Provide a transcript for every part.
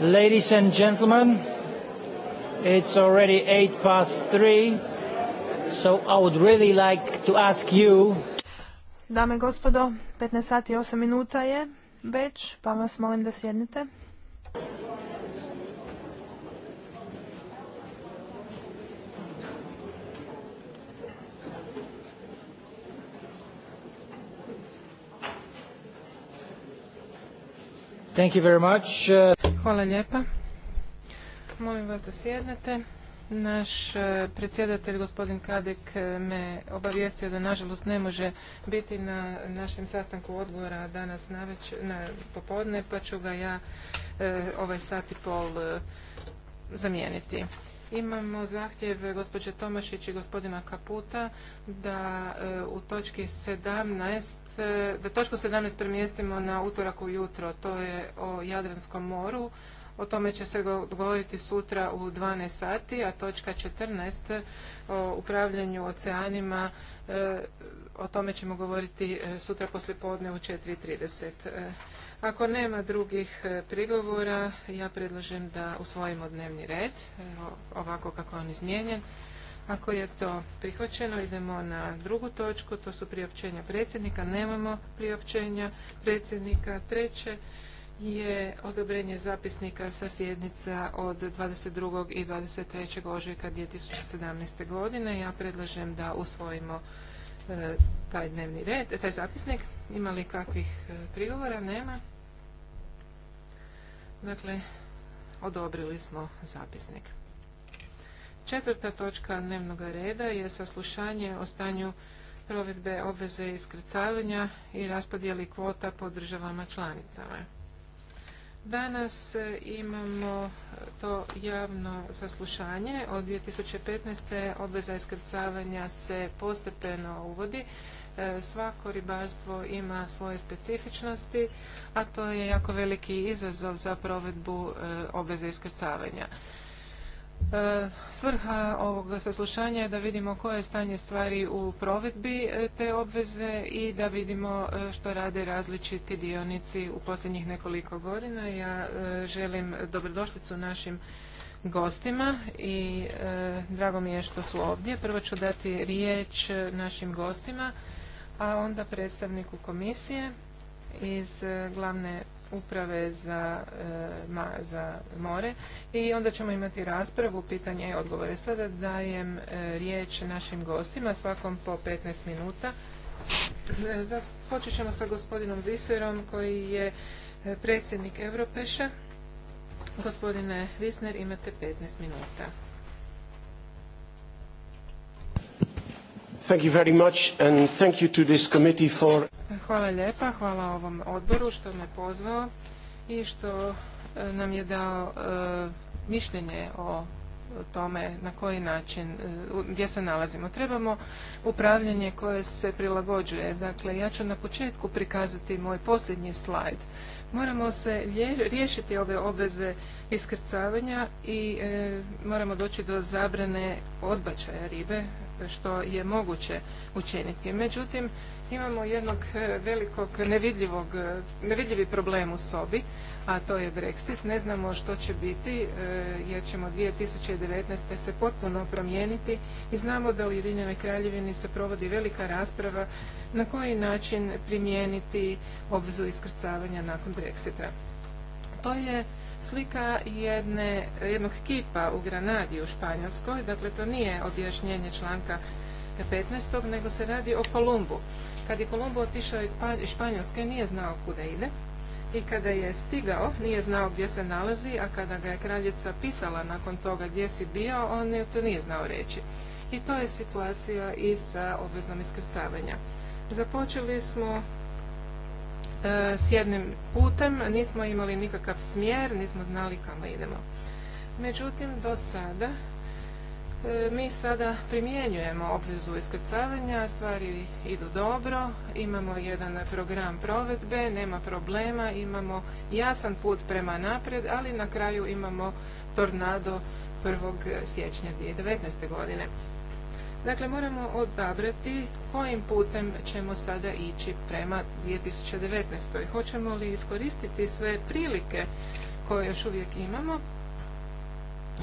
Ladies and gentlemen, it's already 8 past 3, so I would really like to ask you... Dame i gospodo, 15 sati i 8 minuta je već, pa vas molim da sjednete. Thank you very much. Uh, Hvala lijepa. Molim vas da sjednete. Naš e, predsjedatelj, gospodin Kadek, e, me obavijestio da nažalost ne može biti na našem sastanku odbora danas na, na popodne, pa ću ga ja e, ovaj sat i pol zamijeniti. Imamo zahtjev gospođe Tomašić i gospodina Kaputa da u točki 17 da točku 17 premjestimo na utorak ujutro, to je o Jadranskom moru. O tome će se govoriti sutra u 12 sati, a točka 14 e, o upravljanju oceanima, e, o tome ćemo govoriti e, sutra poslijepodne u 4.30. Ako nema drugih prigovora, ja predlažem da usvojimo dnevni red, ovako kako je on izmijenjen. Ako je to prihvaćeno, idemo na drugu točku, to su priopćenja predsjednika, nemamo priopćenja predsjednika. Treće je odobrenje zapisnika sa sjednica od 22. i 23. ožujka 2017. godine. Ja predlažem da usvojimo e, taj dnevni red, taj zapisnik. Ima li kakvih e, prigovora? Nema. Dakle, odobrili smo zapisnik. Četvrta točka dnevnog reda je saslušanje o stanju provedbe obveze iskrcavanja i raspodjeli kvota po državama članicama. Danas e, imamo to javno saslušanje. Od 2015. obveza iskrcavanja se postepeno uvodi. E, svako ribarstvo ima svoje specifičnosti, a to je jako veliki izazov za provedbu e, obveze iskrcavanja. E, svrha ovog saslušanja je da vidimo koje je stanje stvari u provedbi e, te obveze i da vidimo e, što rade različiti dionici u posljednjih nekoliko godina. Ja želim dobrodošlicu našim gostima i drago mi je što su ovdje. Prvo ću dati riječ našim gostima, a onda predstavniku komisije iz glavne uprave za, e, za more i onda ćemo imati raspravu, pitanja i odgovore. Sada dajem e, riječ našim gostima, svakom po 15 minuta. E, počet ćemo sa gospodinom Viserom koji je predsjednik Europeša. Gospodine Visner, imate 15 minuta. Thank you very much and thank you to this committee for Hvala lijepa, hvala ovom odboru što me pozvao i što e, nam je dao e, mišljenje o tome na koji način, e, gdje se nalazimo. Trebamo upravljanje koje se prilagođuje. Dakle, ja ću na početku prikazati moj posljednji slajd. Moramo se riješiti ove obveze iskrcavanja i moramo doći do zabrane odbačaja ribe Dakle, što je moguće učiniti. Međutim, imamo jednog e, velikog nevidljivog, e, nevidljivi problem u sobi, a to je Brexit. Ne znamo što će biti e, jer ćemo 2019. se potpuno promijeniti i znamo da u Jedinjenoj Kraljevini se provodi velika rasprava na koji način primijeniti obvezu iskrcavanja nakon Brexita. To je slika jedne, jednog kipa u Granadi u Španjolskoj. Dakle, to nije objašnjenje članka 15. nego se radi o Kolumbu. Kad je Kolumbu otišao iz Španjolske nije znao kuda ide i kada je stigao nije znao gdje se nalazi, a kada ga je kraljica pitala nakon toga gdje si bio, on to nije znao reći. I to je situacija i sa obvezom iskrcavanja. Započeli smo E, s jednim putem, nismo imali nikakav smjer, nismo znali kamo idemo. Međutim, do sada, e, mi sada primjenjujemo obvezu iskrcavanja, stvari idu dobro, imamo jedan program provedbe, nema problema, imamo jasan put prema napred, ali na kraju imamo tornado 1. siječnja 2019. godine. Dakle, moramo odabrati kojim putem ćemo sada ići prema 2019. Hoćemo li iskoristiti sve prilike koje još uvijek imamo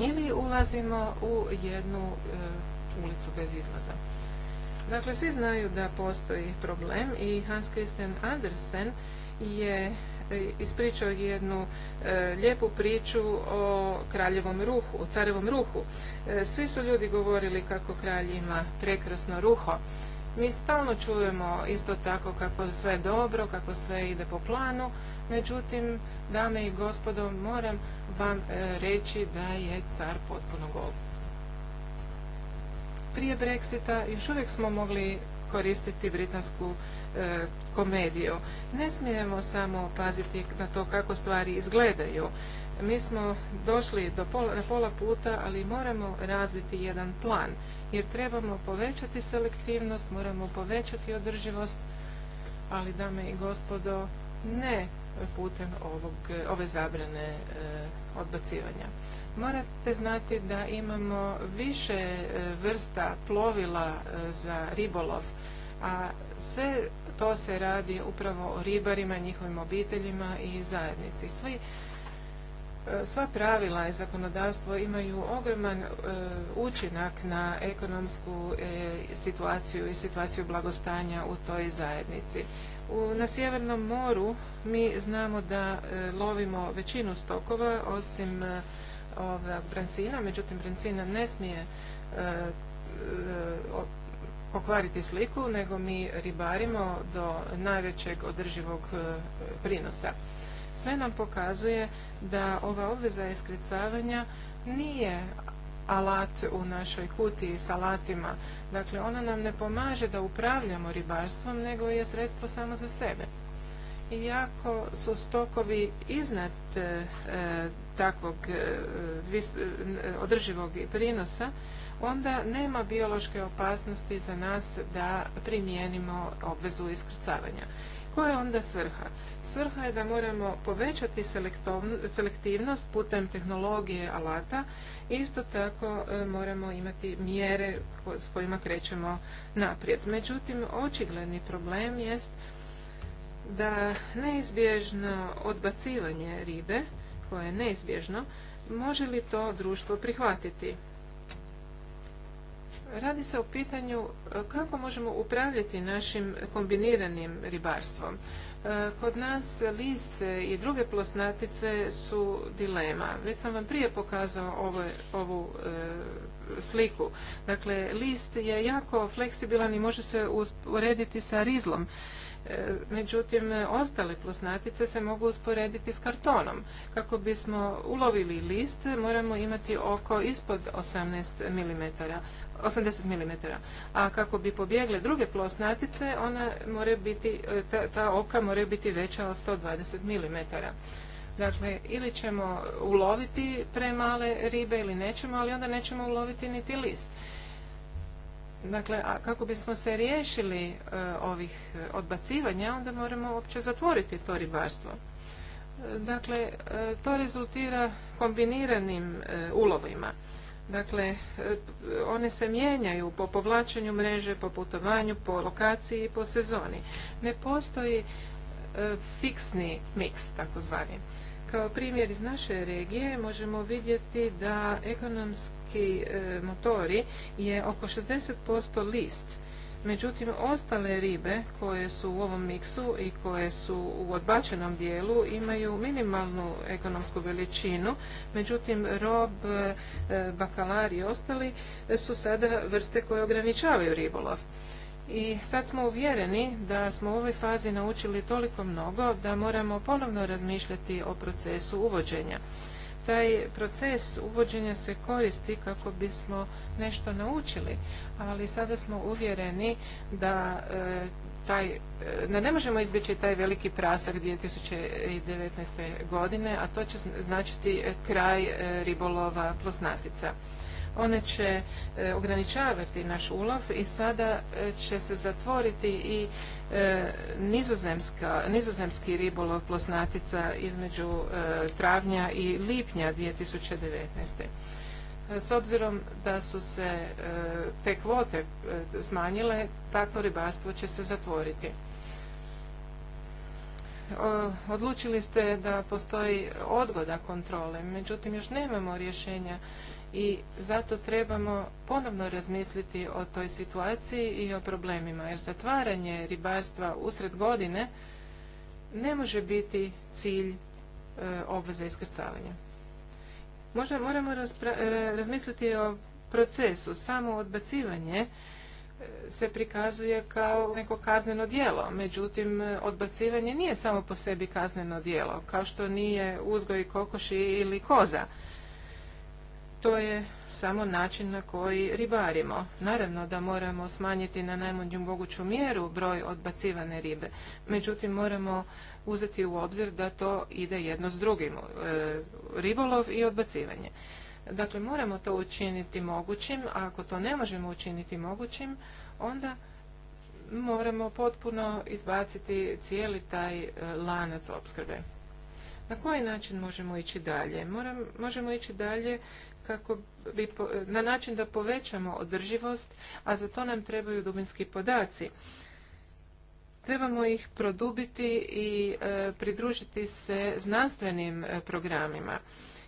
ili ulazimo u jednu e, ulicu bez izlaza. Dakle, svi znaju da postoji problem i Hans Christian Andersen je ispričao jednu e, lijepu priču o kraljevom ruhu, o carevom ruhu. E, svi su ljudi govorili kako kralj ima prekrasno ruho. Mi stalno čujemo isto tako kako sve dobro, kako sve ide po planu, međutim, dame i gospodo, moram vam e, reći da je car potpuno gol. Prije Brexita još uvijek smo mogli koristiti britansku e, komediju. Ne smijemo samo paziti na to kako stvari izgledaju. Mi smo došli do pola, na pola puta, ali moramo razviti jedan plan, jer trebamo povećati selektivnost, moramo povećati održivost, ali dame i gospodo, ne putem ovog, ove zabrane e, odbacivanja. Morate znati da imamo više e, vrsta plovila e, za ribolov, a sve to se radi upravo o ribarima, njihovim obiteljima i zajednici. Svi e, sva pravila i zakonodavstvo imaju ogroman učinak na ekonomsku situaciju i situaciju blagostanja u toj zajednici. na Sjevernom moru mi znamo da lovimo većinu stokova osim ova brancina, međutim brancina ne smije e, e, pokvariti sliku, nego mi ribarimo do najvećeg održivog e, prinosa. Sve nam pokazuje da ova obveza iskricavanja nije alat u našoj kutiji s alatima. Dakle, ona nam ne pomaže da upravljamo ribarstvom, nego je sredstvo samo za sebe. Iako su stokovi iznad e, e, takvog e, održivog prinosa, onda nema biološke opasnosti za nas da primijenimo obvezu iskrcavanja. Koja je onda svrha? Svrha je da moramo povećati selektivnost putem tehnologije alata i isto tako moramo imati mjere s kojima krećemo naprijed. Međutim, očigledni problem jest da neizbježno odbacivanje ribe, koje je neizbježno, može li to društvo prihvatiti? Radi se o pitanju e, kako možemo upravljati našim kombiniranim ribarstvom. E, kod nas liste i druge plosnatice su dilema. Već sam vam prije pokazao ovo, ovu e, sliku. Dakle, list je jako fleksibilan i može se urediti sa rizlom. Međutim, ostale plusnatice se mogu usporediti s kartonom. Kako bismo ulovili list, moramo imati oko ispod 18 mm. 80 mm. A kako bi pobjegle druge plosnatice, ona biti, ta, oka mora biti veća od 120 mm. Dakle, ili ćemo uloviti premale ribe ili nećemo, ali onda nećemo uloviti niti list. Dakle, a kako bismo se riješili e, ovih e, odbacivanja, onda moramo uopće zatvoriti to ribarstvo. E, dakle, to rezultira kombiniranim ulovima. Dakle, one se mijenjaju po povlačenju mreže, po putovanju, po lokaciji i po sezoni. Ne postoji fiksni miks, takozvani. Kao primjer iz naše regije možemo vidjeti da ekonomski e, motori je oko 60% list. Međutim, ostale ribe koje su u ovom miksu i koje su u odbačenom dijelu imaju minimalnu ekonomsku veličinu. Međutim, rob, e, bakalar i ostali su sada vrste koje ograničavaju ribolov. I sad smo uvjereni da smo u ovoj fazi naučili toliko mnogo da moramo ponovno razmišljati o procesu uvođenja. Taj proces uvođenja se koristi kako bismo nešto naučili, ali sada smo uvjereni da e, taj, e, da ne možemo izbjeći taj veliki prasak 2019. godine, a to će značiti kraj e, ribolova plosnatica. One će e, ograničavati naš ulov i sada e, će se zatvoriti i e, nizozemski ribolov plosnatica između travnja i lipnja 2019. S obzirom da su se te kvote smanjile, takvo ribarstvo će se zatvoriti. Odlučili ste da postoji odgoda kontrole, međutim još nemamo rješenja i zato trebamo ponovno razmisliti o toj situaciji i o problemima jer zatvaranje ribarstva usred godine ne može biti cilj e, obveze iskrcavanja. Možda moramo e, razmisliti o procesu. Samo odbacivanje e, se prikazuje kao neko kazneno djelo. Međutim, e, odbacivanje nije samo po sebi kazneno djelo, kao što nije uzgoj kokoši ili koza to je samo način na koji ribarimo. Naravno da moramo smanjiti na najmanju moguću mjeru broj odbacivane ribe. Međutim, moramo uzeti u obzir da to ide jedno s drugim, e, ribolov i odbacivanje. Dakle, moramo to učiniti mogućim, a ako to ne možemo učiniti mogućim, onda moramo potpuno izbaciti cijeli taj e, lanac opskrbe. Na koji način možemo ići dalje? možemo ići dalje kako bi, na način da povećamo održivost, a za to nam trebaju dubinski podaci. Trebamo ih produbiti i e, pridružiti se znanstvenim e, programima.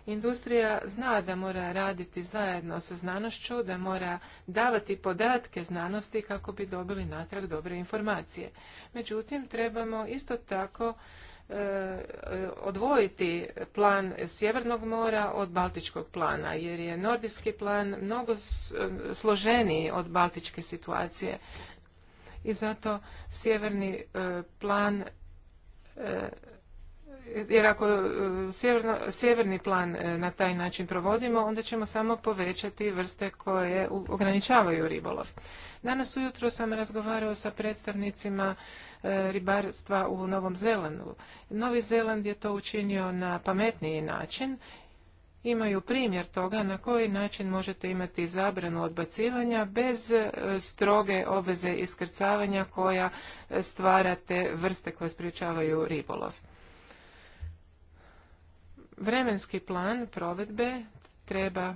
Industrija zna da mora raditi zajedno sa znanošću, da mora davati podatke znanosti kako bi dobili natrag dobre informacije. Međutim, trebamo isto tako E, odvojiti plan Sjevernog mora od Baltičkog plana, jer je nordijski plan mnogo e, složeniji od baltičke situacije. I zato sjeverni e, plan jer ako sjeverni plan na taj način provodimo, onda ćemo samo povećati vrste koje ograničavaju ribolov. Danas ujutro sam razgovarao sa predstavnicima E, ribarstva u Novom Zelandu. Novi Zeland je to učinio na pametniji način. Imaju primjer toga na koji način možete imati zabranu odbacivanja bez e, stroge obveze iskrcavanja koja e, stvarate vrste koje spriječavaju ribolov. Vremenski plan provedbe treba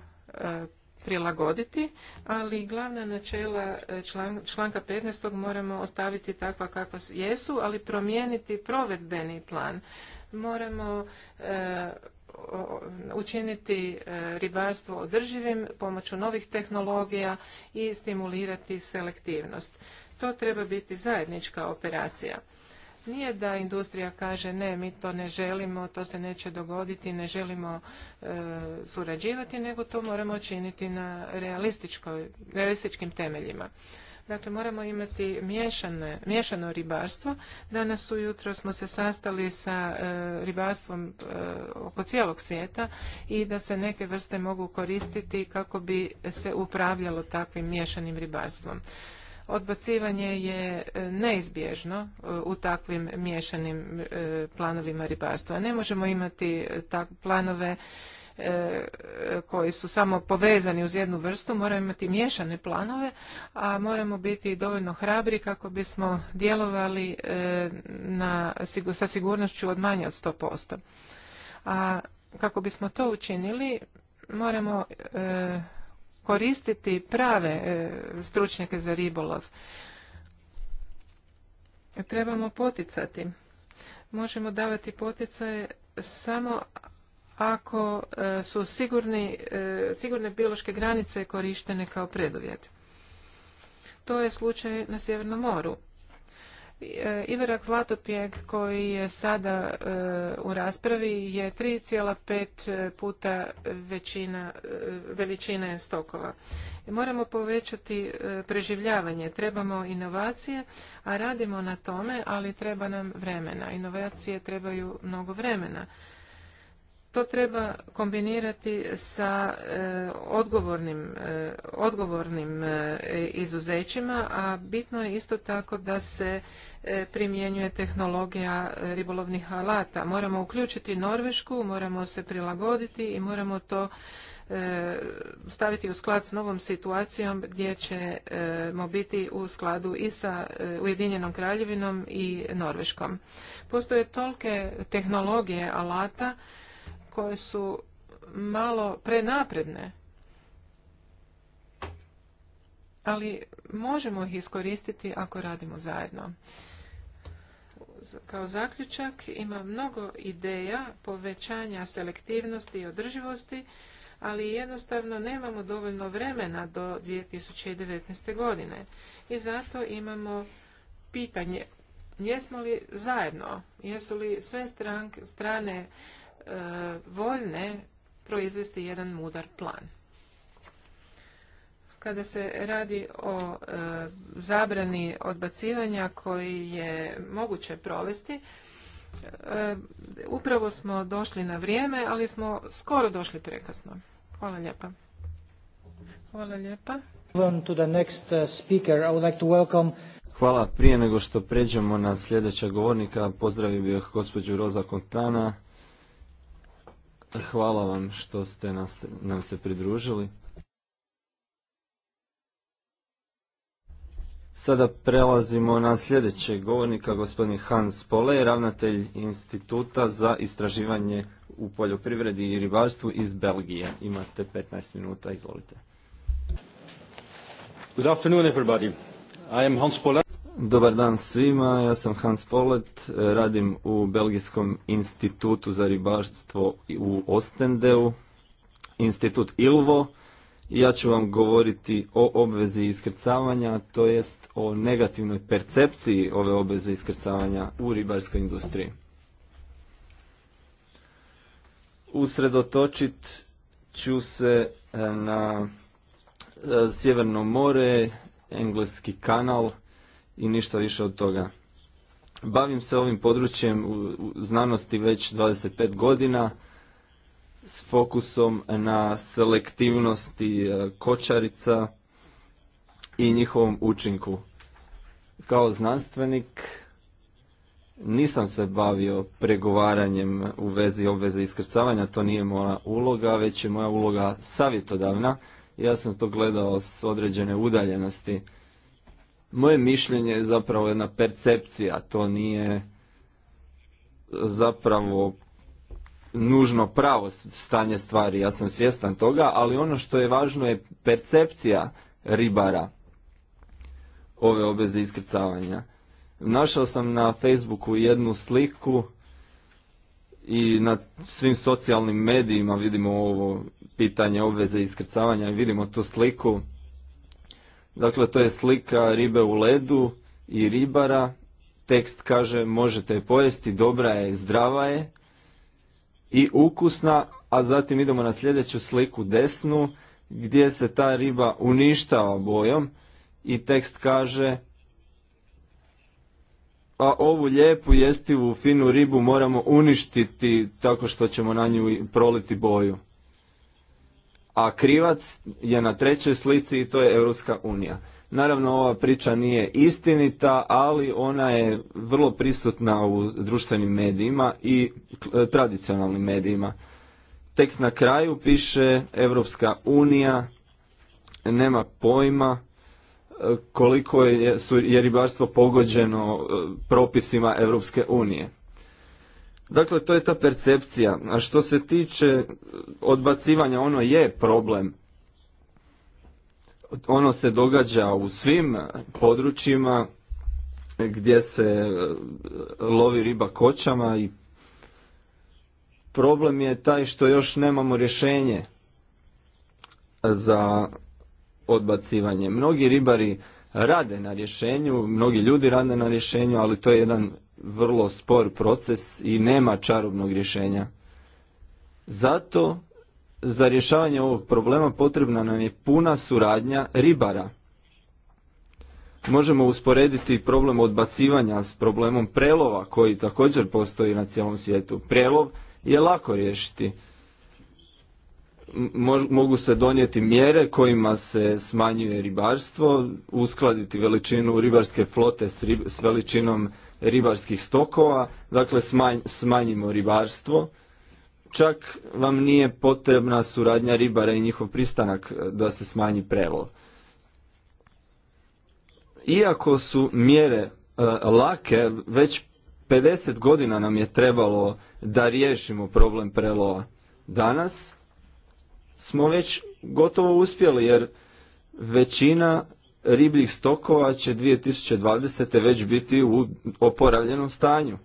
prilagoditi, ali glavna načela e, članka 15. moramo ostaviti takva kakva jesu, ali promijeniti provedbeni plan. Moramo e, učiniti e, ribarstvo održivim pomoću novih tehnologija i stimulirati selektivnost. To treba biti zajednička operacija. Nije da industrija kaže ne, mi to ne želimo, to se neće dogoditi, ne želimo e, surađivati, nego to moramo činiti na realističkim temeljima. Dakle, moramo imati miješano ribarstvo. Danas ujutro smo se sastali sa e, ribarstvom e, oko cijelog svijeta i da se neke vrste mogu koristiti kako bi se upravljalo takvim miješanim ribarstvom. Odbacivanje je e, neizbježno e, u takvim miješanim e, planovima ribarstva. Ne možemo imati tak planove koji su samo povezani uz jednu vrstu, moramo imati miješane planove, a moramo biti dovoljno hrabri kako bismo djelovali na, sa sigurnošću od manje od 100%. A kako bismo to učinili, moramo koristiti prave e, stručnjake za ribolov. Trebamo poticati. Možemo davati poticaje samo ako e, su sigurni, e, sigurne biološke granice korištene kao preduvjet. To je slučaj na Sjevernom moru. Iverak Vlatopijeg koji je sada e, u raspravi je 3,5 e, puta većina, e, veličine stokova. Moramo povećati preživljavanje, trebamo inovacije, a radimo na tome, ali treba nam vremena. Inovacije trebaju mnogo vremena to treba kombinirati sa e, odgovornim, e, odgovornim e, izuzećima, a bitno je isto tako da se primjenjuje tehnologija ribolovnih alata. Moramo uključiti Norvešku, moramo se prilagoditi i moramo to staviti u sklad s novom situacijom gdje ćemo biti u skladu i sa Ujedinjenom kraljevinom i Norveškom. Postoje tolke tehnologije alata koje su malo prenapredne, ali možemo ih iskoristiti ako radimo zajedno. Kao zaključak ima mnogo ideja povećanja selektivnosti i održivosti, ali jednostavno nemamo dovoljno vremena do 2019. godine i zato imamo pitanje jesmo li zajedno, jesu li sve strane E, voljne proizvesti jedan mudar plan. Kada se radi o e, zabrani odbacivanja koji je moguće provesti, e, upravo smo došli na vrijeme, ali smo skoro došli prekasno. Hvala lijepa. Hvala lijepa. Uh, Hvala. Prije nego što pređemo na sljedeća govornika, pozdravio bih gospođu Roza Kontana, Hvala vam što ste nam se pridružili. Sada prelazimo na sljedećeg govornika, gospodin Hans Polej, ravnatelj Instituta za istraživanje u poljoprivredi i ribarstvu iz Belgije. Imate 15 minuta, izvolite. Good afternoon everybody. I am Hans Polej. Dobar dan svima, ja sam Hans Polet, radim u Belgijskom institutu za ribarstvo u Ostendeu, institut Ilvo. Ja ću vam govoriti o obvezi iskrcavanja, to jest o negativnoj percepciji ove obveze iskrcavanja u ribarskoj industriji. Usredotočit ću se eh, na eh, Sjeverno more, Engleski kanal, i ništa više od toga. Bavim se ovim područjem u znanosti već 25 godina s fokusom na selektivnosti e, kočarica i njihovom učinku. Kao znanstvenik nisam se bavio pregovaranjem u vezi obveze iskrcavanja, to nije moja uloga, već je moja uloga savjetodavna. Ja sam to gledao s određene udaljenosti moje mišljenje je zapravo jedna percepcija, to nije zapravo nužno pravo stanje stvari, ja sam svjestan toga, ali ono što je važno je percepcija ribara ove obveze iskrcavanja. Našao sam na Facebooku jednu sliku i na svim socijalnim medijima vidimo ovo pitanje obveze iskrcavanja i vidimo tu sliku Dakle, to je slika ribe u ledu i ribara. Tekst kaže možete je pojesti, dobra je, zdrava je i ukusna, a zatim idemo na sljedeću sliku desnu gdje se ta riba uništava bojom i tekst kaže a ovu lijepu jestivu finu ribu moramo uništiti tako što ćemo na nju proliti boju a krivac je na trećoj slici i to je Europska unija. Naravno, ova priča nije istinita, ali ona je vrlo prisutna u društvenim medijima i e, tradicionalnim medijima. Tekst na kraju piše Europska unija nema pojma e, koliko je, ribarstvo pogođeno e, propisima Europske unije. Dakle, to je ta percepcija. A što se tiče odbacivanja, ono je problem. Ono se događa u svim područjima gdje se e, lovi riba kočama i problem je taj što još nemamo rješenje za odbacivanje. Mnogi ribari rade na rješenju, mnogi ljudi rade na rješenju, ali to je jedan vrlo spor proces i nema čarobnog rješenja. Zato za rješavanje ovog problema potrebna nam je puna suradnja ribara. Možemo usporediti problem odbacivanja s problemom prelova koji također postoji na cijelom svijetu. Prelov je lako riješiti. Mogu se donijeti mjere kojima se smanjuje ribarstvo, uskladiti veličinu ribarske flote s, s veličinom ribarskih stokova, dakle smanjimo ribarstvo. Čak vam nije potrebna suradnja ribara i njihov pristanak e, da se smanji prelov. Iako su mjere e, lake, već 50 godina nam je trebalo da riješimo problem prelova. Danas smo već gotovo uspjeli jer većina ribljih stokova će 2020. već biti u oporavljenom stanju.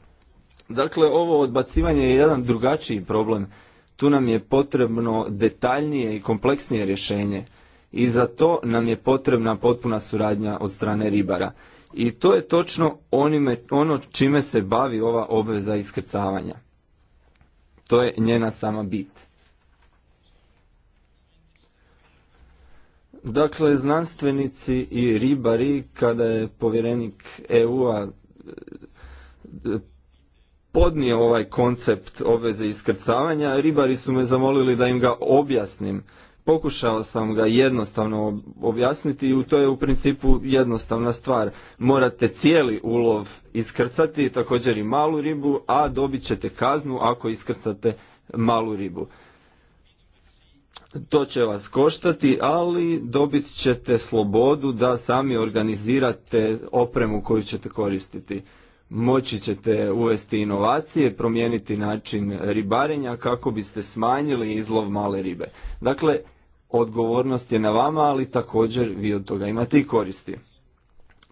Dakle, ovo odbacivanje je jedan drugačiji problem. Tu nam je potrebno detaljnije i kompleksnije rješenje i za to nam je potrebna potpuna suradnja od strane ribara. I to je točno onime, ono čime se bavi ova obveza iskrcavanja. To je njena sama bit. Dakle, znanstvenici i ribari, kada je povjerenik EU-a e, podnio ovaj koncept obveze iskrcavanja, ribari su me zamolili da im ga objasnim. Pokušao sam ga jednostavno objasniti i to je u principu jednostavna stvar. Morate cijeli ulov iskrcati, također i malu ribu, a dobit ćete kaznu ako iskrcate malu ribu to će vas koštati, ali dobit ćete slobodu da sami organizirate opremu koju ćete koristiti. Moći ćete uvesti inovacije, promijeniti način ribarenja kako biste smanjili izlov male ribe. Dakle, odgovornost je na vama, ali također vi od toga imate i koristi.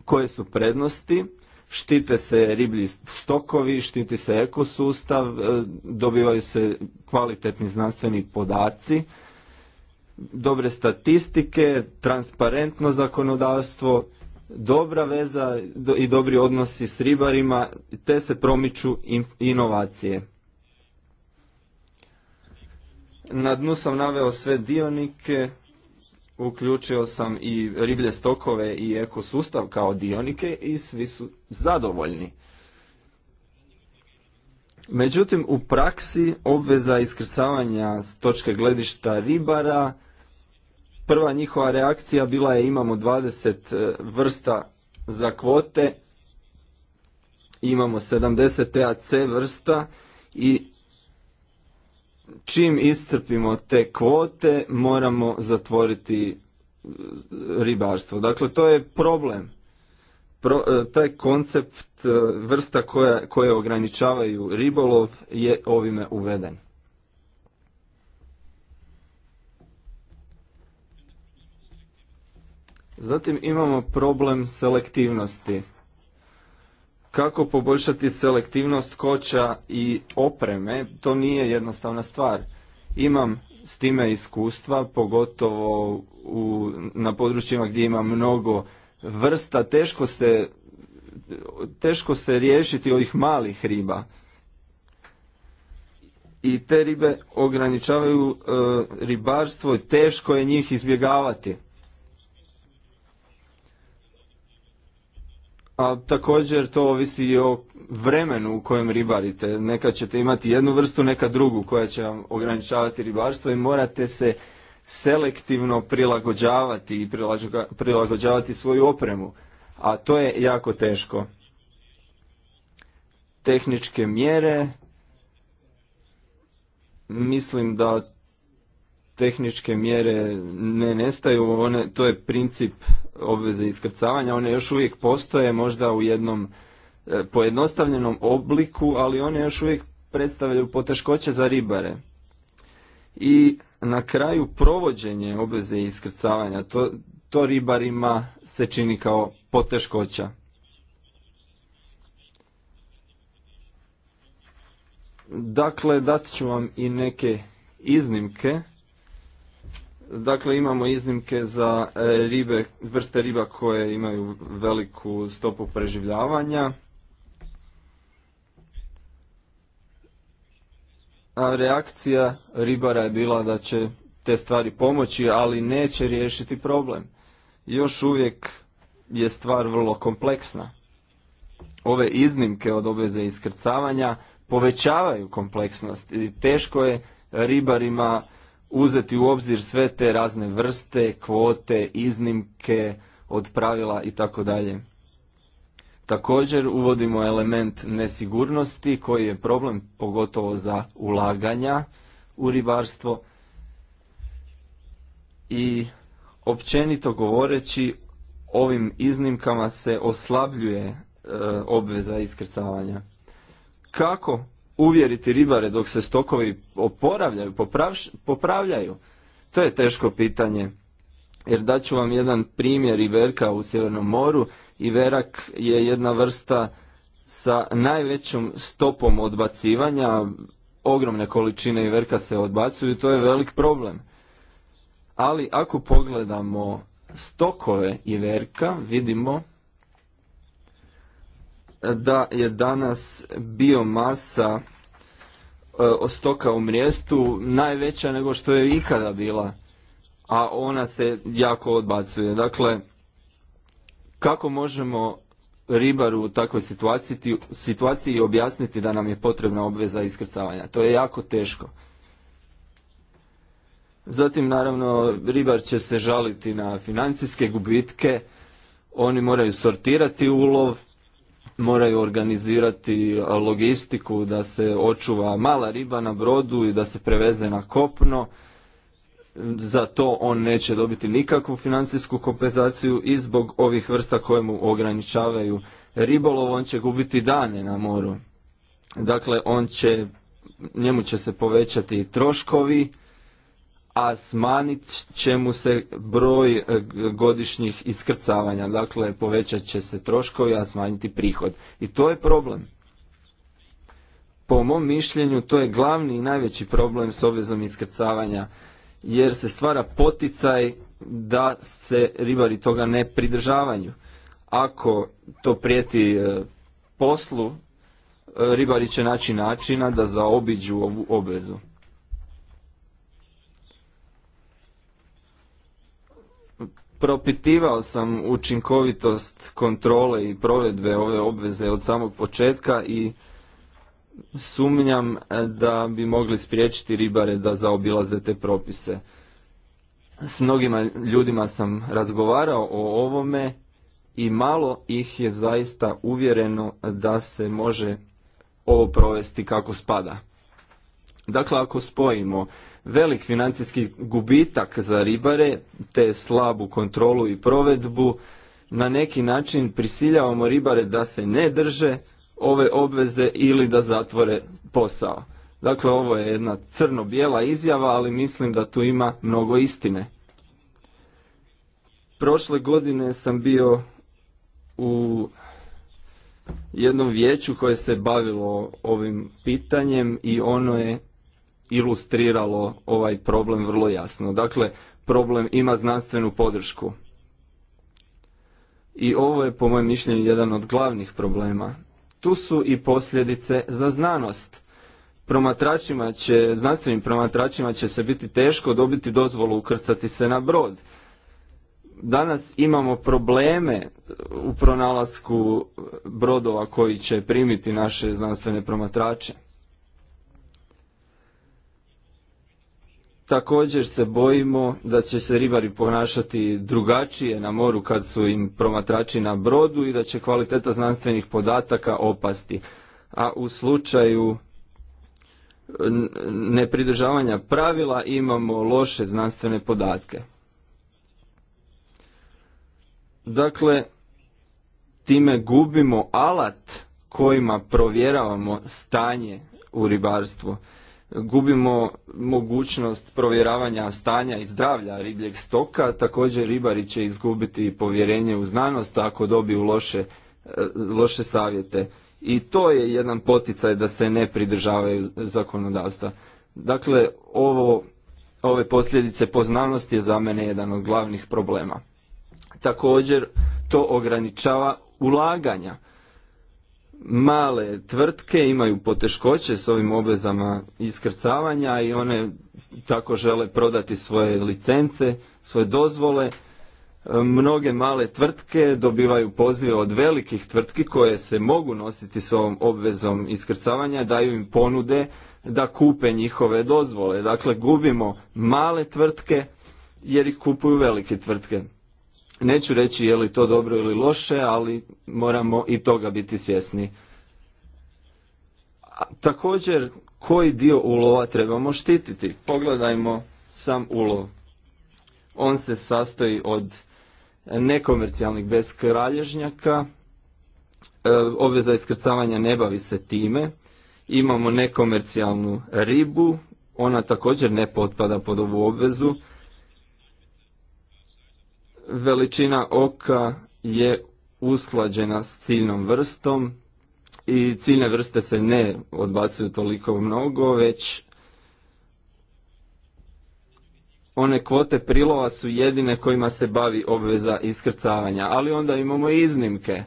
Koje su prednosti? Štite se riblji stokovi, štiti se ekosustav, e, dobivaju se kvalitetni znanstveni podaci, dobre statistike, transparentno zakonodavstvo, dobra veza i dobri odnosi s ribarima, te se promiču inovacije. Na dnu sam naveo sve dionike, uključio sam i riblje stokove i ekosustav kao dionike i svi su zadovoljni. Međutim, u praksi obveza iskrcavanja s točke gledišta ribara Prva njihova reakcija bila je imamo 20 e, vrsta za kvote, imamo 70 TAC e vrsta i čim iscrpimo te kvote moramo zatvoriti e, ribarstvo. Dakle, to je problem. taj koncept vrsta koje ograničavaju ribolov je ovime uveden. Zatim imamo problem selektivnosti. Kako poboljšati selektivnost koća i opreme, to nije jednostavna stvar. Imam s time iskustva, pogotovo u, na područjima gdje ima mnogo vrsta, teško se, teško se riješiti ovih malih riba. I te ribe ograničavaju e, ribarstvo i teško je njih izbjegavati. A također to ovisi i o vremenu u kojem ribarite. Neka ćete imati jednu vrstu, neka drugu koja će vam ograničavati ribarstvo i morate se selektivno prilagođavati i prilagođavati svoju opremu. A to je jako teško. Tehničke mjere, mislim da tehničke mjere ne nestaju, one, to je princip obveze iskrcavanja, one još uvijek postoje možda u jednom e, pojednostavljenom obliku, ali one još uvijek predstavljaju poteškoće za ribare. I na kraju provođenje obveze iskrcavanja, to, to ribarima se čini kao poteškoća. Dakle, dat ću vam i neke iznimke Dakle, imamo iznimke za e, ribe, vrste riba koje imaju veliku stopu preživljavanja. A reakcija ribara je bila da će te stvari pomoći, ali neće riješiti problem. Još uvijek je stvar vrlo kompleksna. Ove iznimke od obveze iskrcavanja povećavaju kompleksnost i teško je ribarima uzeti u obzir sve te razne vrste, kvote, iznimke od pravila i tako dalje. Također uvodimo element nesigurnosti koji je problem pogotovo za ulaganja u ribarstvo i općenito govoreći ovim iznimkama se oslabljuje e, obveza iskrcavanja. Kako uvjeriti ribare dok se stokovi oporavljaju, popravljaju? To je teško pitanje. Jer daću vam jedan primjer Iverka u Sjevernom moru. Iverak je jedna vrsta sa najvećom stopom odbacivanja. Ogromne količine Iverka se odbacuju i to je velik problem. Ali ako pogledamo stokove Iverka, vidimo da je danas biomasa e, ostoka u mrijestu najveća nego što je ikada bila, a ona se jako odbacuje. Dakle, kako možemo ribaru u takvoj situaciji, situaciji objasniti da nam je potrebna obveza iskrcavanja? To je jako teško. Zatim, naravno, ribar će se žaliti na financijske gubitke, oni moraju sortirati ulov, moraju organizirati logistiku da se očuva mala riba na brodu i da se preveze na kopno. Za to on neće dobiti nikakvu financijsku kompenzaciju i zbog ovih vrsta koje mu ograničavaju ribolov on će gubiti dane na moru. Dakle, on će, njemu će se povećati troškovi a smanit će mu se broj e, godišnjih iskrcavanja. Dakle, povećat će se troškovi, a smanjiti prihod. I to je problem. Po mom mišljenju, to je glavni i najveći problem s obvezom iskrcavanja, jer se stvara poticaj da se ribari toga ne pridržavaju. Ako to prijeti e, poslu, e, ribari će naći načina da zaobiđu ovu obvezu. Propitivao sam učinkovitost kontrole i provedbe ove obveze od samog početka i sumnjam eh, da bi mogli spriječiti ribare da zaobilaze te propise. S mnogima ljudima sam razgovarao o ovome i malo ih je zaista uvjereno da se može ovo provesti kako spada. Dakle, ako spojimo velik financijski gubitak za ribare, te slabu kontrolu i provedbu, na neki način prisiljavamo ribare da se ne drže ove obveze ili da zatvore posao. Dakle, ovo je jedna crno-bijela izjava, ali mislim da tu ima mnogo istine. Prošle godine sam bio u jednom vijeću koje se bavilo ovim pitanjem i ono je ilustriralo ovaj problem vrlo jasno. Dakle, problem ima znanstvenu podršku. I ovo je, po mojem mišljenju, jedan od glavnih problema. Tu su i posljedice za znanost. Promatračima će, znanstvenim promatračima će se biti teško dobiti dozvolu ukrcati se na brod. Danas imamo probleme u pronalasku brodova koji će primiti naše znanstvene promatrače. Također se bojimo da će se ribari ponašati drugačije na moru kad su im promatrači na brodu i da će kvaliteta znanstvenih podataka opasti. A u slučaju nepridržavanja pravila imamo loše znanstvene podatke. Dakle, time gubimo alat kojima provjeravamo stanje u ribarstvu gubimo mogućnost provjeravanja stanja i zdravlja ribljeg stoka, također ribari će izgubiti povjerenje u znanost ako dobiju loše, e, loše savjete. I to je jedan poticaj da se ne pridržavaju zakonodavstva. Dakle, ovo, ove posljedice poznanosti je za mene jedan od glavnih problema. Također, to ograničava ulaganja male tvrtke imaju poteškoće s ovim obvezama iskrcavanja i one tako žele prodati svoje licence, svoje dozvole. E, mnoge male tvrtke dobivaju pozive od velikih tvrtki koje se mogu nositi s ovom obvezom iskrcavanja, daju im ponude da kupe njihove dozvole. Dakle, gubimo male tvrtke jer ih kupuju velike tvrtke. Neću reći je li to dobro ili loše, ali moramo i toga biti svjesni. također, koji dio ulova trebamo štititi? Pogledajmo sam ulov. On se sastoji od nekomercijalnih beskralježnjaka, e, obveza iskrcavanja ne bavi se time, imamo nekomercijalnu ribu, ona također ne potpada pod ovu obvezu, veličina oka je usklađena s ciljnom vrstom i ciljne vrste se ne odbacuju toliko mnogo, već one kvote prilova su jedine kojima se bavi obveza iskrcavanja, ali onda imamo iznimke.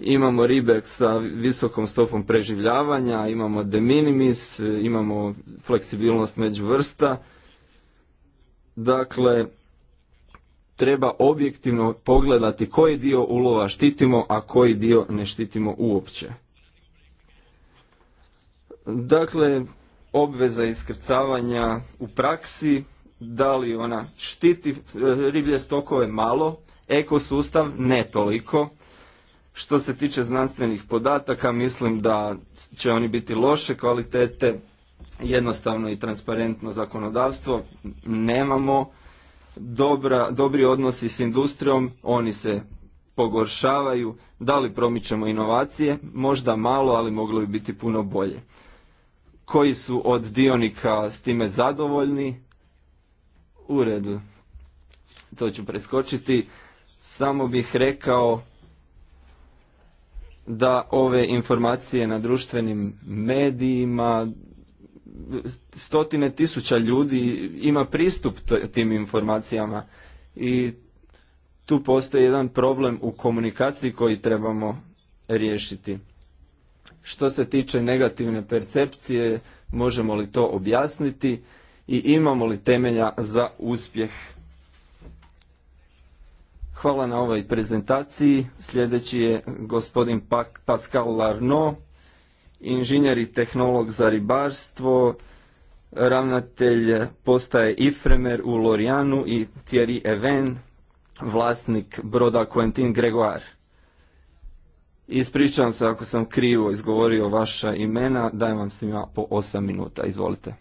Imamo ribek sa visokom stopom preživljavanja, imamo de minimis, imamo fleksibilnost među vrsta. Dakle, treba objektivno pogledati koji dio ulova štitimo, a koji dio ne štitimo uopće. Dakle, obveza iskrcavanja u praksi, da li ona štiti e, riblje stokove malo, ekosustav ne toliko. Što se tiče znanstvenih podataka, mislim da će oni biti loše kvalitete, jednostavno i transparentno zakonodavstvo nemamo dobra, dobri odnosi s industrijom, oni se pogoršavaju, da li promičemo inovacije, možda malo, ali moglo bi biti puno bolje. Koji su od dionika s time zadovoljni? U redu, to ću preskočiti. Samo bih rekao da ove informacije na društvenim medijima stotine tisuća ljudi ima pristup tim informacijama i tu postoji jedan problem u komunikaciji koji trebamo riješiti. Što se tiče negativne percepcije, možemo li to objasniti i imamo li temelja za uspjeh? Hvala na ovoj prezentaciji. Sljedeći je gospodin Pascal Larno, inženjer i tehnolog za ribarstvo, ravnatelj postaje Ifremer u Lorijanu i Thierry Even, vlasnik broda Quentin Gregoire. Ispričavam se ako sam krivo izgovorio vaša imena, dajem vam svima po 8 minuta, izvolite.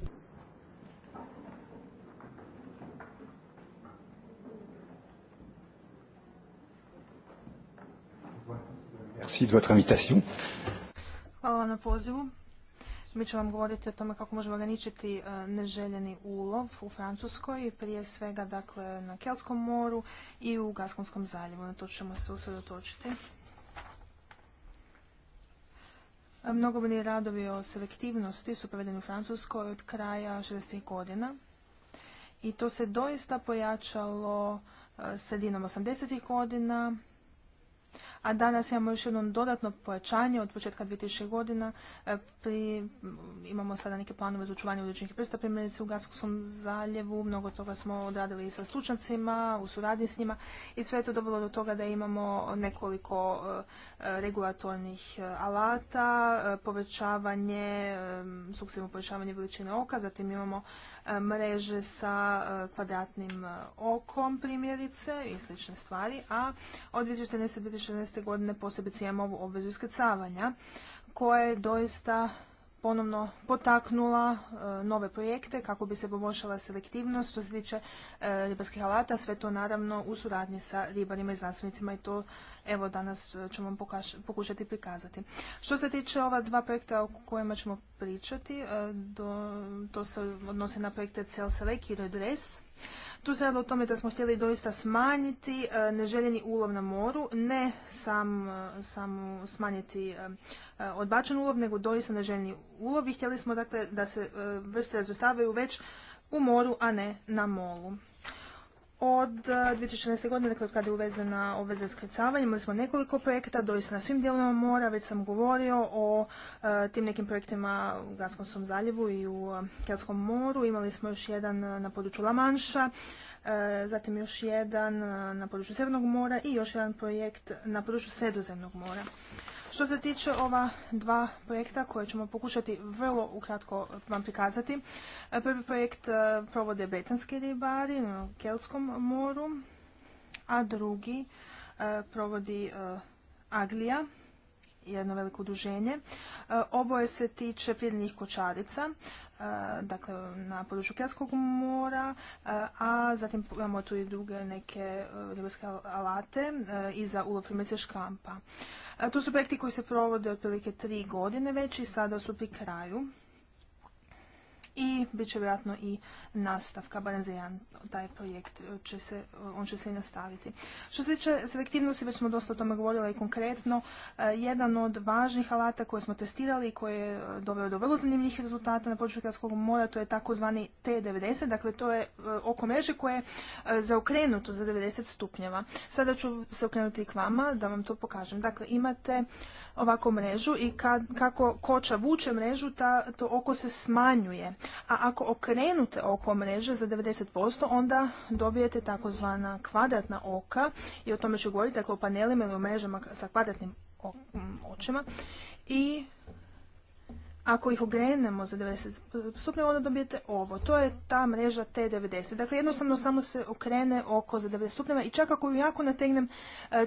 Merci de votre invitation. Hvala vam na pozivu. Mi ću vam govoriti o tome kako možemo ograničiti e, neželjeni ulov u Francuskoj, prije svega dakle, na Kelskom moru i u Gaskonskom zaljevu. Na to ćemo se usredotočiti. E, Mnogobrni radovi o selektivnosti su provedeni u Francuskoj od kraja 60. godina i to se doista pojačalo e, sredinom 80. godina a danas imamo još jedno dodatno pojačanje od početka 2000 godina. E, pri, imamo sada neke planove za očuvanje određenih prsta, primjerice u Gaskovskom zaljevu, mnogo toga smo odradili i sa stručnjacima, u suradnji s njima i sve je to dovelo do toga da imamo nekoliko e, regulatornih e, alata, povećavanje, sukcesivno povećavanje veličine oka, zatim imamo mreže sa kvadratnim okom primjerice i slične stvari, a od 2014. do 2016 2015. godine posebice imamo ovu obvezu iskrcavanja koja je doista ponovno potaknula e, nove projekte kako bi se poboljšala selektivnost što se tiče e, ribarskih alata, sve to naravno u suradnji sa ribarima i znanstvenicima i to evo danas ćemo vam pokušati prikazati. Što se tiče ova dva projekta o kojima ćemo pričati, e, to se odnose na projekte Cel i Redress. Tu se radilo o tome da smo htjeli doista smanjiti e, neželjeni ulov na moru, ne samo e, smanjiti e, odbačen ulov, nego doista neželjeni ulov i htjeli smo dakle da se vrste razvrstavaju već u moru, a ne na molu. Od 2016. E, godine, dakle kada je uvezena obveza skrcavanja, imali smo nekoliko projekata, doista na svim dijelovima mora, već sam govorio o e, tim nekim projektima u Ganskom zaljevu i u e, Kelskom moru. Imali smo još jedan na području Lamanša, zatim još jedan na području Sjevernog mora i još jedan projekt na području Sredozemnog mora. Što se tiče ova dva projekta koje ćemo pokušati vrlo ukratko vam prikazati, prvi projekt e, provode Betanski ribari na Kelskom moru, a drugi e, provodi e, Aglija jedno veliko udruženje. E, oboje se tiče prirodnih kočarica, e, dakle na području Kjelskog mora, e, a zatim imamo tu i druge neke ribarske alate i za ulov primjerice škampa. To su projekti koji se provode otprilike tri godine već i sada su pri kraju i bit će vjerojatno i nastavka, barem za jedan taj projekt e, će se, e, on će se i nastaviti. Što se tiče selektivnosti, već smo dosta o tome govorila i konkretno, e, jedan od važnih alata koje smo testirali i koje je doveo do vrlo zanimljivih rezultata na području Hrvatskog mora, to je takozvani T90, dakle to je oko mreže koje je zaokrenuto za 90 stupnjeva. Sada ću se okrenuti i k vama da vam to pokažem. Dakle, imate ovako mrežu i kako koča vuče mrežu, to oko se smanjuje a ako okrenute oko mreže za 90%, onda dobijete takozvana kvadratna oka i o tome ću govoriti, dakle o panelima ili o mrežama sa kvadratnim očima. I ako ih ogrenemo za 90 stupnjeva, onda dobijete ovo. To je ta mreža T90. Dakle, jednostavno samo se okrene oko za 90 stupnjeva i čak ako ju jako nategnem, e,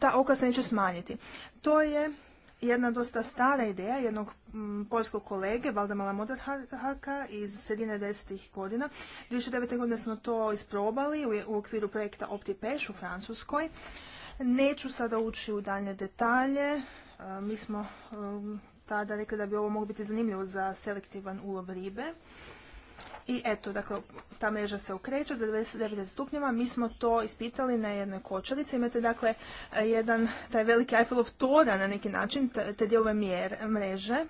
ta oka se neće smanjiti. To je jedna dosta stara ideja jednog polskog mm, poljskog kolege, Valdemala Moderhaka iz sredine 10. godina. 2009. godine smo to isprobali u, okviru projekta OptiPeš u Francuskoj. Neću sada ući u dalje detalje. E, mi smo e, tada rekli da bi ovo moglo biti zanimljivo za selektivan ulov ribe. I eto, dakle, ta mreža se okreće za 29 stupnjeva. Mi smo to ispitali na jednoj kočarici. Imate, dakle, jedan, taj veliki Eiffelov tora na neki način, te dijelove mreže.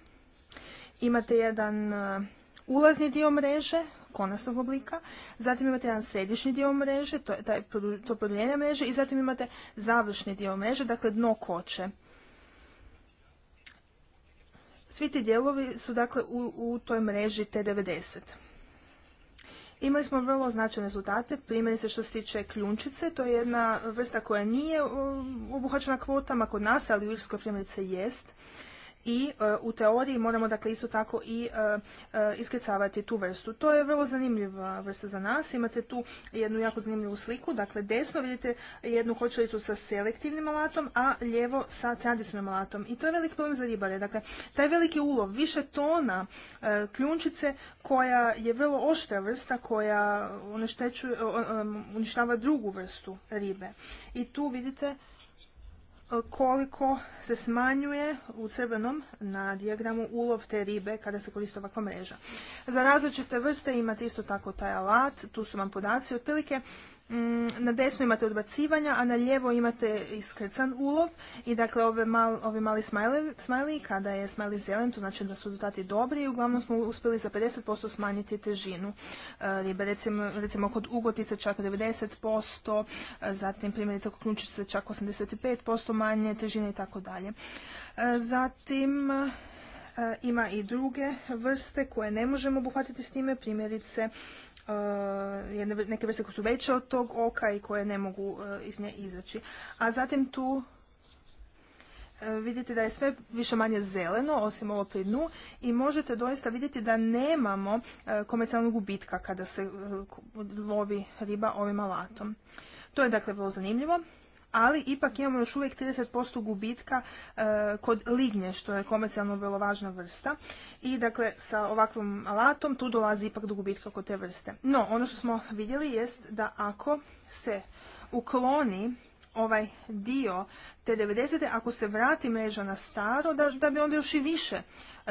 Imate jedan uh, ulazni dio mreže, konasnog oblika, zatim imate jedan središnji dio mreže, to je taj, to produljenje mreže i zatim imate završni dio mreže, dakle dno koče. Svi ti dijelovi su dakle u, u toj mreži T90. Imali smo vrlo značajne rezultate, primjerice što se tiče kljunčice, to je jedna vrsta koja nije um, obuhvaćena kvotama kod nas, ali u Irskoj primjerice jest i e, u teoriji moramo dakle isto tako i e, e, iskecavati tu vrstu. To je vrlo zanimljiva vrsta za nas. Imate tu jednu jako zanimljivu sliku. Dakle, desno vidite jednu kočelicu sa selektivnim alatom, a lijevo sa tradicionalnim alatom. I to je velik problem za ribare. Dakle, taj veliki ulov, više tona kljunčice koja je vrlo oštra vrsta koja um, uništava drugu vrstu ribe. I tu vidite koliko se smanjuje u crvenom na dijagramu ulov te ribe kada se koristi ovakva mreža. Za različite vrste imate isto tako taj alat, tu su vam podaci, otprilike Mm, na desno imate odbacivanja, a na lijevo imate iskrcan ulov i dakle ove ovi mali smajli, kada je smajli zelen, to znači da su rezultati dobri i uglavnom smo uspjeli za 50% smanjiti težinu e, ribe. Recimo, kod ugotice čak 90%, e, zatim primjerice kod ključice čak 85% manje težine i tako dalje. E, zatim, ima i druge vrste koje ne možemo obuhvatiti s time, primjerice Eh, neke vrste koje su veće od tog oka i koje ne mogu eh, iz nje izaći. A zatim tu eh, vidite da je sve više manje zeleno, osim ovo pri dnu, i možete doista vidjeti da nemamo komercijalnog gubitka kada se lovi riba ovim alatom. To je dakle vrlo zanimljivo ali ipak imamo još uvijek 30% gubitka e, kod lignje, što je komercijalno vrlo važna vrsta. I dakle, sa ovakvim alatom tu dolazi ipak do gubitka kod te vrste. No, ono što smo vidjeli jest da ako se ukloni ovaj dio te 90. ako se vrati mreža na staro, da, da bi onda još i više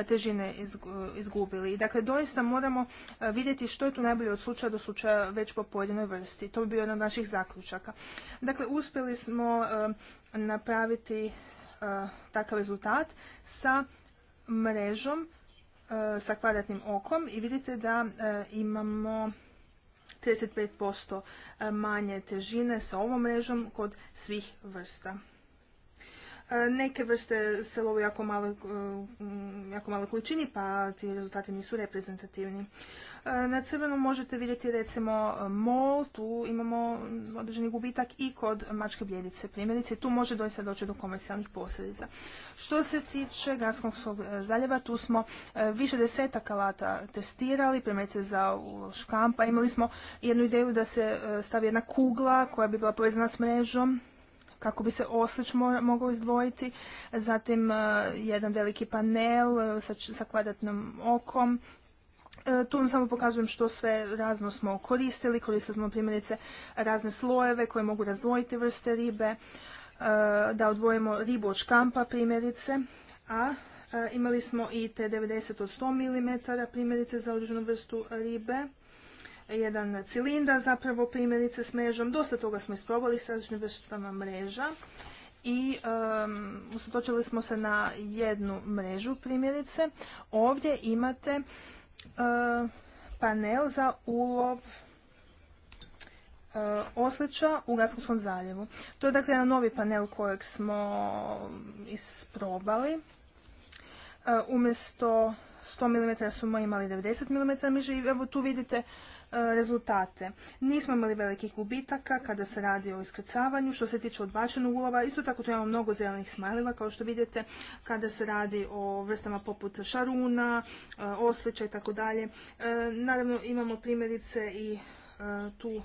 težine izgubili. Dakle, doista moramo vidjeti što je tu najbolje od slučaja do slučaja već po pojedinoj vrsti. To bi bio jedan od naših zaključaka. Dakle, uspjeli smo napraviti takav rezultat sa mrežom sa kvadratnim okom i vidite da imamo 35% manje težine sa ovom mrežom kod svih vrsta. E, neke vrste se lovi jako malo, e, jako malo količini, pa ti rezultati nisu reprezentativni. E, na crvenu možete vidjeti recimo mol, tu imamo određeni gubitak i kod mačke bljedice primjerice. Tu može doista doći do komercijalnih posljedica. Što se tiče Gaskonskog zaljeva, tu smo e, više desetak alata testirali, primjerice za škampa. Imali smo jednu ideju da se e, stavi jedna kugla koja bi bila povezana s mrežom kako bi se oslič mogao izdvojiti, zatim jedan veliki panel sa, kvadratnom okom, E, tu vam samo pokazujem što sve razno smo koristili. Koristili smo primjerice razne slojeve koje mogu razdvojiti vrste ribe, e, da odvojimo ribu od škampa primjerice, a e, imali smo i te 90 od 100 mm primjerice za određenu vrstu ribe jedan cilindar zapravo primjerice s mrežom. Dosta toga smo isprobali s različnim vrstama mreža i um, smo se na jednu mrežu primjerice. Ovdje imate E, panel za ulov e, oslića u Gaskovskom zaljevu. To je dakle jedan novi panel kojeg smo isprobali. E, umjesto 100 mm smo imali 90 mm tu vidite E, rezultate. Nismo imali velikih gubitaka kada se radi o iskrcavanju. Što se tiče odbačenog ulova, isto tako tu imamo mnogo zelenih smajljiva, kao što vidite, kada se radi o vrstama poput šaruna, e, oslića i tako dalje. E, naravno, imamo primjerice i tu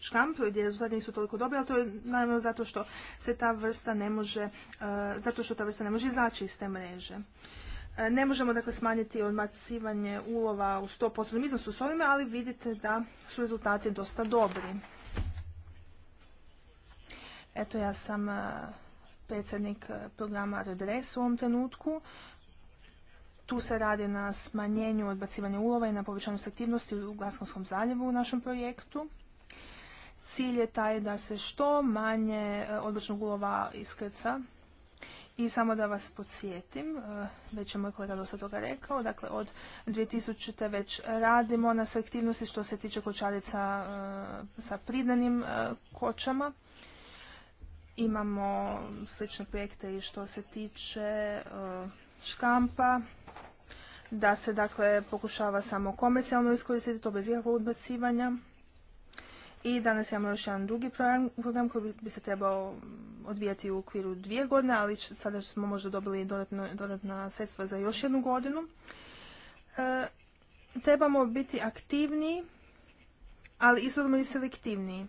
škampu gdje rezultati nisu toliko dobri, ali to je naravno zato što se ta vrsta ne može, zato što ta vrsta ne može izaći iz te mreže. E, ne možemo dakle smanjiti odmacivanje ulova u 100% iznosu s ovime, ali vidite da su rezultati dosta dobri. Eto ja sam e, predsjednik e, programa Redress u ovom trenutku. Tu se radi na smanjenju odbacivanja ulova i na povećanju aktivnosti u Glaskonskom zaljevu u našem projektu. Cilj je taj da se što manje odbačnog ulova iskrca i samo da vas podsjetim, e, već je moj kolega dosta toga rekao, dakle od 2000. već radimo na selektivnosti što se tiče kočarica e, sa pridanim e, kočama. Imamo slične projekte i što se tiče škampa, da se dakle pokušava samo komercijalno iskoristiti to bez ikakvog odbacivanja. I danas imamo još jedan drugi program, koji bi se trebao odvijati u okviru dvije godine, ali sada smo možda dobili dodatna sredstva za još jednu godinu. E, trebamo biti aktivniji, ali istodobno i selektivniji.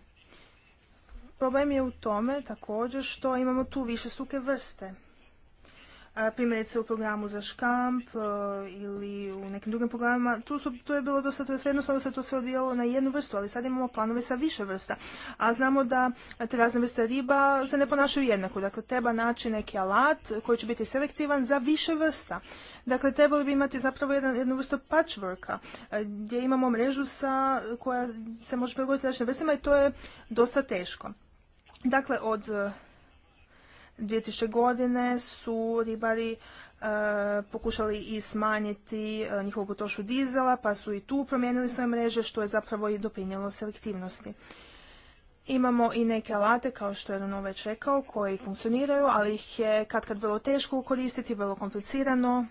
Problem je u tome također što imamo tu više suke vrste primjerice u programu za škamp e, ili u nekim drugim programima, tu, su, je bilo dosta transferno, sada se to sve odvijalo na jednu vrstu, ali sad imamo planove sa više vrsta. A znamo da te razne vrste riba se ne ponašaju jednako, dakle treba naći neki alat koji će biti selektivan za više vrsta. Dakle, trebali bi imati zapravo jednu vrstu patchworka, e, gdje imamo mrežu sa, koja se može prilagoditi različnim vrstima i to je dosta teško. Dakle, od 2000. godine su ribari e, pokušali i smanjiti e, njihovu potrošu dizela, pa su i tu promijenili svoje mreže, što je zapravo i doprinijelo selektivnosti. Imamo i neke alate, kao što je ono već rekao, koji funkcioniraju, ali ih je kad kad vrlo teško koristiti, vrlo komplicirano,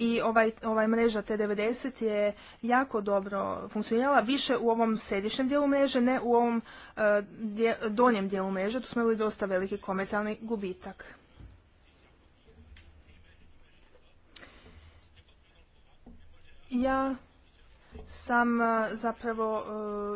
i ovaj, ovaj mreža T90 je jako dobro funkcionirala, više u ovom središnjem dijelu mreže, ne u ovom e, donjem dijelu mreže, tu smo imali dosta veliki komercijalni gubitak. Ja sam e, zapravo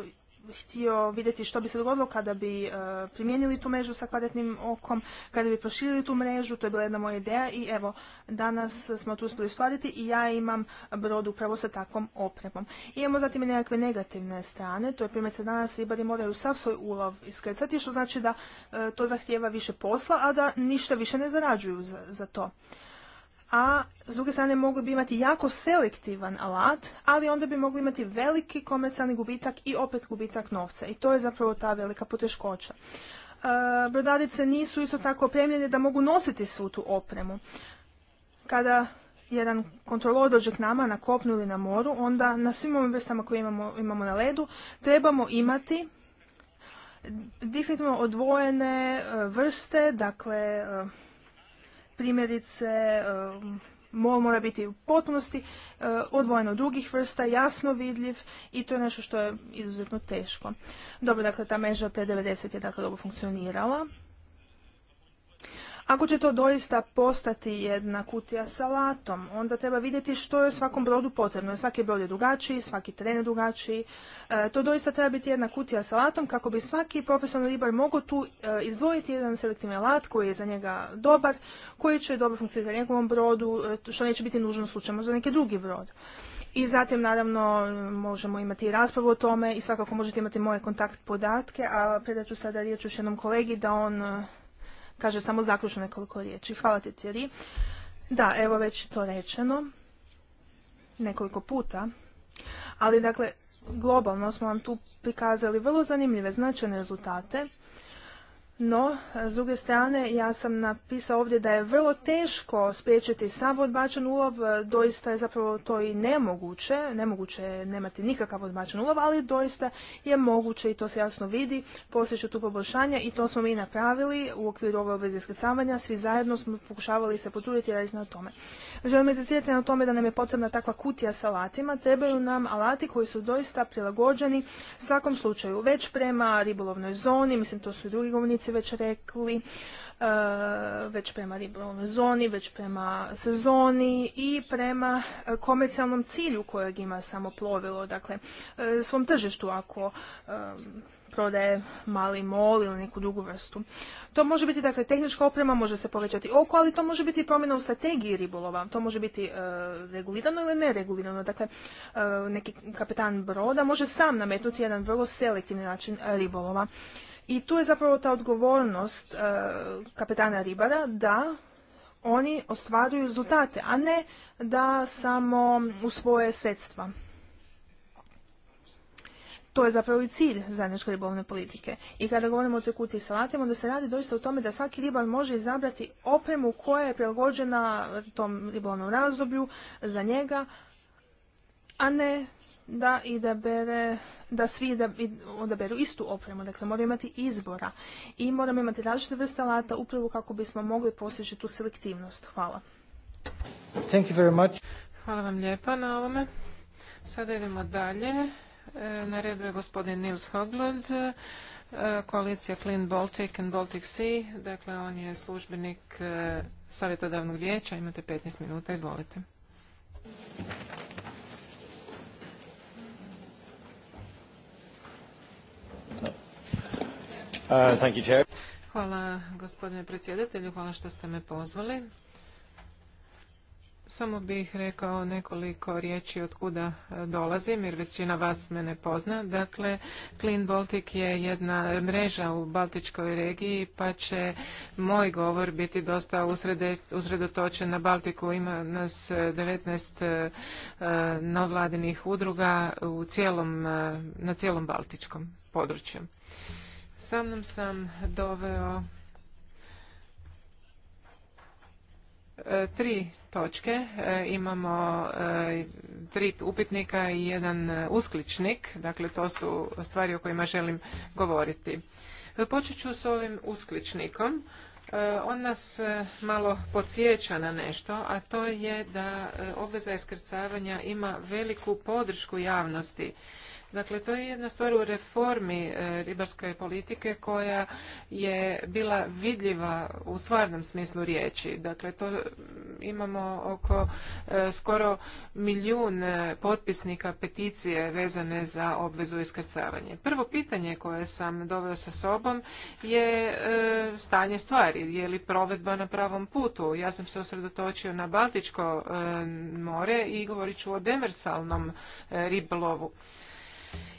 e, htio vidjeti što bi se dogodilo kada bi e, primijenili tu mrežu sa kvadratnim okom, kada bi proširili tu mrežu, to je bila jedna moja ideja i evo, danas smo to uspjeli ostvariti i ja imam brod upravo sa takvom opremom. Imamo zatim i nekakve negativne strane, to je se danas ribari moraju sav svoj ulov iskrecati što znači da e, to zahtijeva više posla, a da ništa više ne zarađuju za to a s druge strane mogli bi imati jako selektivan alat, ali onda bi mogli imati veliki komercijalni gubitak i opet gubitak novca. I to je zapravo ta velika poteškoća. E, brodarice nisu isto tako opremljene da mogu nositi svu tu opremu. Kada jedan kontrolor dođe k nama na kopnu ili na moru, onda na svim ovim vrstama koje imamo, imamo na ledu trebamo imati distinktivno odvojene e, vrste, dakle e, primjerice um, mol mora biti u potpunosti uh, odvojen od drugih vrsta, jasno vidljiv i to je nešto što je izuzetno teško. Dobro, dakle, ta meža T90 je dakle dobro funkcionirala ako će to doista postati jedna kutija sa latom, onda treba vidjeti što je svakom brodu potrebno. Svaki brod je drugačiji, svaki teren je drugačiji. E, to doista treba biti jedna kutija sa latom kako bi svaki profesionalni ribar mogao tu e, izdvojiti jedan selektivni alat koji je za njega dobar, koji će dobro funkcionirati za njegovom brodu, e, što neće biti nužno slučajno za neki drugi brod. I zatim, naravno, možemo imati i raspravu o tome i svakako možete imati moje kontakt podatke, a predat ću sada riječ još jednom kolegi da on kaže samo zaključno nekoliko riječi. Hvala ti Thierry. Da, evo već to rečeno nekoliko puta, ali dakle globalno smo vam tu prikazali vrlo zanimljive značajne rezultate no, s druge strane, ja sam napisao ovdje da je vrlo teško spriječiti sav odbačen ulov, doista je zapravo to i nemoguće, nemoguće je nemati nikakav odbačen ulov, ali doista je moguće i to se jasno vidi, postiću tu poboljšanje i to smo mi napravili u okviru ove obveze iskrcavanja, svi zajedno smo pokušavali se potruditi i raditi na tome. Želim izvjestiti na tome da nam je potrebna takva kutija sa alatima, trebaju nam alati koji su doista prilagođeni svakom slučaju, već prema ribolovnoj zoni, mislim to su i drugi govornici, već rekli, e, već prema ribolovnoj zoni, već prema sezoni i prema komercijalnom cilju kojeg ima samo plovilo, dakle e, svom tržištu ako e, prodaje mali mol ili neku drugu vrstu. To može biti dakle tehnička oprema, može se povećati oko, ali to može biti promjena u strategiji ribolova. To može biti regulirano ili neregulirano. Dakle, neki kapitan broda može sam nametnuti jedan vrlo selektivni način ribolova. I tu je zapravo ta odgovornost e, kapetana ribara da oni ostvaruju rezultate, a ne da samo usvoje sredstva. To je zapravo i cilj zajedničke ribolovne politike. I kada govorimo o tekuti salatima, onda se radi doista o tome da svaki ribar može izabrati opremu koja je prilagođena tom ribolovnom razdoblju za njega, a ne da i da svi odaberu istu opremu, dakle moramo imati izbora i moramo imati različite vrste alata upravo kako bismo mogli postići tu selektivnost. Hvala. Thank you very much. Hvala vam lijepa na ovome. Sada idemo dalje. E, na redu je gospodin Nils Hoglund, e, koalicija Clean Baltic and Baltic Sea. Dakle, on je službenik e, savjetodavnog vijeća. Imate 15 minuta, izvolite. Uh, hvala gospodine predsjedatelju, hvala što ste me pozvali. Samo bih rekao nekoliko riječi od kuda uh, dolazim, jer većina vas mene pozna. Dakle, Clean Baltic je jedna mreža u Baltičkoj regiji, pa će moj govor biti dosta usredotočen na Baltiku. Ima nas 19 uh, novladinih udruga u cijelom, na cijelom Baltičkom području. Sa mnom sam doveo e, tri točke. E, imamo e, tri upitnika i jedan uskličnik. Dakle, to su stvari o kojima želim govoriti. Počet ću s ovim uskličnikom. On nas malo podsjeća na nešto, a to je da obveza iskrcavanja ima veliku podršku javnosti. Dakle, to je jedna stvar u reformi e, ribarske politike koja je bila vidljiva u stvarnom smislu riječi. Dakle, to imamo oko e, skoro milijun e, potpisnika peticije vezane za obvezu iskrcavanje. Prvo pitanje koje sam doveo sa sobom je stanje stvari. Je li provedba na pravom putu? Ja sam se osredotočio na Baltičko more i govorit ću o demersalnom ribolovu.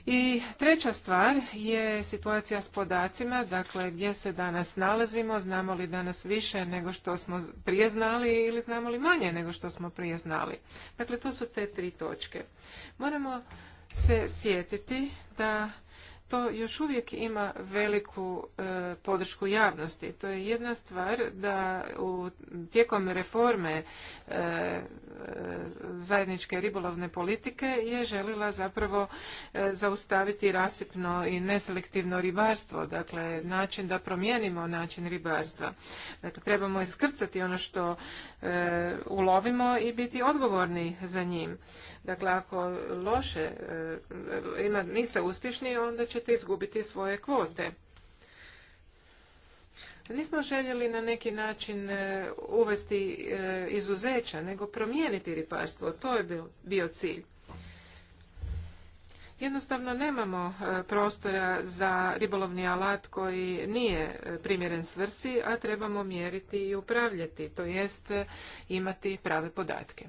I treća stvar je situacija s podacima, dakle gdje se danas nalazimo, znamo li danas više nego što smo prije znali ili znamo li manje nego što smo prije znali. Dakle, to su te tri točke. Moramo se sjetiti da to još uvijek ima veliku e, podršku javnosti. To je jedna stvar da u tijekom reforme e, e, zajedničke ribolovne politike je željela zapravo zaustaviti rasipno i neselektivno ribarstvo, dakle način da promijenimo način ribarstva. Dakle, trebamo iskrcati ono što ulovimo i biti odgovorni za njim. Dakle, ako loše e, niste uspješni, onda ćete izgubiti svoje kvote. Nismo željeli na neki način e, uvesti e, izuzeća, nego promijeniti ribarstvo. To je bio cilj. Jednostavno nemamo prostora za ribolovni alat koji nije primjeren svrsi, a trebamo mjeriti i upravljati, to jest imati prave podatke.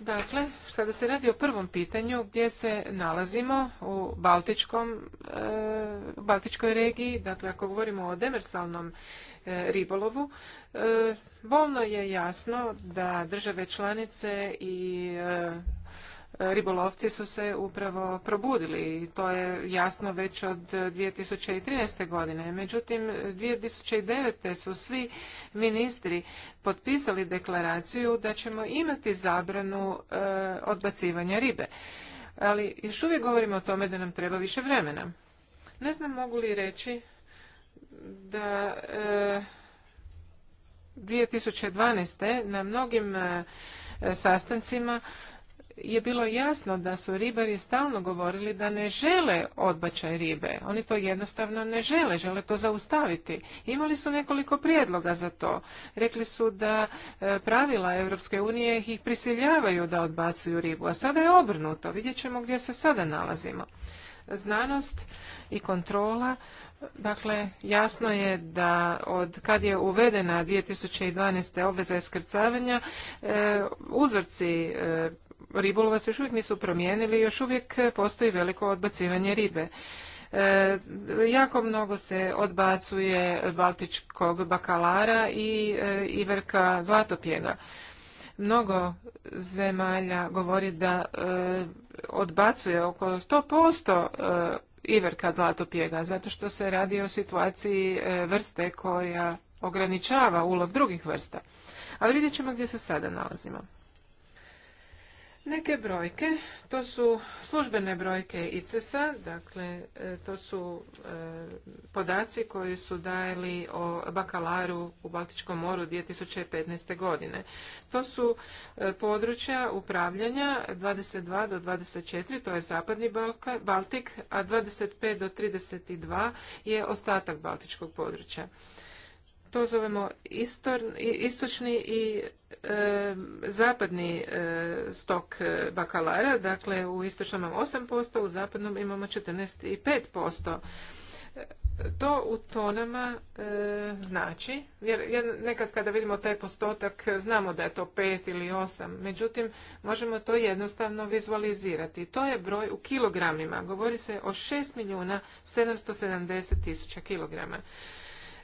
Dakle, sada se radi o prvom pitanju gdje se nalazimo u Baltičkom, e, Baltičkoj regiji, dakle ako govorimo o demersalnom e, ribolovu, volno e, je jasno da države članice i e, ribolovci su se upravo probudili i to je jasno već od 2013. godine. Međutim, 2009. su svi ministri potpisali deklaraciju da ćemo imati zabranu e, odbacivanja ribe. Ali još uvijek govorimo o tome da nam treba više vremena. Ne znam mogu li reći da 2012. E, na mnogim e, sastancima je bilo jasno da su ribari stalno govorili da ne žele odbačaj ribe. Oni to jednostavno ne žele, žele to zaustaviti. Imali su nekoliko prijedloga za to. Rekli su da e, pravila Europske unije ih prisiljavaju da odbacuju ribu, a sada je obrnuto. Vidjet ćemo gdje se sada nalazimo. Znanost i kontrola Dakle, jasno je da od kad je uvedena 2012. obveza iskrcavanja, e, uzorci e, ribolova se još uvijek nisu promijenili, još uvijek postoji veliko odbacivanje ribe. E, jako mnogo se odbacuje baltičkog bakalara i e, iverka zlatopjena. Mnogo zemalja govori da e, odbacuje oko 100% e, iverka zlatopjega, zato što se radi o situaciji vrste koja ograničava ulov drugih vrsta. Ali vidjet ćemo gdje se sada nalazimo. Neke brojke, to su službene brojke ICES-a, dakle e, to su e, podaci koji su dajeli o bakalaru u Baltičkom moru 2015. godine. To su e, područja upravljanja 22 do 24, to je zapadni Baltik, a 25 do 32 je ostatak Baltičkog područja to zovemo istočni i e, zapadni e, stok e, bakalara. Dakle, u istočnom imamo 8%, u zapadnom imamo 14,5%. To u tonama znači, jer nekad kada vidimo taj postotak znamo da je to 5 ili 8, međutim možemo to jednostavno vizualizirati. To je broj u kilogramima, govori se o 6 milijuna 770 tisuća kilograma.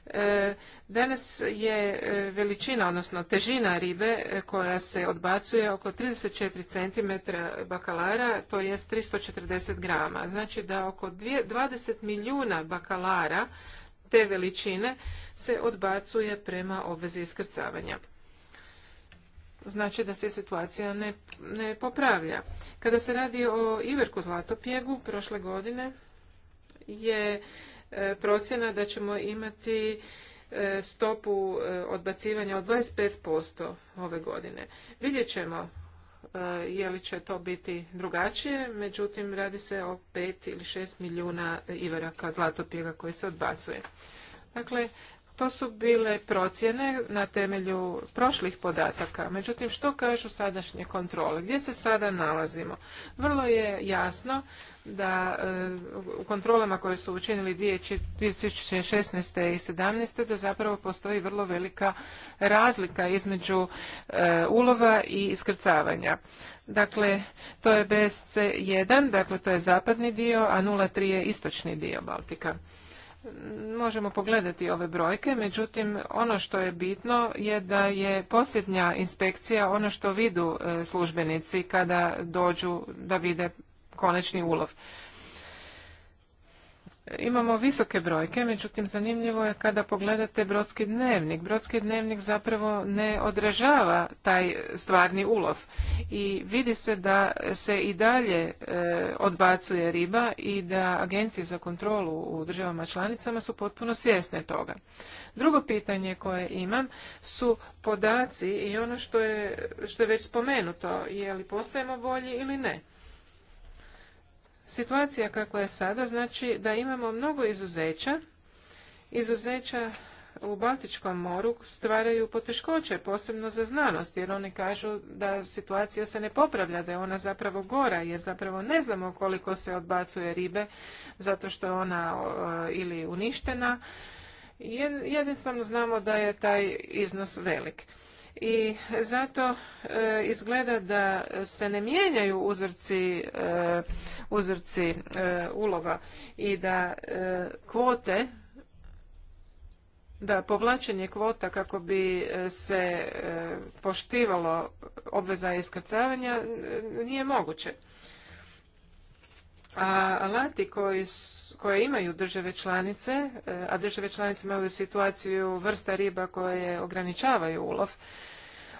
E, danas je e, veličina, odnosno težina ribe e, koja se odbacuje oko 34 cm bakalara, to je 340 grama. Znači da oko 20 milijuna bakalara te veličine se odbacuje prema obvezi iskrcavanja. Znači da se situacija ne, ne popravlja. Kada se radi o Iverku Zlatopjegu, prošle godine je procjena da ćemo imati e, stopu e, odbacivanja od 25% ove godine. Vidjet ćemo e, je li će to biti drugačije, međutim radi se o 5 ili 6 milijuna ivaraka zlatopjega koji se odbacuje. Dakle, to su bile procjene na temelju prošlih podataka. Međutim, što kažu sadašnje kontrole? Gdje se sada nalazimo? Vrlo je jasno da e, u kontrolama koje su učinili 2016. i 2017. da zapravo postoji vrlo velika razlika između e, ulova i iskrcavanja. Dakle, to je BSC1, dakle to je zapadni dio, a 0,3 je istočni dio Baltika možemo pogledati ove brojke, međutim ono što je bitno je da je posljednja inspekcija ono što vidu e, službenici kada dođu da vide konačni ulov imamo visoke brojke, međutim zanimljivo je kada pogledate brodski dnevnik. Brodski dnevnik zapravo ne odražava taj stvarni ulov i vidi se da se i dalje e, odbacuje riba i da agencije za kontrolu u državama članicama su potpuno svjesne toga. Drugo pitanje koje imam su podaci i ono što je, što je već spomenuto, je li postajemo bolji ili ne. Situacija kakva je sada znači da imamo mnogo izuzeća. Izuzeća u Baltičkom moru stvaraju poteškoće, posebno za znanost, jer oni kažu da situacija se ne popravlja, da je ona zapravo gora, jer zapravo ne znamo koliko se odbacuje ribe, zato što je ona ili uništena. Jednostavno znamo da je taj iznos velik i zato e, izgleda da se ne mijenjaju uzorci, e, uzorci e, ulova i da kvote da povlačenje kvota kako bi se poštivalo obveza iskrcavanja nije moguće. A alati koji su koje imaju države članice, e, a države članice imaju situaciju vrsta riba koje ograničavaju ulov,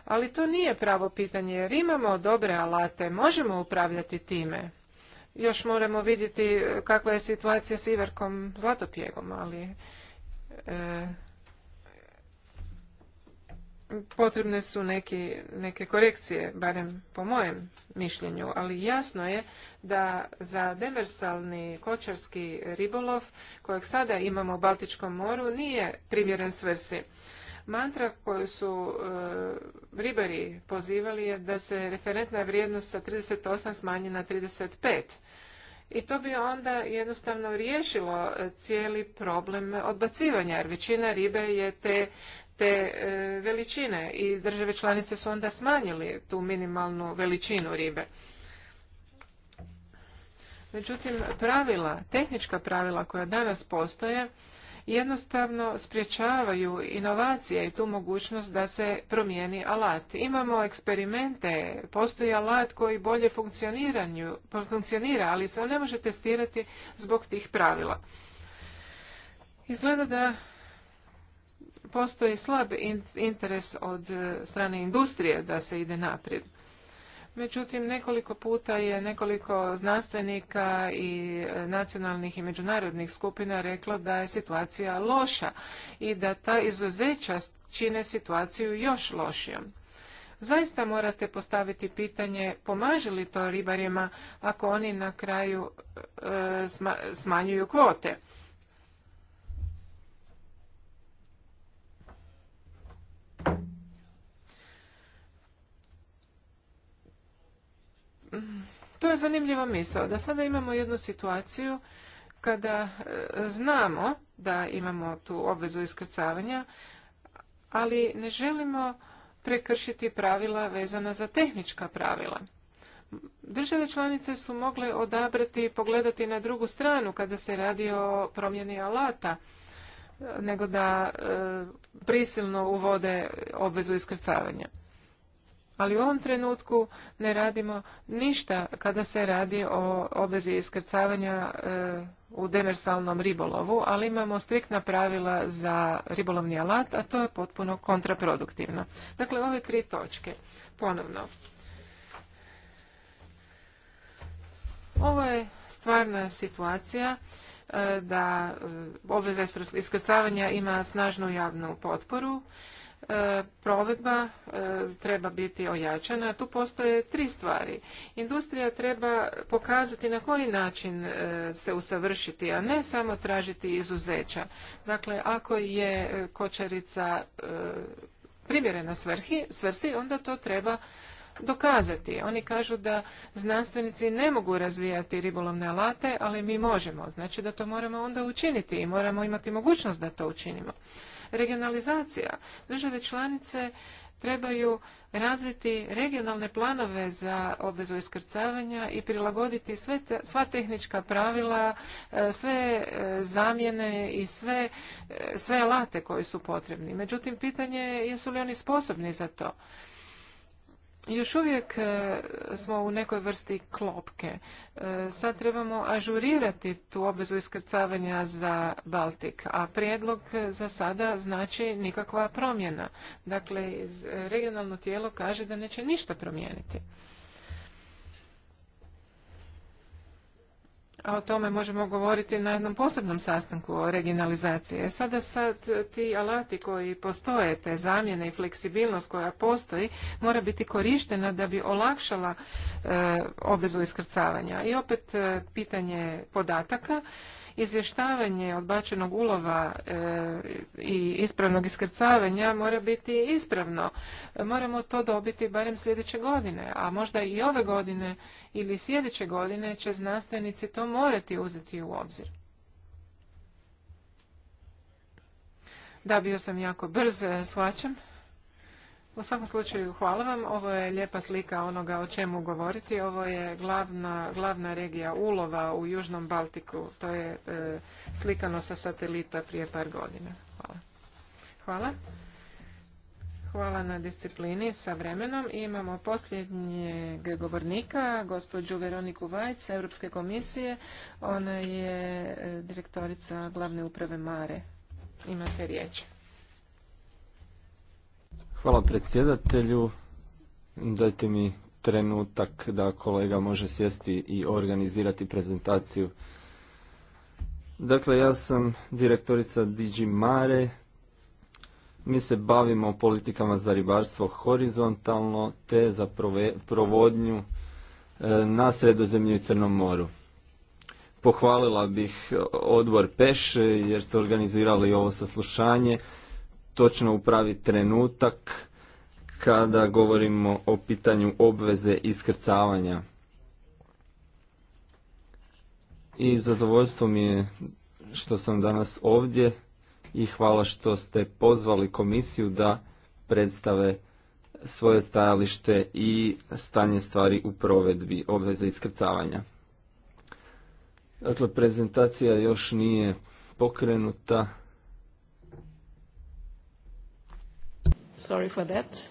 ali to nije pravo pitanje jer imamo dobre alate, možemo upravljati time. Još moramo vidjeti kakva je situacija s Iverkom Zlatopjegom, ali e, potrebne su neke korekcije, barem po mojem mišljenju, ali jasno je da za demersalni kočarski ribolov kojeg sada imamo u Baltičkom moru nije primjeren svrsi. Mantra koju su e, ribari pozivali je da se referentna vrijednost sa 38 smanji na 35. I to bi onda jednostavno riješilo e, cijeli problem odbacivanja, jer većina ribe je te te e, veličine i države članice su onda smanjili tu minimalnu veličinu ribe. Međutim, pravila, tehnička pravila koja danas postoje, jednostavno sprječavaju inovacije i tu mogućnost da se promijeni alat. Imamo eksperimente, postoji alat koji bolje funkcionira, ali se on ne može testirati zbog tih pravila. Izgleda da postoji slab interes od e, strane industrije da se ide naprijed. Međutim, nekoliko puta je nekoliko znanstvenika i e, nacionalnih i međunarodnih skupina reklo da je situacija loša i da ta izuzeća čine situaciju još lošijom. Zaista morate postaviti pitanje pomaže li to ribarima ako oni na kraju e, smanjuju kvote. to je zanimljiva misao da sada imamo jednu situaciju kada e, znamo da imamo tu obvezu iskrcavanja, ali ne želimo prekršiti pravila vezana za tehnička pravila. Države članice su mogle odabrati i pogledati na drugu stranu kada se radi o promjeni alata, nego da e, prisilno uvode obvezu iskrcavanja ali u ovom trenutku ne radimo ništa kada se radi o obvezi iskrcavanja e, u demersalnom ribolovu, ali imamo striktna pravila za ribolovni alat, a to je potpuno kontraproduktivno. Dakle, ove tri točke, ponovno. Ovo je stvarna situacija e, da e, obveza iskrcavanja ima snažnu javnu potporu E, provedba e, treba biti ojačana. Tu postoje tri stvari. Industrija treba pokazati na koji način e, se usavršiti, a ne samo tražiti izuzeća. Dakle, ako je kočarica primjerena svrhi, svrsi, onda to treba dokazati. Oni kažu da znanstvenici ne mogu razvijati ribolovne alate, ali mi možemo. Znači da to moramo onda učiniti i moramo imati mogućnost da to učinimo regionalizacija. Države članice trebaju razviti regionalne planove za obvezu iskrcavanja i prilagoditi sve sva tehnička pravila, e, sve e, zamjene i sve, e, sve alate koji su potrebni. Međutim, pitanje je jesu li oni sposobni za to još uvijek e, smo u nekoj vrsti klopke. E, sad trebamo ažurirati tu obvezu iskrcavanja za Baltik, a prijedlog za sada znači nikakva promjena. Dakle, regionalno tijelo kaže da neće ništa promijeniti. a o tome možemo govoriti na jednom posebnom sastanku o regionalizaciji. E sada sad ti alati koji postoje, te zamjene i fleksibilnost koja postoji, mora biti korištena da bi olakšala e, obvezu iskrcavanja. I opet e, pitanje podataka izvještavanje odbačenog ulova e, i ispravnog iskrcavanja mora biti ispravno. Moramo to dobiti barem sljedeće godine, a možda i ove godine ili sljedeće godine će znanstvenici to morati uzeti u obzir. Da, bio sam jako brz, e, shvaćam. U svakom slučaju hvala vam. Ovo je lijepa slika onoga o čemu govoriti. Ovo je glavna, glavna regija ulova u Južnom Baltiku. To je e, slikano sa satelita prije par godina. Hvala. Hvala. Hvala na disciplini sa vremenom. imamo posljednjeg govornika, gospođu Veroniku Vajc, Europske komisije. Ona je e, direktorica glavne uprave Mare. Imate riječ. Hvala predsjedatelju. Dajte mi trenutak da kolega može sjesti i organizirati prezentaciju. Dakle, ja sam direktorica Digi Mare. Mi se bavimo politikama za ribarstvo horizontalno te za provodnju e, na Sredozemlju i Crnom moru. Pohvalila bih odbor Peše jer ste organizirali ovo saslušanje točno u pravi trenutak kada govorimo o pitanju obveze iskrcavanja. I zadovoljstvo mi je što sam danas ovdje i hvala što ste pozvali komisiju da predstave svoje stajalište i stanje stvari u provedbi obveze iskrcavanja. Dakle, prezentacija još nije pokrenuta. Sorry for that.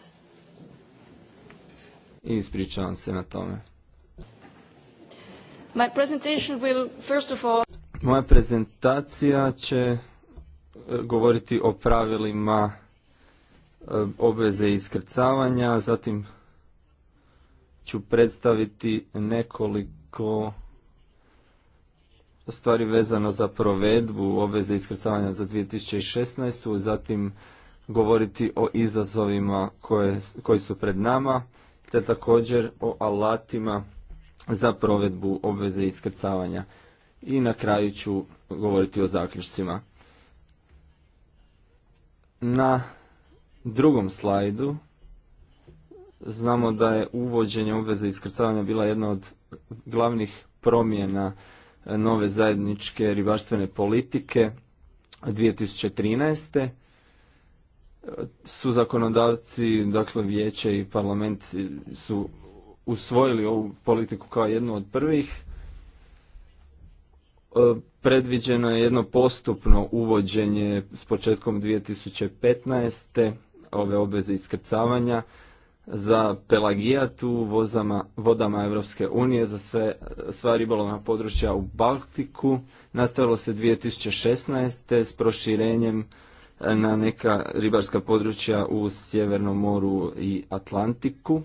Ispričavam se na tome. My presentation will, first of all... Moja prezentacija će e, govoriti o pravilima e, obveze iskrcavanja, zatim ću predstaviti nekoliko stvari vezano za provedbu obveze iskrcavanja za 2016. Zatim govoriti o izazovima koji su pred nama, te također o alatima za provedbu obveze iskrcavanja. I na kraju ću govoriti o zaključcima. Na drugom slajdu znamo da je uvođenje obveze iskrcavanja bila jedna od glavnih promjena eh, nove zajedničke ribarstvene politike 2013 su zakonodavci, dakle vijeće i parlament su usvojili ovu politiku kao jednu od prvih. E, predviđeno je jedno postupno uvođenje s početkom 2015. ove obveze iskrcavanja za pelagijatu u vozama, vodama Europske unije za sve, sva ribolovna područja u Baltiku. Nastavilo se 2016. s proširenjem na neka ribarska područja u Sjevernom moru i Atlantiku.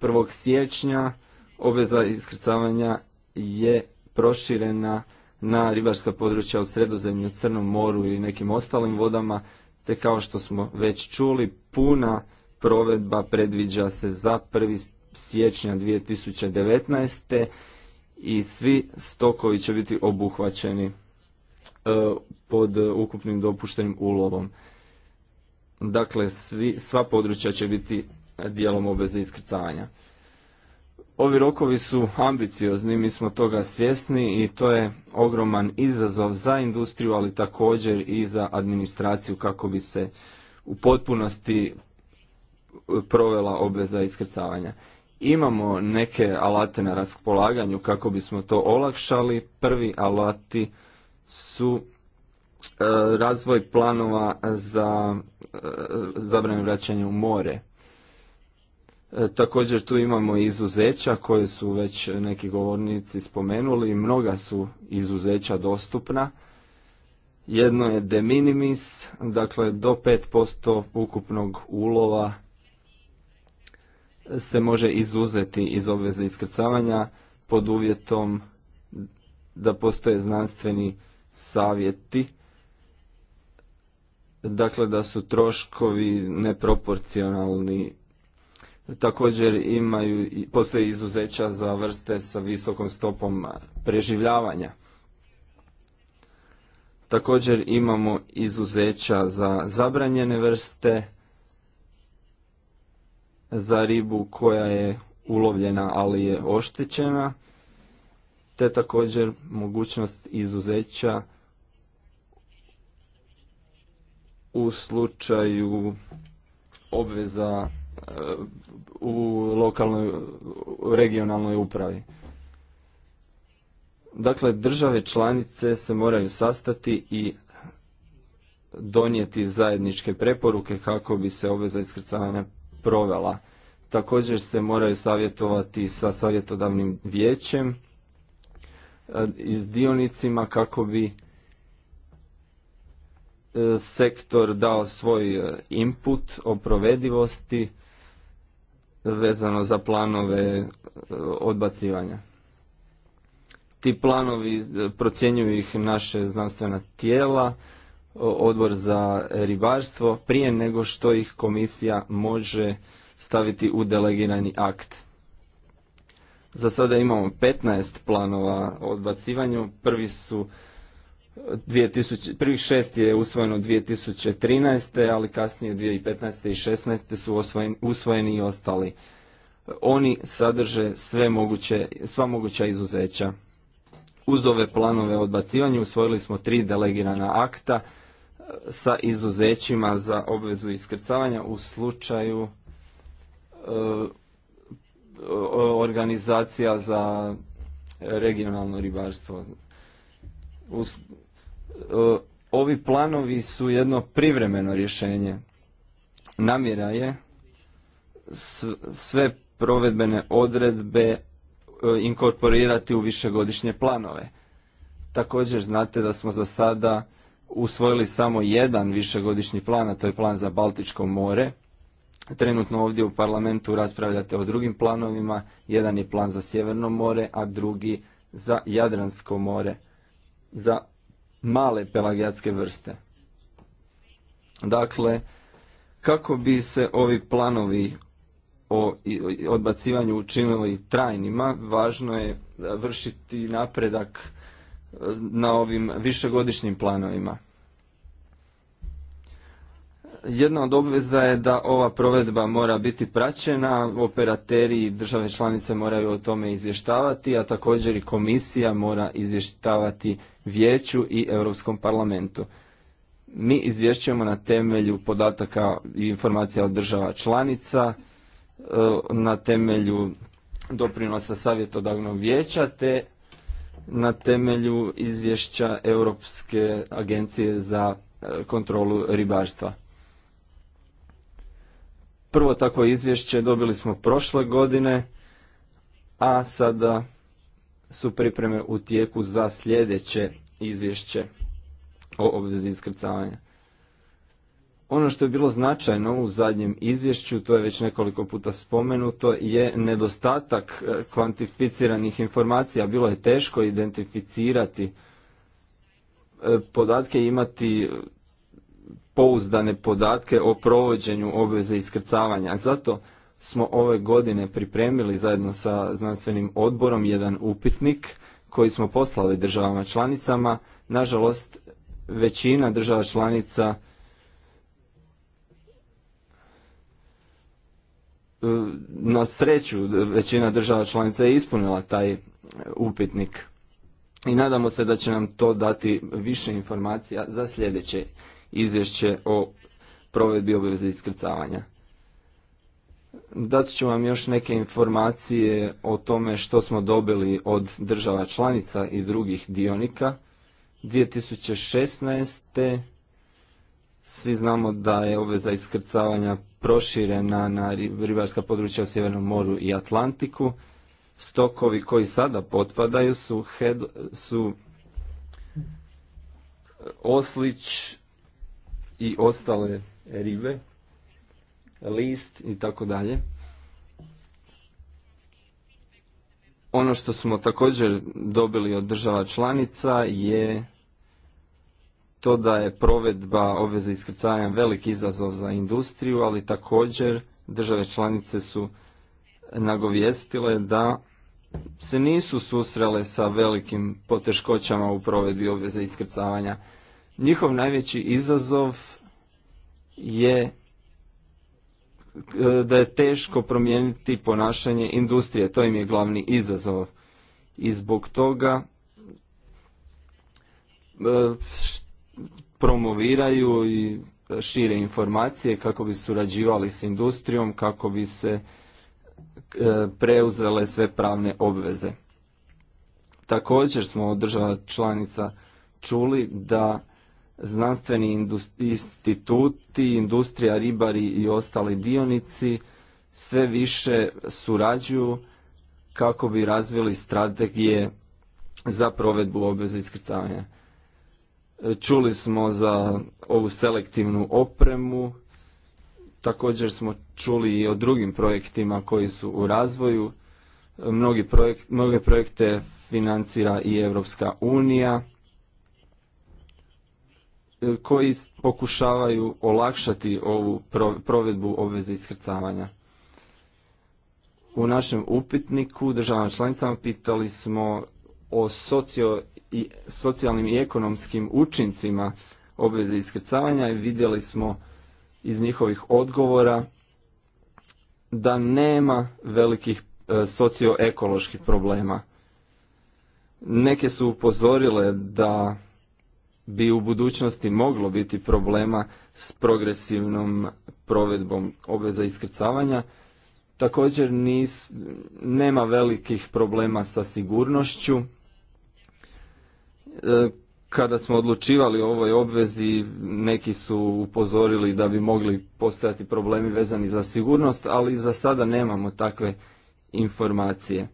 1. siječnja obveza iskrcavanja je proširena na ribarska područja u Sredozemlju, Crnom moru i nekim ostalim vodama, te kao što smo već čuli, puna provedba predviđa se za 1. siječnja 2019. i svi stokovi će biti obuhvaćeni. E, pod ukupnim dopuštenim ulovom. Dakle, sva područja će biti dijelom obveze iskrcavanja. Ovi rokovi su ambiciozni, mi smo toga svjesni i to je ogroman izazov za industriju, ali također i za administraciju kako bi se u potpunosti e, provela obveza iskrcavanja. Imamo neke alate na raspolaganju kako bismo to olakšali. Prvi alati su e, razvoj planova za e, zabranjeno vraćanje u more. E, također tu imamo izuzeća koje su već neki govornici spomenuli, mnoga su izuzeća dostupna. Jedno je de minimis, dakle do 5% ukupnog ulova se može izuzeti iz obveze iskrcavanja pod uvjetom da postoje znanstveni savjeti dakle da su troškovi neproporcionalni također imaju postoje izuzeća za vrste sa visokom stopom preživljavanja također imamo izuzeća za zabranjene vrste za ribu koja je ulovljena ali je oštećena te također mogućnost izuzeća u slučaju obveza e, u lokalnoj regionalnoj upravi. Dakle države članice se moraju sastati i donijeti zajedničke preporuke kako bi se obveza iskrcavanja provela. Također se moraju savjetovati sa savjetodavnim vijećem E, iz dionicima kako bi e, sektor dao svoj e, input o provedivosti vezano za planove odbacivanja. Ti planovi procjenjuju ih naše znanstvena tijela, odbor za ribarstvo, prije nego što ih komisija može staviti u delegirani akt. Za sada imamo 15 planova o odbacivanju. Prvi su 2000, eh, prvih šest je usvojeno 2013. ali kasnije 2015. i 2016. su usvojeni, i ostali. Oni sadrže sve moguće, sva moguća izuzeća. Uz ove planove o odbacivanju usvojili smo tri delegirana akta eh, sa izuzećima za obvezu iskrcavanja u slučaju eh, organizacija za regionalno ribarstvo. Ovi planovi su jedno privremeno rješenje. Namjera je sve provedbene odredbe e, inkorporirati u višegodišnje planove. Također znate da smo za sada usvojili samo jedan višegodišnji plan, a to je plan za Baltičko more. Trenutno ovdje u parlamentu raspravljate o drugim planovima. Jedan je plan za Sjeverno more, a drugi za Jadransko more, za male pelagijatske vrste. Dakle, kako bi se ovi planovi o odbacivanju učinili trajnima, važno je e, vršiti napredak e, na ovim višegodišnjim planovima. Jedna od obveza je da ova provedba mora biti praćena, operateri i države članice moraju o tome izvještavati, a također i komisija mora izvještavati vijeću i Europskom parlamentu. Mi izvješćujemo na temelju podataka i informacija od država članica, e, na temelju doprinosa savjetodavnog vijeća te na temelju izvješća Europske agencije za e, kontrolu ribarstva. Prvo takvo izvješće dobili smo prošle godine, a sada su pripreme u tijeku za sljedeće izvješće o obvezi iskrcavanja. Ono što je bilo značajno u zadnjem izvješću, to je već nekoliko puta spomenuto, je nedostatak e, kvantificiranih informacija. Bilo je teško identificirati e, podatke i imati pouzdane podatke o provođenju obveze iskrcavanja. Zato smo ove godine pripremili zajedno sa znanstvenim odborom jedan upitnik koji smo poslali državama članicama. Nažalost, većina država članica e, na sreću većina država članica je ispunila taj upitnik i nadamo se da će nam to dati više informacija za sljedeće izvješće o provedbi obveze iskrcavanja. Dat ću vam još neke informacije o tome što smo dobili od država članica i drugih dionika. 2016. Svi znamo da je obveza iskrcavanja proširena na ribarska područja u Sjevernom moru i Atlantiku. Stokovi koji sada potpadaju su, head, su oslić, i ostale ribe, list i tako dalje. Ono što smo također dobili od država članica je to da je provedba obveze iskrcavanja velik izazov za industriju, ali također države članice su nagovjestile da se nisu susrele sa velikim poteškoćama u provedbi obveza iskrcavanja Njihov najveći izazov je e, da je teško promijeniti ponašanje industrije. To im je glavni izazov. I zbog toga e, promoviraju i šire informacije kako bi surađivali s industrijom, kako bi se e, preuzele sve pravne obveze. Također smo od država članica čuli da znanstveni instituti, industrija, ribari i ostali dionici sve više surađuju kako bi razvili strategije za provedbu obveze iskrcavanja. Čuli smo za ovu selektivnu opremu, također smo čuli i o drugim projektima koji su u razvoju. Mnogi mnoge projekte financira i Europska unija E, koji pokušavaju olakšati ovu provedbu obveze iskrcavanja. U našem upitniku državama članicama pitali smo o socio i socijalnim i ekonomskim učincima obveze iskrcavanja i vidjeli smo iz njihovih odgovora da nema velikih e, socioekoloških problema. Neke su upozorile da bi u budućnosti moglo biti problema s progresivnom provedbom obveza iskrcavanja. Također nis, nema velikih problema sa sigurnošću. E, kada smo odlučivali o ovoj obvezi, neki su upozorili da bi mogli postojati problemi vezani za sigurnost, ali za sada nemamo takve informacije.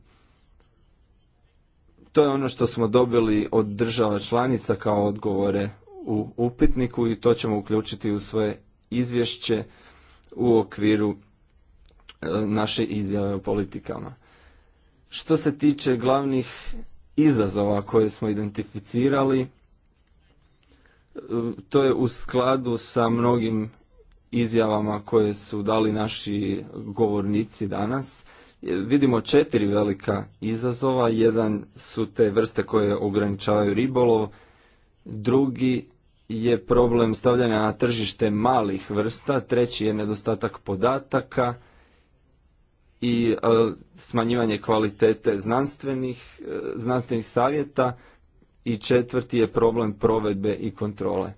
To je ono što smo dobili od država članica kao odgovore u upitniku i to ćemo uključiti u svoje izvješće u okviru e, naše izjave o politikama. Što se tiče glavnih izazova koje smo identificirali, e, to je u skladu sa mnogim izjavama koje su dali naši govornici danas vidimo četiri velika izazova. Jedan su te vrste koje ograničavaju ribolov, drugi je problem stavljanja na tržište malih vrsta, treći je nedostatak podataka i e, smanjivanje kvalitete znanstvenih, e, znanstvenih savjeta i četvrti je problem provedbe i kontrole.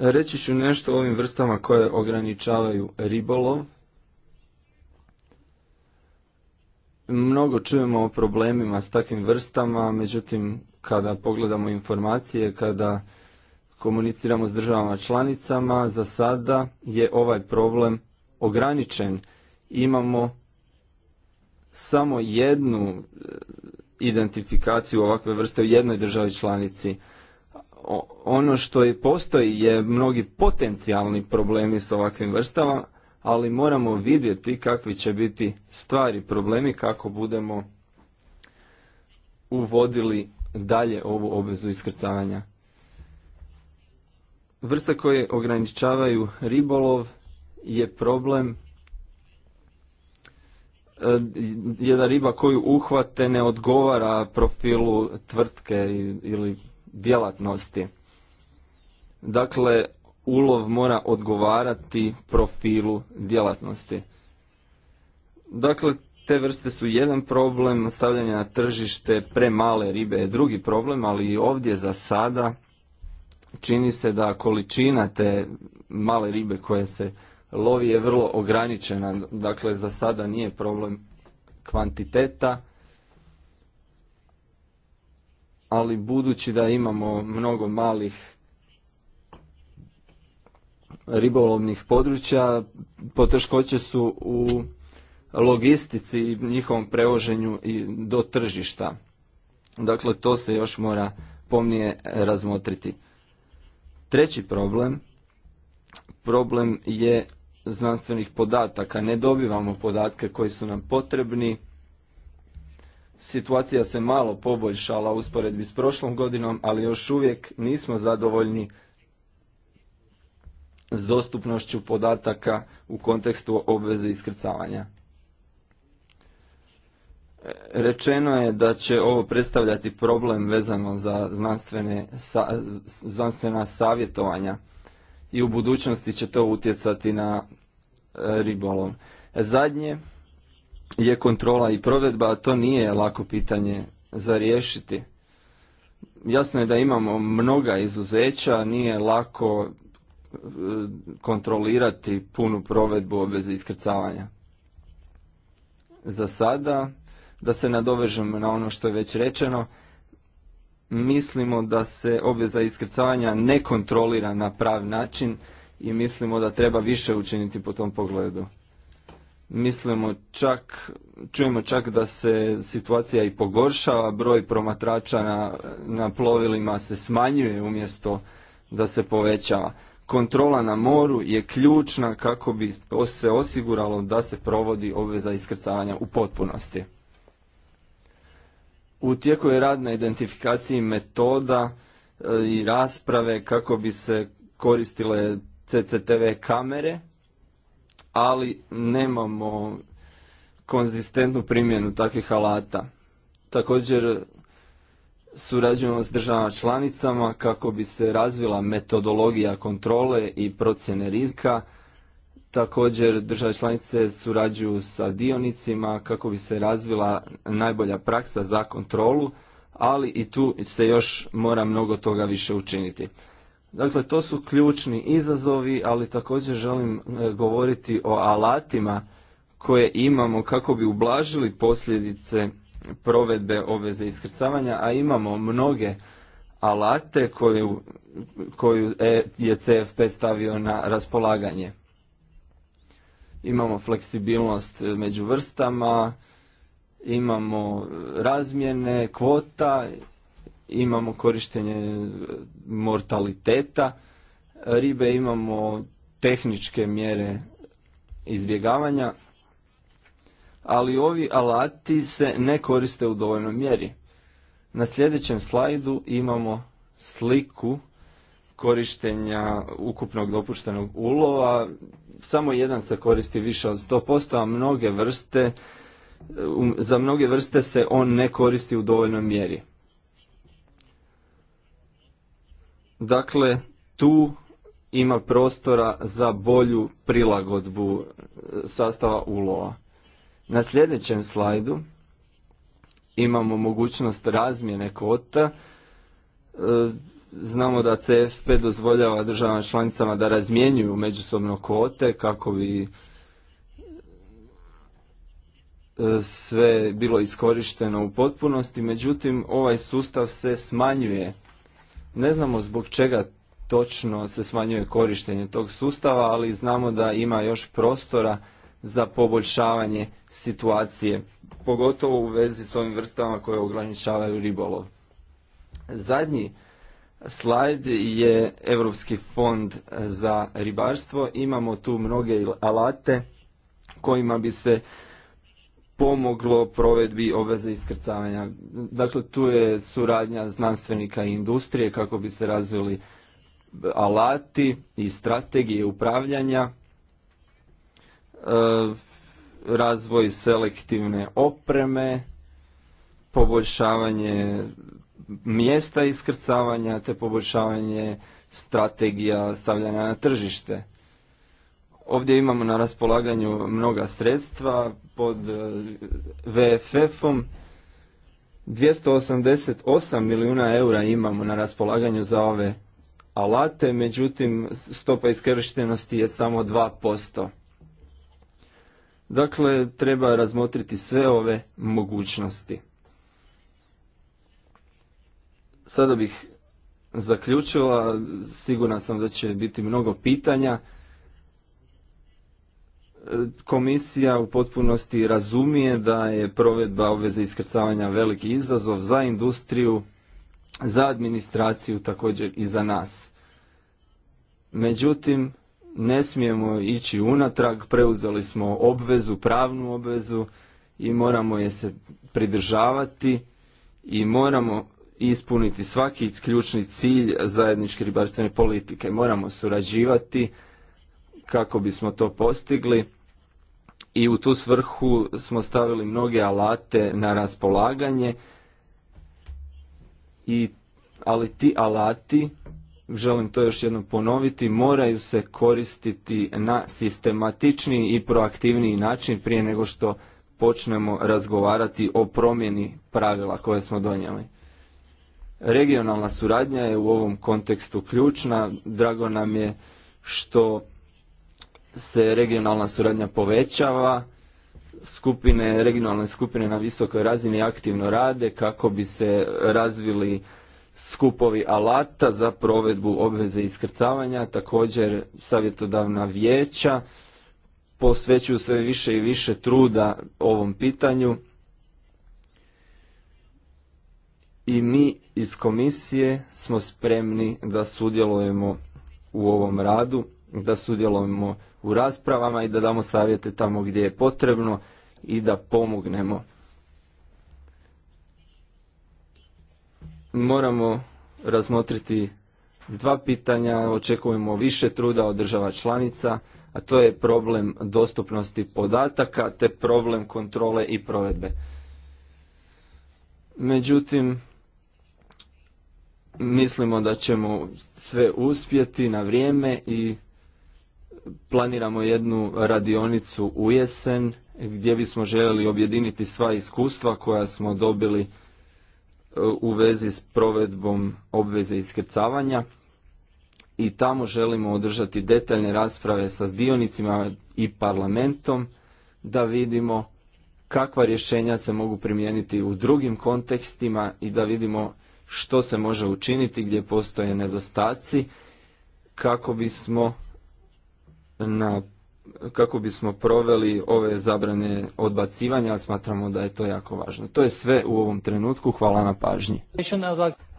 Reći ću nešto o ovim vrstama koje ograničavaju ribolov. Mnogo čujemo o problemima s takvim vrstama, međutim kada pogledamo informacije, kada komuniciramo s državama članicama, za sada je ovaj problem ograničen. Imamo samo jednu eh, identifikaciju ovakve vrste u jednoj državi članici ono što i postoji je mnogi potencijalni problemi s ovakvim vrstama, ali moramo vidjeti kakvi će biti stvari problemi kako budemo uvodili dalje ovu obvezu iskrcavanja. Vrsta koje ograničavaju ribolov je problem e, jedna riba koju uhvate ne odgovara profilu tvrtke ili djelatnosti. Dakle, ulov mora odgovarati profilu djelatnosti. Dakle, te vrste su jedan problem, stavljanje na tržište premale ribe je drugi problem, ali i ovdje za sada čini se da količina te male ribe koje se lovi je vrlo ograničena. Dakle, za sada nije problem kvantiteta, ali budući da imamo mnogo malih ribolovnih područja, poteškoće su u logistici i njihovom prevoženju i do tržišta. Dakle, to se još mora pomnije razmotriti. Treći problem, problem je znanstvenih podataka. Ne dobivamo podatke koji su nam potrebni, Situacija se malo poboljšala usporedbi s prošlom godinom, ali još uvijek nismo zadovoljni s dostupnošću podataka u kontekstu obveze iskrcavanja. Rečeno je da će ovo predstavljati problem vezano za znanstvene, znanstvena savjetovanja i u budućnosti će to utjecati na ribolov. Zadnje, je kontrola i provedba, a to nije lako pitanje za riješiti. Jasno je da imamo mnoga izuzeća, nije lako e, kontrolirati punu provedbu obveze iskrcavanja. Za sada, da se nadovežemo na ono što je već rečeno, mislimo da se obveza iskrcavanja ne kontrolira na pravi način i mislimo da treba više učiniti po tom pogledu mislimo čak, čujemo čak da se situacija i pogoršava, broj promatrača na, plovilima se smanjuje umjesto da se povećava. Kontrola na moru je ključna kako bi se osiguralo da se provodi obveza iskrcavanja u potpunosti. U tijeku je rad na identifikaciji metoda e, i rasprave kako bi se koristile CCTV kamere ali nemamo konzistentnu primjenu takvih alata. Također surađujemo s državama članicama kako bi se razvila metodologija kontrole i procjene rizika. Također države članice surađuju sa dionicima kako bi se razvila najbolja praksa za kontrolu, ali i tu se još mora mnogo toga više učiniti. Dakle, to su ključni izazovi, ali također želim e, govoriti o alatima koje imamo kako bi ublažili posljedice provedbe obveze iskrcavanja, a imamo mnoge alate koju, koju e, je CFP stavio na raspolaganje. Imamo fleksibilnost među vrstama, imamo razmjene, kvota imamo korištenje mortaliteta ribe, imamo tehničke mjere izbjegavanja, ali ovi alati se ne koriste u dovoljnoj mjeri. Na sljedećem slajdu imamo sliku korištenja ukupnog dopuštenog ulova. Samo jedan se koristi više od 100%, a mnoge vrste, um, za mnoge vrste se on ne koristi u dovoljnoj mjeri. Dakle, tu ima prostora za bolju prilagodbu e, sastava ulova. Na sljedećem slajdu imamo mogućnost razmjene kvota. E, znamo da CFP dozvoljava državama članicama da razmjenjuju međusobno kvote kako bi e, sve bilo iskorišteno u potpunosti, međutim ovaj sustav se smanjuje ne znamo zbog čega točno se smanjuje korištenje tog sustava, ali znamo da ima još prostora za poboljšavanje situacije, pogotovo u vezi s ovim vrstama koje ograničavaju ribolov. Zadnji slajd je Europski fond za ribarstvo. Imamo tu mnoge alate kojima bi se pomoglo provedbi obveze iskrcavanja. Dakle, tu je suradnja znanstvenika i industrije kako bi se razvili alati i strategije upravljanja, e, razvoj selektivne opreme, poboljšavanje mjesta iskrcavanja te poboljšavanje strategija stavljanja na tržište. Ovdje imamo na raspolaganju mnoga sredstva pod e, VFF-om. 288 milijuna eura imamo na raspolaganju za ove alate, međutim stopa iskrštenosti je samo 2%. Dakle, treba razmotriti sve ove mogućnosti. Sada bih zaključila, sigurna sam da će biti mnogo pitanja. Komisija u potpunosti razumije da je provedba obveze iskrcavanja veliki izazov za industriju, za administraciju također i za nas. Međutim, ne smijemo ići unatrag, preuzeli smo obvezu, pravnu obvezu i moramo je se pridržavati i moramo ispuniti svaki ključni cilj zajedničke ribarstvene politike. Moramo surađivati kako bismo to postigli i u tu svrhu smo stavili mnoge alate na raspolaganje i ali ti alati želim to još jednom ponoviti moraju se koristiti na sistematičniji i proaktivniji način prije nego što počnemo razgovarati o promjeni pravila koje smo donijeli. Regionalna suradnja je u ovom kontekstu ključna. Drago nam je što se regionalna suradnja povećava, skupine, regionalne skupine na visokoj razini aktivno rade kako bi se razvili skupovi alata za provedbu obveze iskrcavanja, također savjetodavna vijeća posvećuju sve više i više truda ovom pitanju. I mi iz komisije smo spremni da sudjelujemo u ovom radu, da sudjelujemo u raspravama i da damo savjete tamo gdje je potrebno i da pomognemo. Moramo razmotriti dva pitanja, očekujemo više truda od država članica, a to je problem dostupnosti podataka te problem kontrole i provedbe. Međutim, mislimo da ćemo sve uspjeti na vrijeme i planiramo jednu radionicu u jesen gdje bismo željeli objediniti sva iskustva koja smo dobili e, u vezi s provedbom obveze iskrcavanja i tamo želimo održati detaljne rasprave sa dionicima i parlamentom da vidimo kakva rješenja se mogu primijeniti u drugim kontekstima i da vidimo što se može učiniti gdje postoje nedostaci kako bismo na kako bismo proveli ove zabrane odbacivanja, smatramo da je to jako važno. To je sve u ovom trenutku. Hvala na pažnji.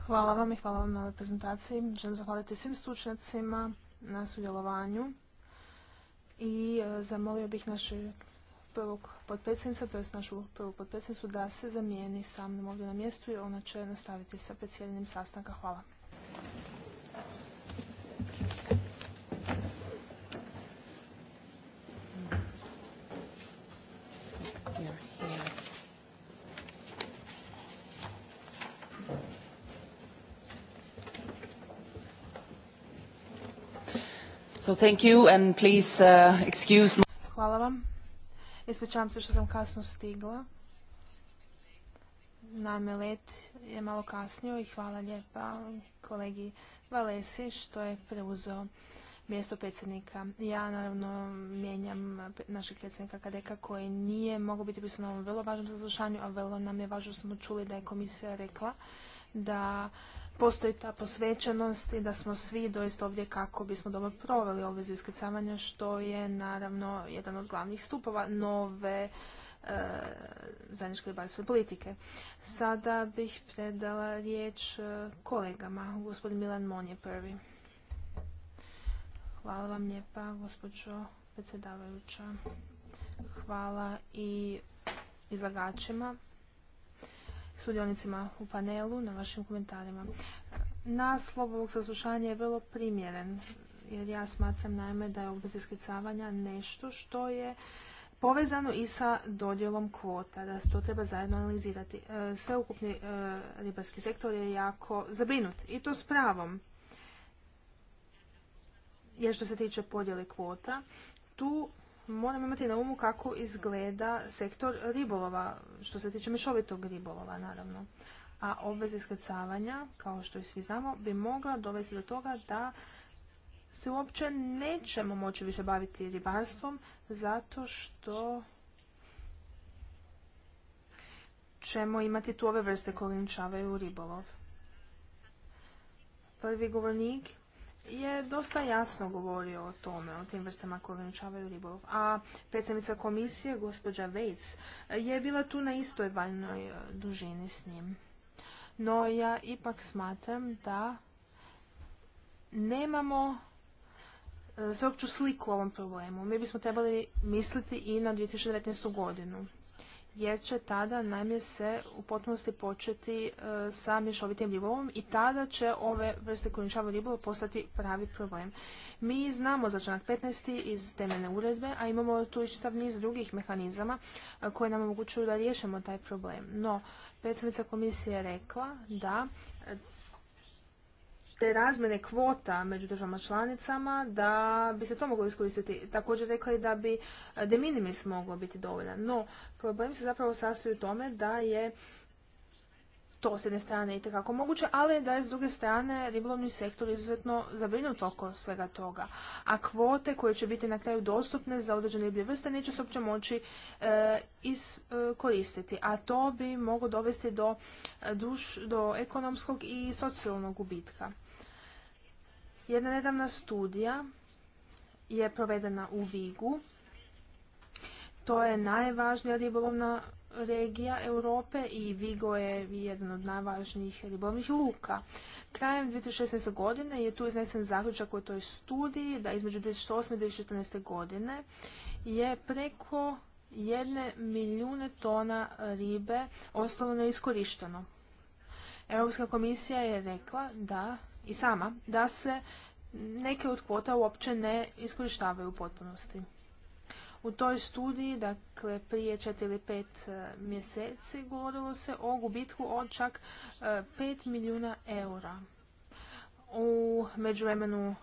Hvala vam i hvala vam na prezentaciji. Želim zahvaliti svim stručnjacima na sudjelovanju i e, zamolio bih našu prvog potpredsjednica, to je našu prvu potpredsjednicu da se zamijeni sa mnom ovdje na mjestu i ona će nastaviti sa predsjedanjem sastanka. Hvala. So thank you and uh, Hvala vam. Ispričavam se što sam kasno stigla. Naime, let je malo kasnio i hvala lijepa kolegi Valesi što je preuzeo mjesto predsjednika. Ja naravno mijenjam našeg predsjednika Kadeka koji nije mogao biti prisutno na ovom vrlo važnom zaslušanju, a vrlo nam je važno što smo čuli da je komisija rekla da postoji ta posvećenost i da smo svi doista ovdje kako bismo dobro proveli obvezu iskrcavanja, što je naravno jedan od glavnih stupova nove e, zajedničke politike. Sada bih predala riječ e, kolegama. Gospodin Milan Mon je prvi. Hvala vam lijepa, gospođo predsjedavajuća. Hvala i izlagačima sudionicima u panelu na vašim komentarima. Naslov ovog saslušanja je vrlo primjeren, jer ja smatram najme da je obvez iskricavanja nešto što je povezano i sa dodjelom kvota, da se to treba zajedno analizirati. E, sveukupni e, ribarski sektor je jako zabrinut i to s pravom. Jer što se tiče podjele kvota, tu moramo imati na umu kako izgleda sektor ribolova, što se tiče mešovitog ribolova, naravno. A obveze iskrcavanja, kao što i svi znamo, bi mogla dovesti do toga da se uopće nećemo moći više baviti ribarstvom zato što ćemo imati tu ove vrste koje ograničavaju ribolov. Prvi govornik je dosta jasno govorio o tome, o tim vrstama koje ograničavaju ribolov. A predsjednica komisije, gospođa Vejc, je bila tu na istoj valjnoj e, dužini s njim. No ja ipak smatram da nemamo e, sveopću sliku o ovom problemu. Mi bismo trebali misliti i na 2019. godinu jer će tada najmje se u potpunosti početi e, sa mješovitim ribolovom i tada će ove vrste koje uništavaju ribolov postati pravi problem. Mi znamo za članak 15. iz temeljne uredbe, a imamo tu i čitav niz drugih mehanizama e, koje nam omogućuju da riješimo taj problem. No, predstavnica komisije je rekla da te razmjene kvota među državama članicama da bi se to moglo iskoristiti. Također rekli da bi eh, de minimis moglo biti dovoljan. No, problem se zapravo sastoji u tome da je to s jedne strane i tekako moguće, ali da je s druge strane ribolovni sektor izuzetno zabrinut oko svega toga. A kvote koje će biti na kraju dostupne za određene riblje vrste neće se uopće moći e, iskoristiti. a to bi moglo dovesti do, eh, do ekonomskog i socijalnog gubitka. Jedna nedavna studija je provedena u Vigu. To je najvažnija ribolovna regija Europe i Vigo je jedan od najvažnijih ribolovnih luka. Krajem 2016. godine je tu iznesen zaključak u toj studiji da između 2008. i 2014. godine je preko jedne milijune tona ribe ostalo neiskorišteno. Europska komisija je rekla da i sama da se neke od kvota uopće ne iskorištavaju u potpunosti. U toj studiji, dakle prije četiri ili 5 e, mjeseci, govorilo se o gubitku od čak 5 e, milijuna eura. U međuvremenu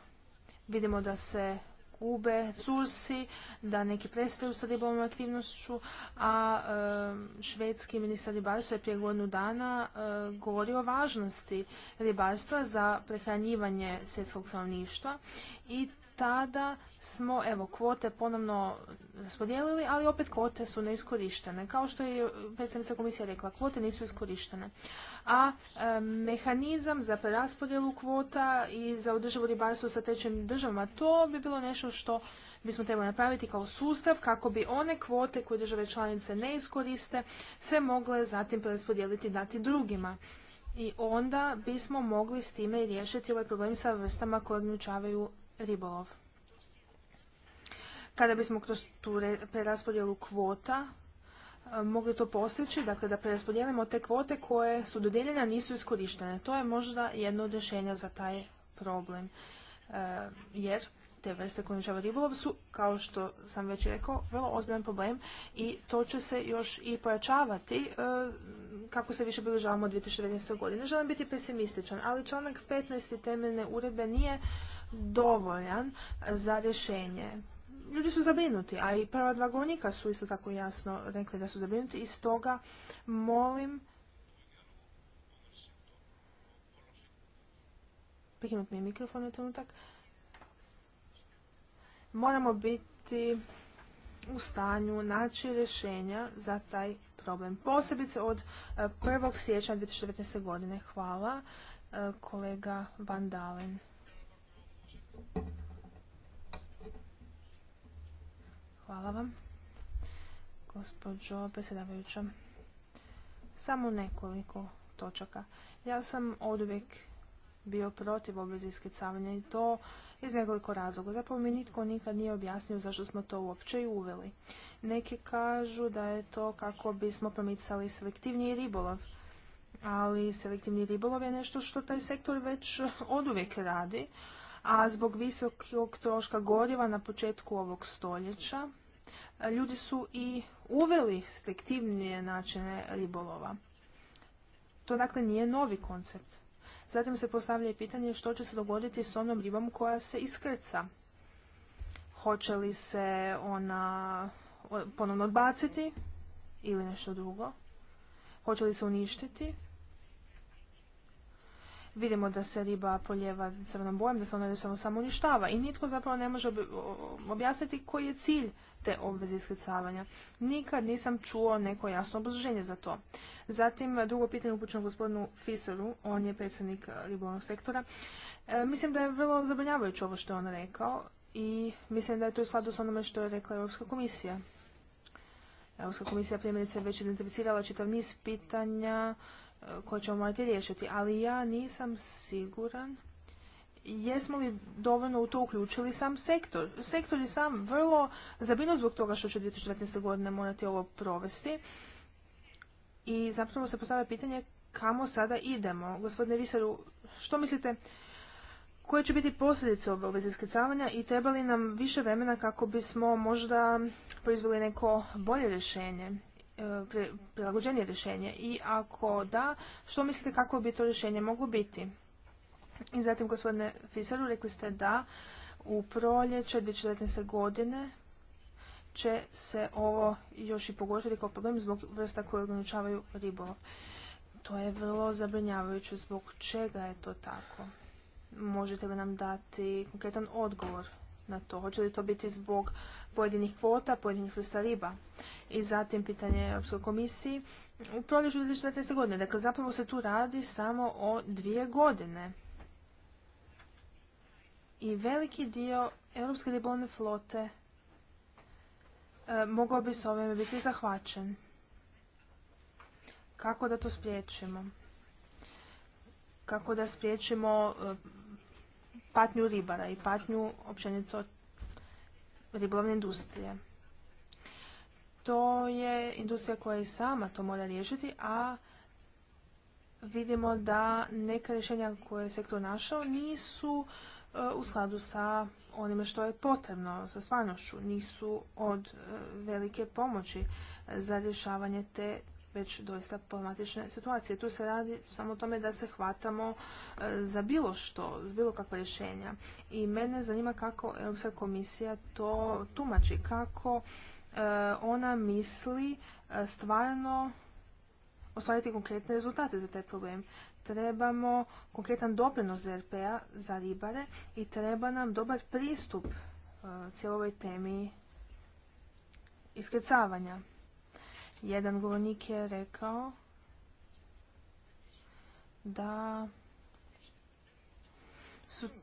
vidimo da se gube resursi, da neki prestaju sa ribovom aktivnošću, a švedski ministar ribarstva je prije godinu dana govorio o važnosti ribarstva za prehranjivanje svjetskog stanovništva i tada smo evo kvote ponovno raspodijelili, ali opet kvote su neiskorištene. Kao što je predsjednica komisije rekla, kvote nisu iskorištene. A e, mehanizam za preraspodjelu kvota i za održivo ribarstvo sa trećim državama, to bi bilo nešto što bismo trebali napraviti kao sustav kako bi one kvote koje države članice ne iskoriste se mogle zatim preraspodijeliti dati drugima. I onda bismo mogli s time riješiti ovaj problem sa vrstama koje ograničavaju ribolov. Kada bismo kroz tu preraspodjelu kvota e, mogli to postići, dakle da preraspodijelimo te kvote koje su dodijeljene, a nisu iskorištene. To je možda jedno od rješenja za taj problem. E, jer te vrste koničava ribolov su, kao što sam već rekao, vrlo ozbiljan problem i to će se još i pojačavati e, kako se više približavamo 2019. godine. Želim biti pesimističan, ali članak 15. temeljne uredbe nije dovoljan za rješenje. Ljudi su zabrinuti, a i prva dva govornika su isto tako jasno rekli da su zabrinuti i stoga molim prekinut mi je mikrofon na trenutak. Moramo biti u stanju naći rješenja za taj problem. Posebice od 1. E, siječnja 2019. godine. Hvala e, kolega Van Dalen. Hvala vam. Gospođo predsjedavajuća, samo nekoliko točaka. Ja sam od uvijek bio protiv obveze iskrcavanja i to iz nekoliko razloga. Zapravo mi nitko nikad nije objasnio zašto smo to uopće i uveli. Neki kažu da je to kako bismo promicali selektivniji ribolov, ali selektivni ribolov je nešto što taj sektor već oduvijek radi, a zbog visokog troška goriva na početku ovog stoljeća ljudi su i uveli selektivnije načine ribolova. To dakle nije novi koncept. Zatim se postavlja i pitanje što će se dogoditi s onom ribom koja se iskrca. Hoće li se ona ponovno odbaciti ili nešto drugo? Hoće li se uništiti? Vidimo da se riba poljeva crnom bojem, da se ona jednostavno samo uništava i nitko zapravo ne može objasniti koji je cilj te obveze iskrcavanja. Nikad nisam čuo neko jasno obrazloženje za to. Zatim, drugo pitanje upućeno gospodinu Fiseru, on je predsjednik ribolovnog sektora. E, mislim da je vrlo zabrinjavajuće ovo što je on rekao i mislim da je to u skladu s onome što je rekla Europska komisija. Europska komisija primjerice već identificirala čitav niz pitanja koje ćemo morati riješiti. Ali ja nisam siguran jesmo li dovoljno u to uključili sam sektor. Sektor je sam vrlo zabrinut zbog toga što će 2019. godine morati ovo provesti. I zapravo se postavlja pitanje kamo sada idemo. Gospodine Visaru, što mislite, koje će biti posljedice ove obveze iskrcavanja i treba li nam više vremena kako bismo možda proizveli neko bolje rješenje? prilagođenije rješenje i ako da, što mislite kako bi to rješenje moglo biti? I zatim, gospodine Fisaru, rekli ste da u proljeće 2019. godine će se ovo još i pogoršati kao problem zbog vrsta koje ograničavaju ribolov. To je vrlo zabrinjavajuće. Zbog čega je to tako? Možete li nam dati konkretan odgovor? na to? Hoće li to biti zbog pojedinih kvota, pojedinih vrsta riba? I zatim pitanje Europskoj komisiji u proljeću 2019. godine. Dakle, zapravo se tu radi samo o dvije godine. I veliki dio Europske ribolovne flote e, mogao bi s ovime biti zahvaćen. Kako da to spriječimo? Kako da spriječimo e, patnju ribara i patnju općenito ribolovne industrije. To je industrija koja i sama to mora riješiti, a vidimo da neka rješenja koje je sektor našao nisu e, u skladu sa onime što je potrebno, sa stvarnošću, nisu od e, velike pomoći za rješavanje te već doista problematične situacije. Tu se radi samo o tome da se hvatamo e, za bilo što, bilo kakva rješenja. I mene zanima kako Europska komisija to tumači, kako e, ona misli e, stvarno ostvariti konkretne rezultate za taj problem. Trebamo konkretan doprinos ZRP-a za ribare i treba nam dobar pristup cijelovoj temi iskrecavanja. Jedan govornik je rekao da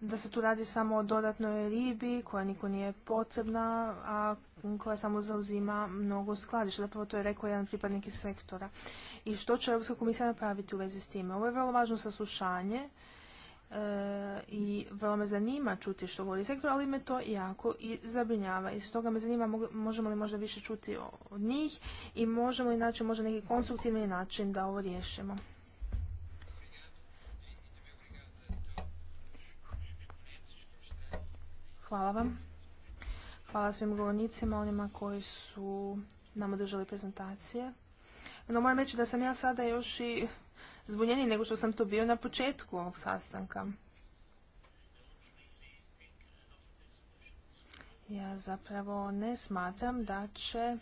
da se tu radi samo o dodatnoj ribi koja niko nije potrebna, a koja samo zauzima mnogo skladišta. Zapravo to je rekao jedan pripadnik iz sektora. I što će Europska komisija napraviti u vezi s time? Ovo je vrlo važno saslušanje i vrlo me zanima čuti što govori sektor, ali me to jako i zabrinjava. I stoga me zanima možemo li možda više čuti od njih i možemo li naći možda neki konstruktivni način da ovo riješimo. Hvala vam. Hvala svim govornicima, onima koji su nam održali prezentacije. No moram reći da sam ja sada još i zbunjeni nego što sam to bio na početku ovog sastanka. Ja zapravo ne smatram da će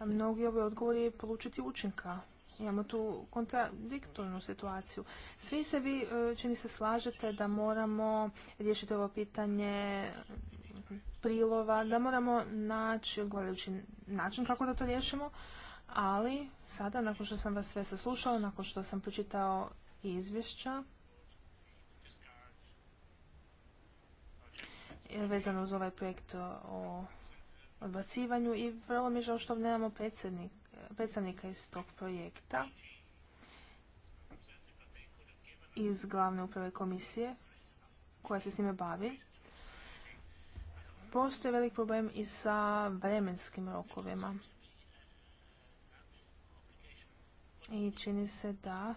mnogi ove odgovori polučiti učinka. Imamo tu kontradiktornu situaciju. Svi se vi, e, čini se, slažete da moramo riješiti ovo pitanje prilova, da moramo naći odgovarajući način kako da to riješimo, ali sada, nakon što sam vas sve saslušala, nakon što sam počitao izvješća, vezano uz ovaj projekt o odbacivanju i vrlo mi je žao što nemamo predstavnika iz tog projekta iz glavne uprave komisije koja se s time bavi. Postoje velik problem i sa vremenskim rokovima. i čini se da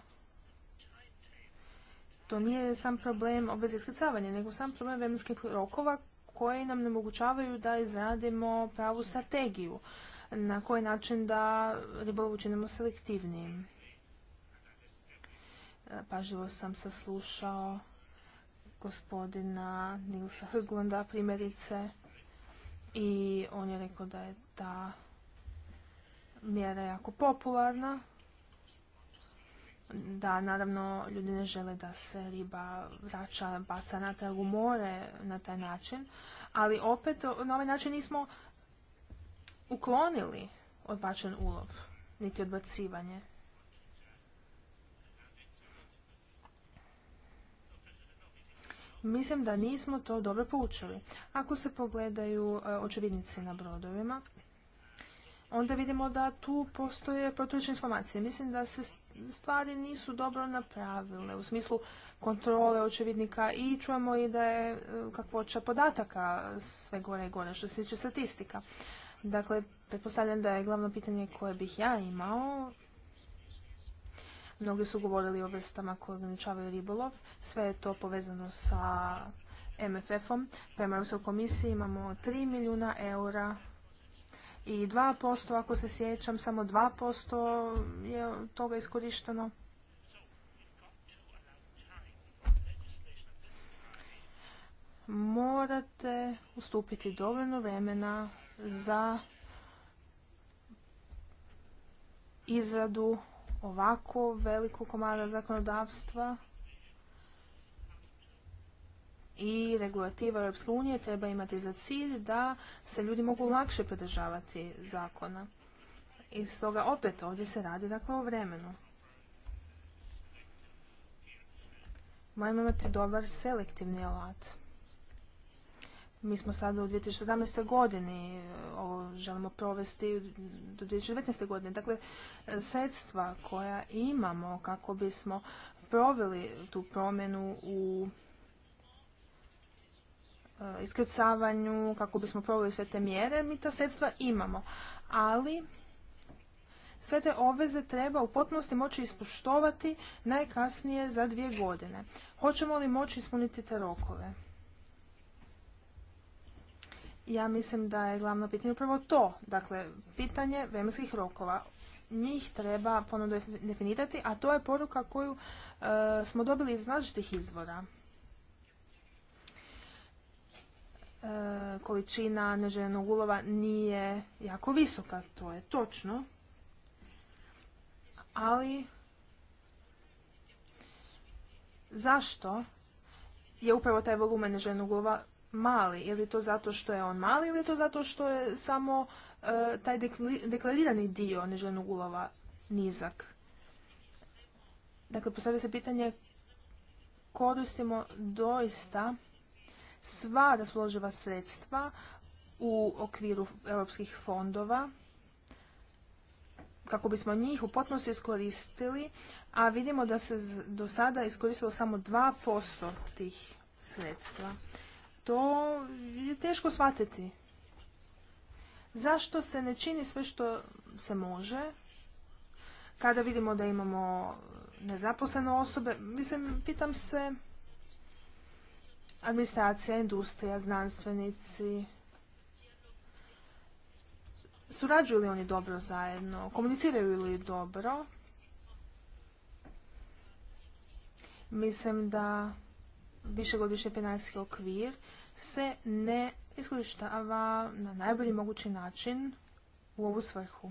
to nije sam problem obveze iskrcavanja, nego sam problem vremenskih rokova koje nam omogućavaju da izradimo pravu strategiju, na koji način da ribolov učinimo selektivnijim. Pažljivo sam saslušao gospodina Nilsa Hrglanda primjerice i on je rekao da je ta mjera jako popularna da naravno ljudi ne žele da se riba vraća, baca natrag u more na taj način, ali opet na ovaj način nismo uklonili odbačen ulov, niti odbacivanje. Mislim da nismo to dobro poučili. Ako se pogledaju e, očevidnici na brodovima, onda vidimo da tu postoje protučne informacije. Mislim da se stvari nisu dobro napravile u smislu kontrole očevidnika i čujemo i da je e, kakvoća podataka sve gore i gore što se tiče statistika. Dakle, pretpostavljam da je glavno pitanje koje bih ja imao Mnogi su govorili o vrstama koje ograničavaju ribolov. Sve je to povezano sa MFF-om. Prema Europskoj komisiji imamo 3 milijuna eura i 2%, ako se sjećam, samo 2% je toga iskorišteno. Morate ustupiti dovoljno vremena za izradu ovako velikog komada zakonodavstva i regulativa Europske unije treba imati za cilj da se ljudi mogu lakše pridržavati zakona. I stoga opet ovdje se radi dakle o vremenu. Moramo imati dobar selektivni alat. Mi smo sada u 2017. godini, ovo želimo provesti do 2019. godine. Dakle, sredstva koja imamo kako bismo proveli tu promjenu u E, iskrcavanju, kako bismo proveli sve te mjere, mi ta sredstva imamo. Ali sve te obveze treba u potpunosti moći ispoštovati najkasnije za dvije godine. Hoćemo li moći ispuniti te rokove? Ja mislim da je glavno pitanje upravo to, dakle, pitanje vremenskih rokova. Njih treba ponovno definirati, a to je poruka koju e, smo dobili iz različitih izvora. E, količina neželjenog ulova nije jako visoka, to je točno. Ali zašto je upravo taj volumen neželjenog ulova mali? Je li to zato što je on mali ili je to zato što je samo e, taj deklarirani dio neželjenog ulova nizak? Dakle, postavlja se pitanje koristimo doista sva raspoloživa sredstva u okviru europskih fondova kako bismo njih u potpunosti iskoristili, a vidimo da se do sada iskoristilo samo 2% tih sredstva. To je teško shvatiti. Zašto se ne čini sve što se može kada vidimo da imamo nezaposlene osobe? Mislim, pitam se administracija, industrija, znanstvenici. Surađuju li oni dobro zajedno? Komuniciraju li dobro? Mislim da višegodišnji penalski okvir se ne iskorištava na najbolji mogući način u ovu svrhu.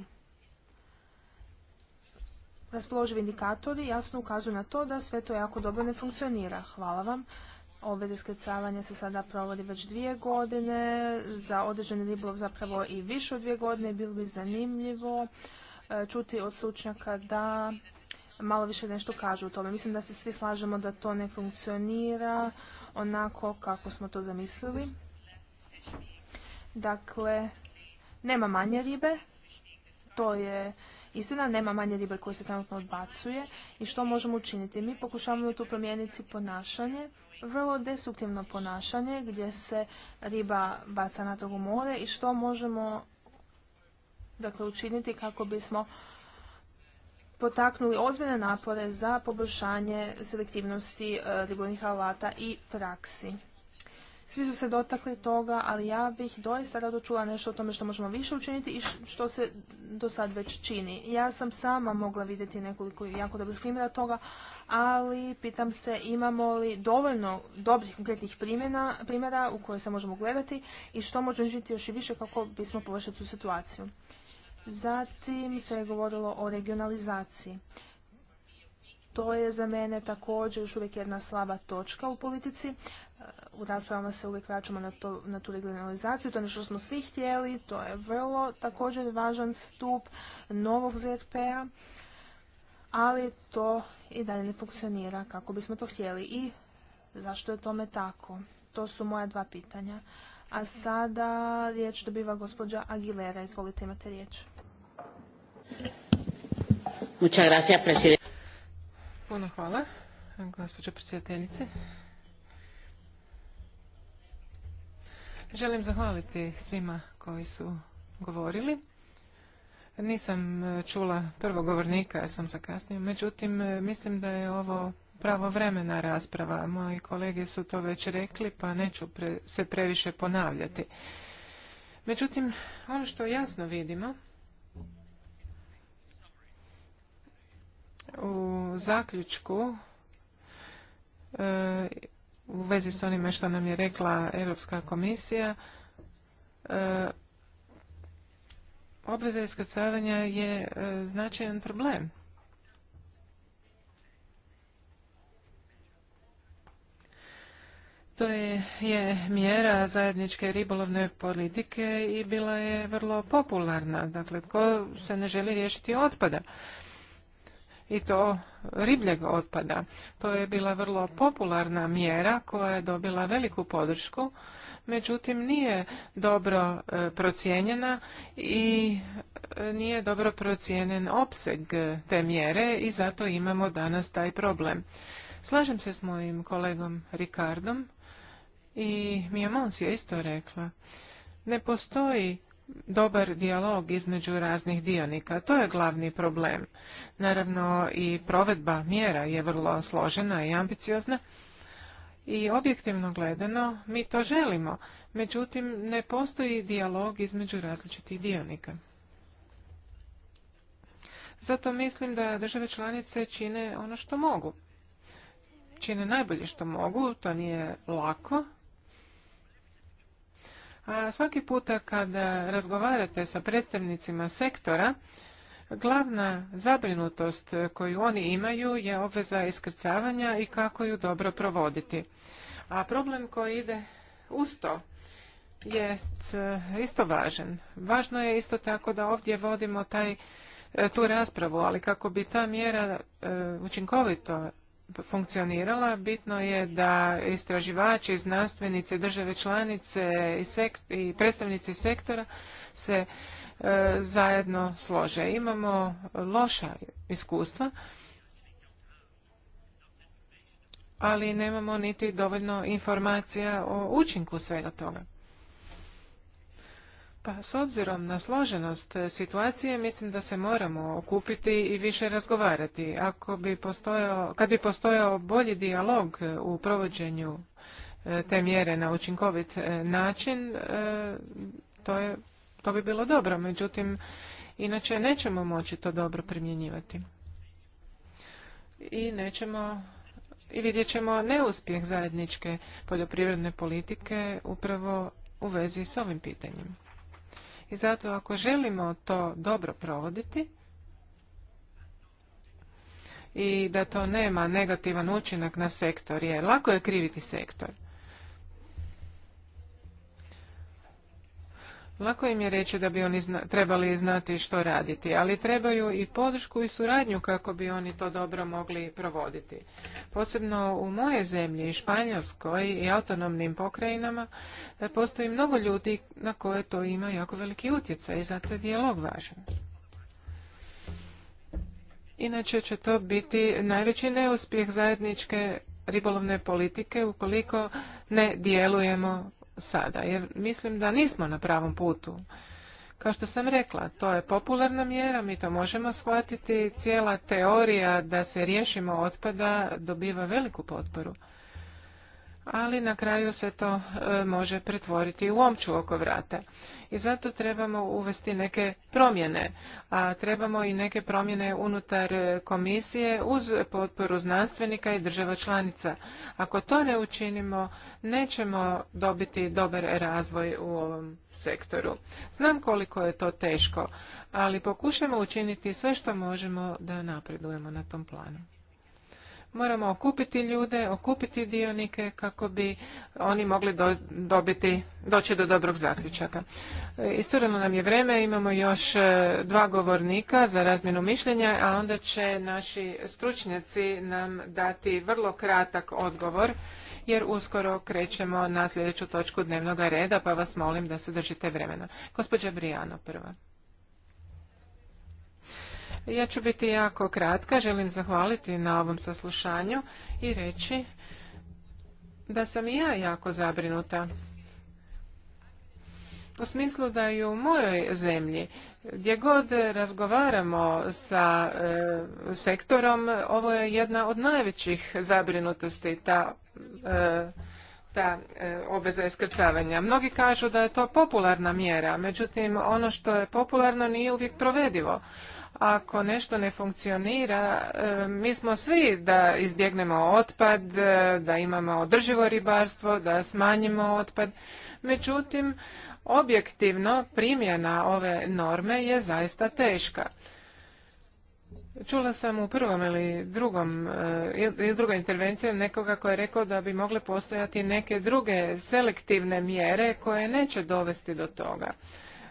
Raspoloživi indikatori jasno ukazuju na to da sve to jako dobro ne funkcionira. Hvala vam obveze skrcavanja se sada provodi već dvije godine, za određeni ribolov zapravo i više od dvije godine. Bilo bi zanimljivo e, čuti od stručnjaka da malo više nešto kažu o tome. Mislim da se svi slažemo da to ne funkcionira onako kako smo to zamislili. Dakle, nema manje ribe, to je istina, nema manje ribe koje se trenutno odbacuje i što možemo učiniti? Mi pokušavamo tu promijeniti ponašanje vrlo destruktivno ponašanje gdje se riba baca natrag u more i što možemo dakle, učiniti kako bismo potaknuli ozbiljne napore za poboljšanje selektivnosti e, ribolovnih alata i praksi. Svi su se dotakli toga, ali ja bih doista rado čula nešto o tome što možemo više učiniti i što se do sad već čini. Ja sam sama mogla vidjeti nekoliko jako dobrih primjera toga, ali pitam se imamo li dovoljno dobrih konkretnih primjera u koje se možemo gledati i što možemo učiniti još i više kako bismo poboljšali tu situaciju. Zatim se je govorilo o regionalizaciji. To je za mene također još uvijek jedna slaba točka u politici. U raspravama se uvijek vraćamo na, na tu regionalizaciju. To je nešto što smo svi htjeli. To je vrlo također važan stup novog ZRP-a ali to i dalje ne funkcionira kako bismo to htjeli i zašto je tome tako. To su moja dva pitanja. A sada riječ dobiva gospođa Aguilera. Izvolite, imate riječ. Puno hvala, gospođo predsjedateljice. Želim zahvaliti svima koji su govorili. Nisam e, čula prvog govornika jer sam zakasnila međutim e, mislim da je ovo pravovremena rasprava. Moji kolege su to već rekli pa neću se previše ponavljati. Međutim, ono što jasno vidimo u zaključku e, u vezi s onime što nam je rekla Europska komisija obveza iskrcavanja je e, značajan problem. To je, mjera zajedničke ribolovne politike i bila je vrlo popularna. Dakle, ko se ne želi riješiti otpada i to ribljeg otpada. To je bila vrlo popularna mjera koja je dobila veliku podršku međutim nije dobro e, procijenjena i e, nije dobro procijenjen opseg e, te mjere i zato imamo danas taj problem. Slažem se s mojim kolegom Rikardom i Mijamons je isto rekla. Ne postoji dobar dijalog između raznih dionika. To je glavni problem. Naravno i provedba mjera je vrlo složena i ambiciozna, i objektivno gledano mi to želimo. Međutim, ne postoji dijalog između različitih dionika. Zato mislim da države članice čine ono što mogu. Čine najbolje što mogu, to nije lako. A svaki puta kada razgovarate sa predstavnicima sektora, Glavna zabrinutost koju oni imaju je obveza iskrcavanja i kako ju dobro provoditi. A problem koji ide uz to je e, isto važan. Važno je isto tako da ovdje vodimo taj, e, tu raspravu, ali kako bi ta mjera e, učinkovito funkcionirala, bitno je da istraživači, znanstvenici, države članice i, i predstavnici sektora se E, zajedno slože. Imamo loša iskustva, ali nemamo niti dovoljno informacija o učinku svega toga. Pa s obzirom na složenost situacije mislim da se moramo okupiti i više razgovarati. Ako bi postojao, kad bi postojao bolji dijalog u provođenju e, te mjere na učinkovit e, način, to je to bi bilo dobro, međutim, inače nećemo moći to dobro primjenjivati. I nećemo i vidjet ćemo neuspjeh zajedničke poljoprivredne politike upravo u vezi s ovim pitanjem. I zato ako želimo to dobro provoditi i da to nema negativan učinak na sektor, je lako je kriviti sektor. Lako im je reći da bi oni trebali znati što raditi, ali trebaju i podršku i suradnju kako bi oni to dobro mogli provoditi. Posebno u moje zemlji, Španjolskoj i autonomnim pokrajinama, e, postoji mnogo ljudi na koje to ima jako veliki utjecaj i zato je dijalog važan. Inače će to biti najveći neuspjeh zajedničke ribolovne politike ukoliko ne djelujemo sada, jer mislim da nismo na pravom putu. Kao što sam rekla, to je popularna mjera, mi to možemo shvatiti, cijela teorija da se riješimo otpada dobiva veliku potporu ali na kraju se to e, može pretvoriti u omču oko vrata. I zato trebamo uvesti neke promjene, a trebamo i neke promjene unutar e, komisije uz potporu znanstvenika i država članica. Ako to ne učinimo, nećemo dobiti dobar razvoj u ovom sektoru. Znam koliko je to teško, ali pokušajmo učiniti sve što možemo da napredujemo na tom planu. Moramo okupiti ljude, okupiti dionike kako bi oni mogli dobiti, doći do dobrog zaključaka. Isturano nam je vreme, imamo još e, dva govornika za razmjenu mišljenja, a onda će naši stručnjaci nam dati vrlo kratak odgovor jer uskoro krećemo na sljedeću točku dnevnog reda, pa vas molim da se držite vremena. Gospođa Brijano prva. Ja ću biti jako kratka. Želim zahvaliti na ovom saslušanju i reći da sam i ja jako zabrinuta. U smislu da i u mojoj zemlji gdje god razgovaramo sa e, sektorom, ovo je jedna od najvećih zabrinutosti, ta, e, ta e, obveza iskrcavanja. Mnogi kažu da je to popularna mjera, međutim ono što je popularno nije uvijek provedivo ako nešto ne funkcionira, e, mi smo svi da izbjegnemo otpad, e, da imamo održivo ribarstvo, da smanjimo otpad. Međutim, objektivno primjena ove norme je zaista teška. Čula sam u prvom ili drugom, e, ili drugoj intervenciji nekoga koji je rekao da bi mogle postojati neke druge selektivne mjere koje neće dovesti do toga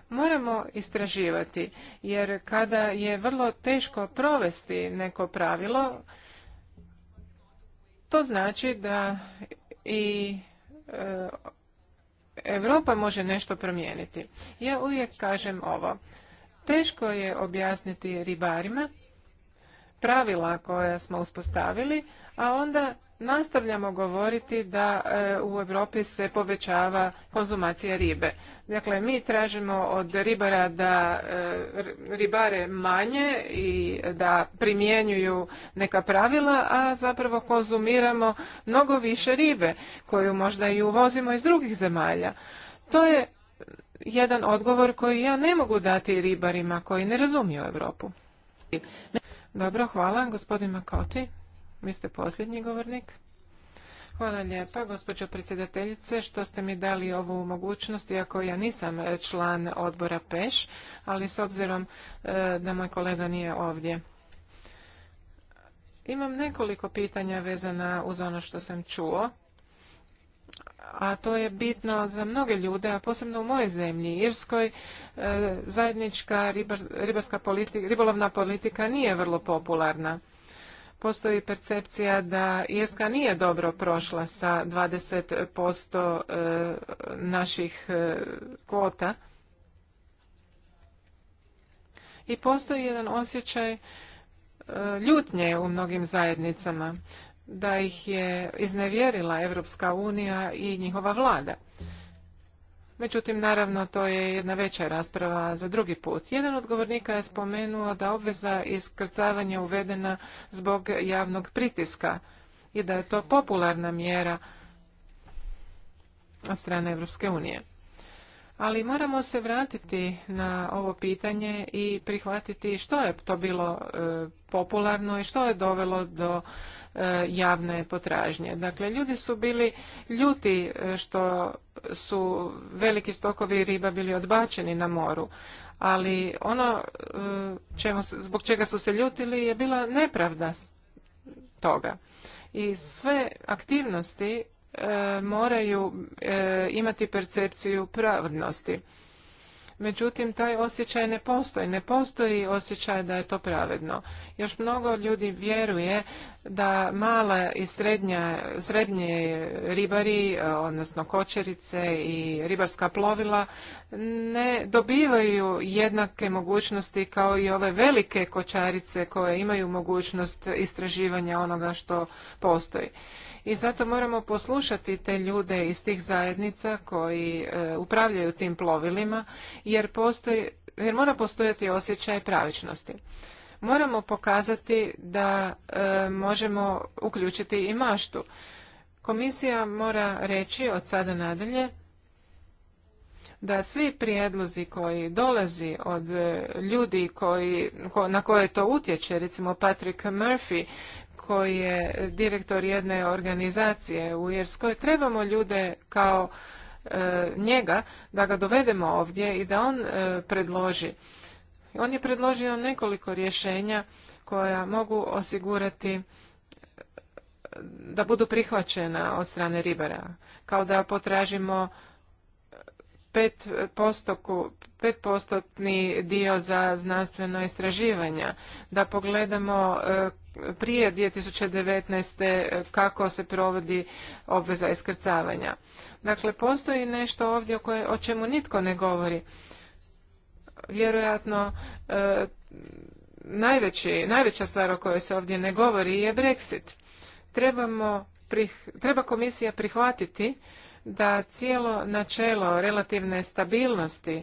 moramo istraživati jer kada je vrlo teško provesti neko pravilo to znači da i e, Europa može nešto promijeniti. Ja uvijek kažem ovo. Teško je objasniti ribarima pravila koja smo uspostavili, a onda nastavljamo govoriti da e, u Europi se povećava konzumacija ribe. Dakle, mi tražimo od ribara da e, ribare manje i da primjenjuju neka pravila, a zapravo konzumiramo mnogo više ribe koju možda i uvozimo iz drugih zemalja. To je jedan odgovor koji ja ne mogu dati ribarima koji ne razumiju Europu. Dobro, hvala. Gospodin Makoti. Vi ste posljednji govornik. Hvala lijepa, gospođo predsjedateljice, što ste mi dali ovu mogućnost, iako ja nisam e, član odbora PEŠ, ali s obzirom e, da moj kolega nije ovdje. Imam nekoliko pitanja vezana uz ono što sam čuo, a to je bitno za mnoge ljude, a posebno u moje zemlji, Irskoj, e, zajednička ribolovna politika nije vrlo popularna postoji percepcija da Irska nije dobro prošla sa 20% e, naših e, kvota. I postoji jedan osjećaj e, ljutnje u mnogim zajednicama, da ih je iznevjerila Evropska unija i njihova vlada. Međutim, naravno, to je jedna veća rasprava za drugi put. Jedan od govornika je spomenuo da obveza iskrcavanja uvedena zbog javnog pritiska i da je to popularna mjera od strane Europske unije ali moramo se vratiti na ovo pitanje i prihvatiti što je to bilo e, popularno i što je dovelo do e, javne potražnje. Dakle, ljudi su bili ljuti e, što su veliki stokovi riba bili odbačeni na moru, ali ono čemu, zbog čega su se ljutili je bila nepravda toga. I sve aktivnosti E, moraju e, imati percepciju pravednosti. Međutim, taj osjećaj ne postoji. Ne postoji osjećaj da je to pravedno. Još mnogo ljudi vjeruje da mala i srednja, srednje ribari, e, odnosno kočerice i ribarska plovila, ne dobivaju jednake mogućnosti kao i ove velike kočarice koje imaju mogućnost istraživanja onoga što postoji i zato moramo poslušati te ljude iz tih zajednica koji e, upravljaju tim plovilima jer, postoji, jer mora postojati osjećaj pravičnosti. Moramo pokazati da e, možemo uključiti i maštu. Komisija mora reći od sada nadalje da svi prijedlozi koji dolazi od e, ljudi koji, na koje to utječe, recimo Patrick Murphy koji je direktor jedne organizacije u Irskoj. Trebamo ljude kao e, njega da ga dovedemo ovdje i da on e, predloži. On je predložio nekoliko rješenja koja mogu osigurati e, da budu prihvaćena od strane ribara. Kao da potražimo 5-postotni dio za znanstveno istraživanja, da pogledamo e, prije 2019. E, kako se provodi obveza iskrcavanja. Dakle, postoji nešto ovdje o čemu nitko ne govori. Vjerojatno e, najveća stvar o kojoj se ovdje ne govori je Brexit. Trebamo, treba komisija prihvatiti da cijelo načelo relativne stabilnosti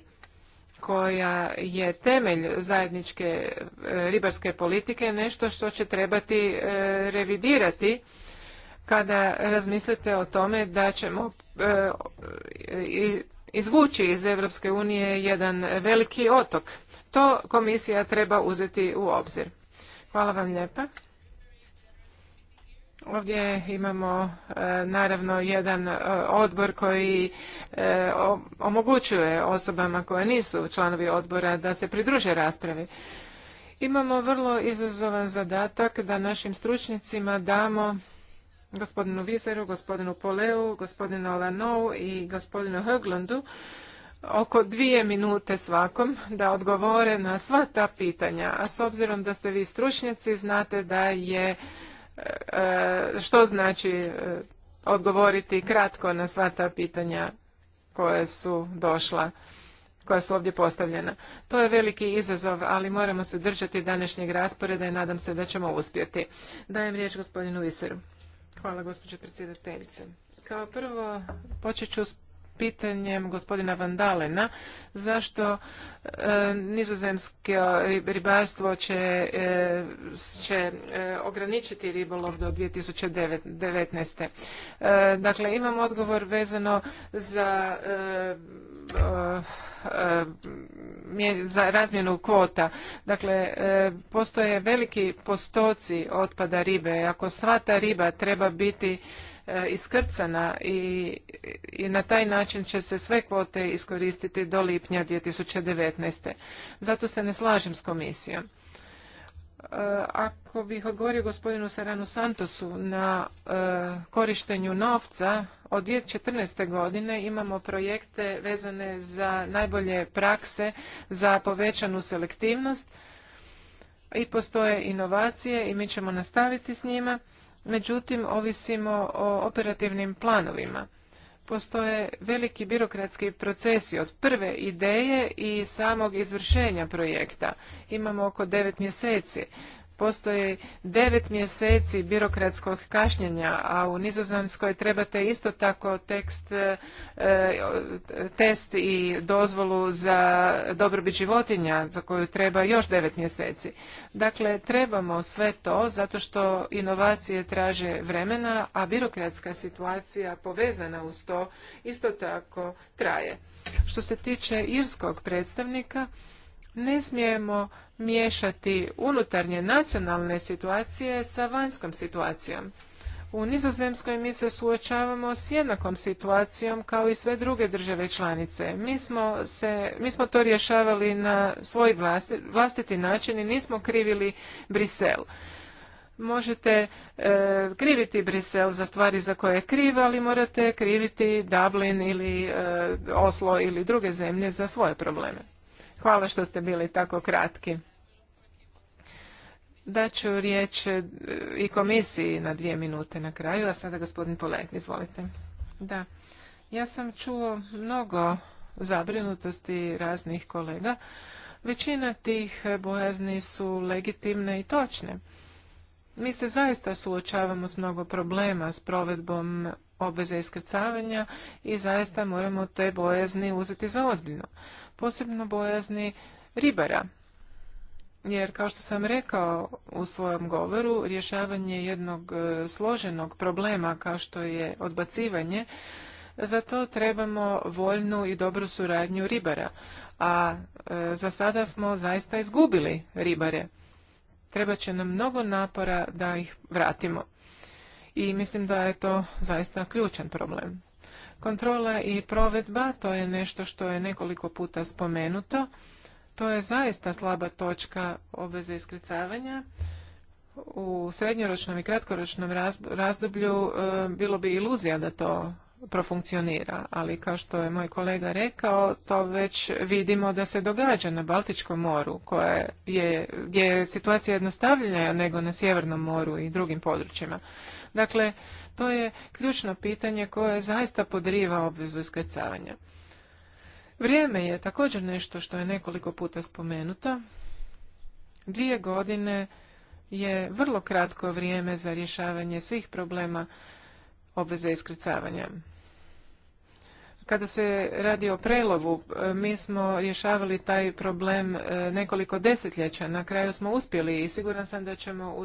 koja je temelj zajedničke e, ribarske politike nešto što će trebati e, revidirati kada razmislite o tome da ćemo e, izvući iz Europske unije jedan veliki otok. To komisija treba uzeti u obzir. Hvala vam lijepa. Ovdje imamo e, naravno jedan e, odbor koji e, omogućuje osobama koje nisu članovi odbora da se pridruže raspravi. Imamo vrlo izazovan zadatak da našim stručnicima damo gospodinu Viseru, gospodinu Poleu, gospodinu Olanou i gospodinu Höglundu oko dvije minute svakom da odgovore na sva ta pitanja. A s obzirom da ste vi stručnjaci, znate da je E, e, što znači e, odgovoriti kratko na sva ta pitanja koje su došla koja su ovdje postavljena. To je veliki izazov, ali moramo se držati današnjeg rasporeda i nadam se da ćemo uspjeti. Dajem riječ gospodinu Viseru. Hvala gospođo predsjedateljice. Kao prvo počet ću s pitanjem gospodina Vandalena zašto e, nizozemsko ribarstvo će, e, e, ograničiti ribolov do 2019. Dakle, imam odgovor vezano za za razmjenu kvota. Dakle, postoje veliki postoci otpada ribe. Ako sva ta riba treba biti E, iskrcana i, na taj način će se sve kvote iskoristiti do lipnja 2019. Zato se ne slažem s komisijom. E, ako bih odgovorio gospodinu Seranu Santosu na e, korištenju novca, od 2014. godine imamo projekte vezane za najbolje prakse za povećanu selektivnost i postoje inovacije i mi ćemo nastaviti s njima međutim ovisimo o operativnim planovima. Postoje veliki birokratski procesi od prve ideje i samog izvršenja projekta. Imamo oko devet mjeseci. Postoji devet mjeseci birokratskog kašnjenja, a u Nizozemskoj trebate isto tako tekst, e, e, test i dozvolu za dobrobit životinja za koju treba još devet mjeseci. Dakle, trebamo sve to zato što inovacije traže vremena, a birokratska situacija povezana uz to isto tako traje. Što se tiče irskog predstavnika, ne smijemo miješati unutarnje nacionalne situacije sa vanjskom situacijom. U Nizozemskoj mi se suočavamo s jednakom situacijom kao i sve druge države članice. Mi smo, se, mi smo to rješavali na svoj vlastiti način i nismo krivili Brisel. Možete e, kriviti Brisel za stvari za koje je kriv, ali morate kriviti Dublin ili e, Oslo ili druge zemlje za svoje probleme. Hvala što ste bili tako kratki. Daću riječ e, i komisiji na dvije minute na kraju, a sada gospodin Polet, izvolite. Da, ja sam čuo mnogo zabrinutosti raznih kolega. Većina tih bojazni su legitimne i točne. Mi se zaista suočavamo s mnogo problema s provedbom obveze iskrcavanja i zaista moramo te bojazni uzeti za ozbiljno. Posebno bojazni ribara. Jer, kao što sam rekao u svojom govoru, rješavanje jednog e, složenog problema kao što je odbacivanje, za to trebamo voljnu i dobru suradnju ribara. A e, za sada smo zaista izgubili ribare. Treba će nam mnogo napora da ih vratimo. I mislim da je to zaista ključan problem. Kontrola i provedba, to je nešto što je nekoliko puta spomenuto. To je zaista slaba točka obveze iskricavanja. U srednjoročnom i kratkoročnom razdoblju eh, bilo bi iluzija da to profunkcionira, ali kao što je moj kolega rekao, to već vidimo da se događa na Baltičkom moru, koje je, gdje je situacija jednostavljenja nego na Sjevernom moru i drugim područjima. Dakle, to je ključno pitanje koje zaista podriva obvezu iskrecavanja. Vrijeme je također nešto što je nekoliko puta spomenuto. Dvije godine je vrlo kratko vrijeme za rješavanje svih problema obveze iskrcavanja. Kada se radi o prelovu, e, mi smo rješavali taj problem e, nekoliko desetljeća. Na kraju smo uspjeli i siguran sam da ćemo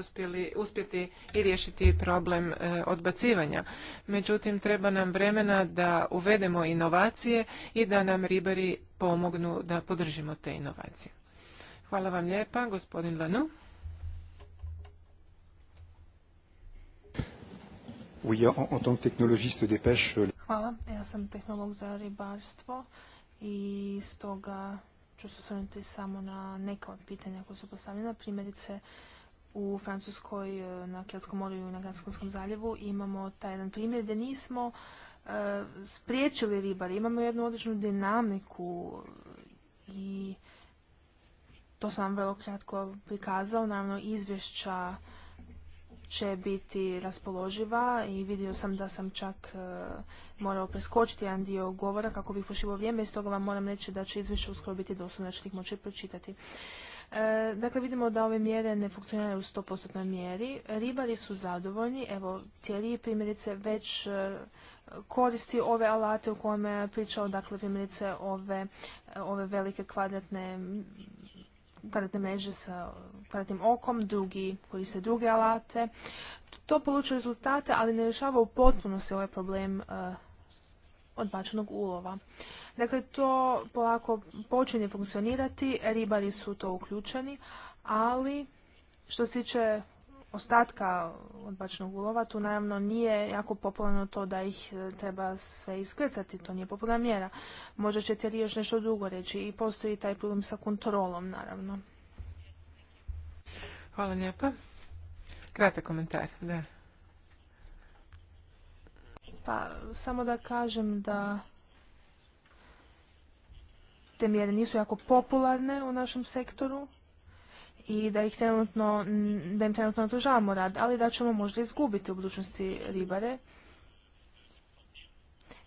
uspjeti i riješiti problem e, odbacivanja. Međutim, treba nam vremena da uvedemo inovacije i da nam ribari pomognu da podržimo te inovacije. Hvala vam lijepa, gospodin Lanu. Euh, Hvala. Ja sam tehnolog za ribarstvo i stoga ću se osvrnuti samo na neka od pitanja koja su postavljena. Primjerice, u Francuskoj, e, na Kjelskom moru i na Gatskonskom zaljevu imamo taj jedan primjer gdje nismo e, spriječili ribare. Imamo jednu odličnu dinamiku i to sam vrlo kratko prikazao. Naravno, izvješća će biti raspoloživa i vidio sam da sam čak e, morao preskočiti jedan dio govora kako bih pošivao vrijeme i stoga vam moram reći da će izvješće uskoro biti dostupno da ćete ih moći pročitati. E, dakle, vidimo da ove mjere ne funkcioniraju u 100% mjeri. Ribari su zadovoljni. Evo, Tjeriji primjerice već e, koristi ove alate u kojima je pričao, dakle, primjerice ove, ove velike kvadratne kvadratne mreže sa pratim okom, drugi koriste druge alate. To polučuje rezultate, ali ne rješava u potpunosti ovaj problem e, odbačenog ulova. Dakle, to polako počinje funkcionirati, ribari su to uključeni, ali što se tiče ostatka odbačnog ulova, tu naravno nije jako popularno to da ih e, treba sve iskrcati, to nije popularna mjera. Možda ćete još nešto drugo reći i postoji taj problem sa kontrolom, naravno. Hvala lijepa. Kratak komentar, da. Pa, samo da kažem da te mjere nisu jako popularne u našem sektoru i da ih trenutno, da im trenutno odružavamo rad, ali da ćemo možda izgubiti u budućnosti ribare.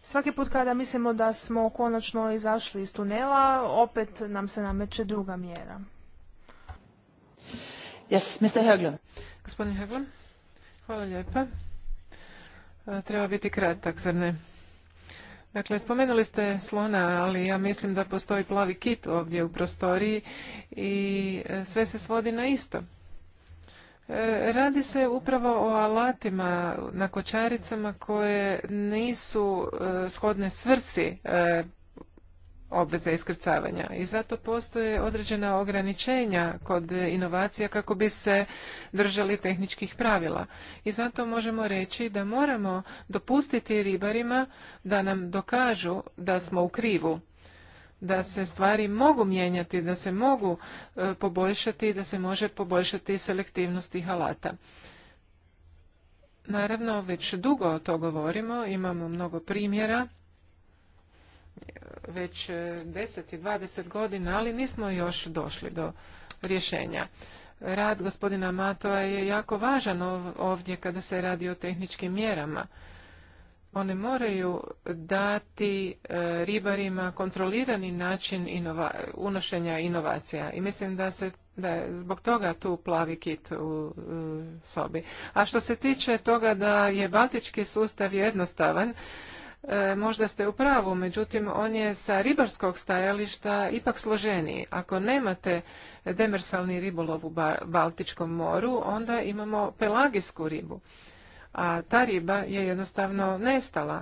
Svaki put kada mislimo da smo konačno izašli iz tunela, opet nam se nameće druga mjera. Yes, hvala lijepa. E, treba biti kratak, zar ne? Dakle, spomenuli ste slona, ali ja mislim da postoji plavi kit ovdje u prostoriji i e, sve se svodi na isto. E, radi se upravo o alatima na kočaricama koje nisu shodne svrsi obveza iskrcavanja i zato postoje određena ograničenja kod inovacija kako bi se držali tehničkih pravila i zato možemo reći da moramo dopustiti ribarima da nam dokažu da smo u krivu da se stvari mogu mijenjati da se mogu e, poboljšati i da se može poboljšati selektivnost tih alata naravno već dugo o to govorimo imamo mnogo primjera već 10 e, i 20 godina, ali nismo još došli do rješenja. Rad gospodina Matoa je jako važan ovdje kada se radi o tehničkim mjerama. One moraju dati e, ribarima kontrolirani način unošenja inovacija i mislim da se da je zbog toga tu plavi kit u, u sobi. A što se tiče toga da je baltički sustav jednostavan, E, možda ste u pravu, međutim on je sa ribarskog stajališta ipak složeniji. Ako nemate demersalni ribolov u Baltičkom moru, onda imamo pelagijsku ribu. A ta riba je jednostavno nestala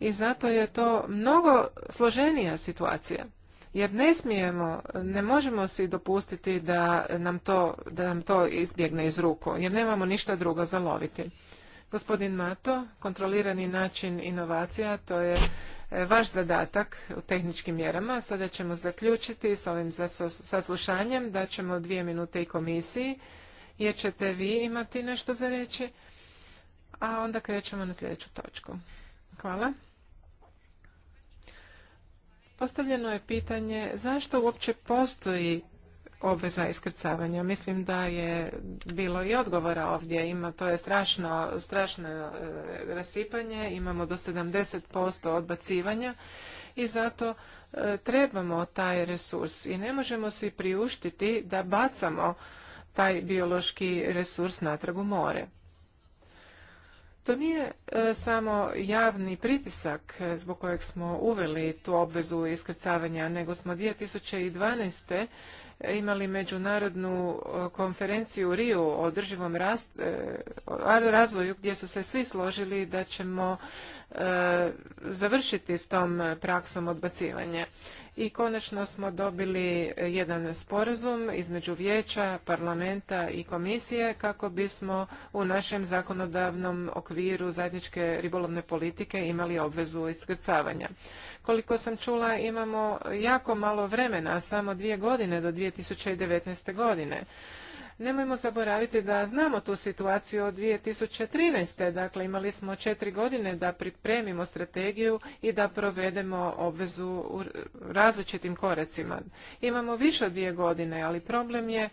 i zato je to mnogo složenija situacija. Jer ne smijemo, ne možemo si dopustiti da nam to, da nam to izbjegne iz ruku, jer nemamo ništa drugo za loviti. Gospodin Mato, kontrolirani način inovacija, to je e, vaš zadatak u tehničkim mjerama. Sada ćemo zaključiti s ovim saslušanjem, da ćemo dvije minute i komisiji, jer ćete vi imati nešto za reći, a onda krećemo na sljedeću točku. Hvala. Postavljeno je pitanje zašto uopće postoji obveza iskrcavanja. Mislim da je bilo i odgovora ovdje. Ima, to je strašno, strašno e, rasipanje, imamo do 70% odbacivanja i zato e, trebamo taj resurs i ne možemo svi priuštiti da bacamo taj biološki resurs natrag u more. To nije e, samo javni pritisak zbog kojeg smo uveli tu obvezu iskrcavanja, nego smo 2012 imali međunarodnu e, konferenciju u Riju o održivom e, razvoju gdje su se svi složili da ćemo e, završiti s tom praksom odbacivanja. I konačno smo dobili jedan sporazum između vijeća, parlamenta i komisije kako bismo u našem zakonodavnom okviru zajedničke ribolovne politike imali obvezu iskrcavanja. Koliko sam čula imamo jako malo vremena, samo dvije godine do 2019. godine. Nemojmo zaboraviti da znamo tu situaciju od 2013. Dakle, imali smo četiri godine da pripremimo strategiju i da provedemo obvezu u različitim koracima. Imamo više od dvije godine, ali problem je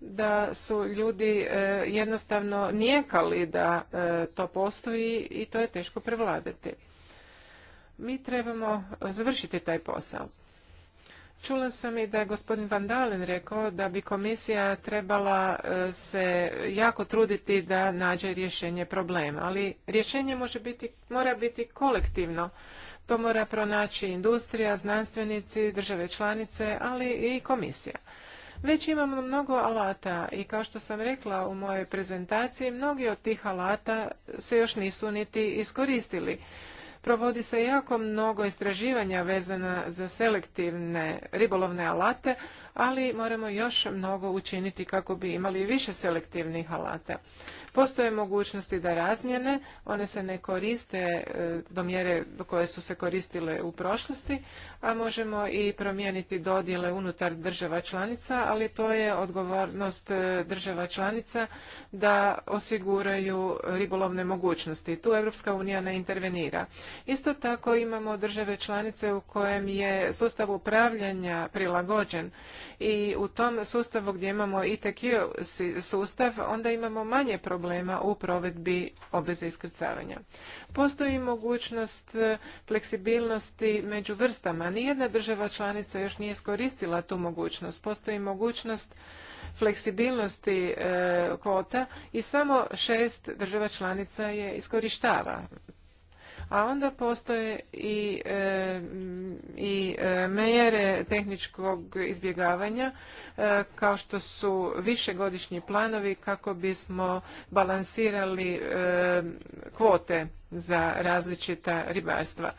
da su ljudi e, jednostavno nijekali da e, to postoji i to je teško prevladati. Mi trebamo završiti taj posao. Čula sam i da je gospodin Van rekao da bi komisija trebala e, se jako truditi da nađe rješenje problema, ali rješenje mora biti kolektivno. To mora pronaći industrija, znanstvenici, države članice, ali i komisija. Već imamo mnogo alata i kao što sam rekla u mojoj prezentaciji, mnogi od tih alata se još nisu niti iskoristili. Provodi se jako mnogo istraživanja vezana za selektivne ribolovne alate, ali moramo još mnogo učiniti kako bi imali više selektivnih alata. Postoje mogućnosti da razmjene, one se ne koriste e, do mjere koje su se koristile u prošlosti, a možemo i promijeniti dodjele unutar država članica, ali to je odgovornost e, država članica da osiguraju ribolovne mogućnosti. Tu Europska unija ne intervenira. Isto tako imamo države članice u kojem je sustav upravljanja prilagođen i u tom sustavu gdje imamo ITQ sustav, onda imamo manje problema u provedbi obveze iskrcavanja. Postoji mogućnost e, fleksibilnosti među vrstama. Nijedna država članica još nije iskoristila tu mogućnost. Postoji mogućnost fleksibilnosti e, kvota i samo šest država članica je iskorištava a onda postoje i, e, i e, mejere tehničkog izbjegavanja e, kao što su višegodišnji planovi kako bismo balansirali kvote za različita ribarstva.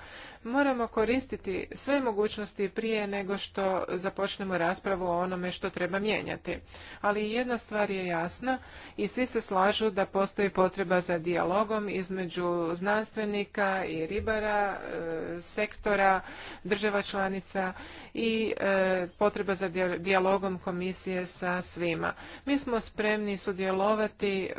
Moramo koristiti sve mogućnosti prije nego što započnemo raspravu o onome što treba mijenjati. Ali jedna stvar je jasna i svi se slažu da postoji potreba za dijalogom između znanstvenika i ribara, e, sektora, država članica i e, potreba za dijalogom komisije sa svima. Mi smo spremni sudjelovati e,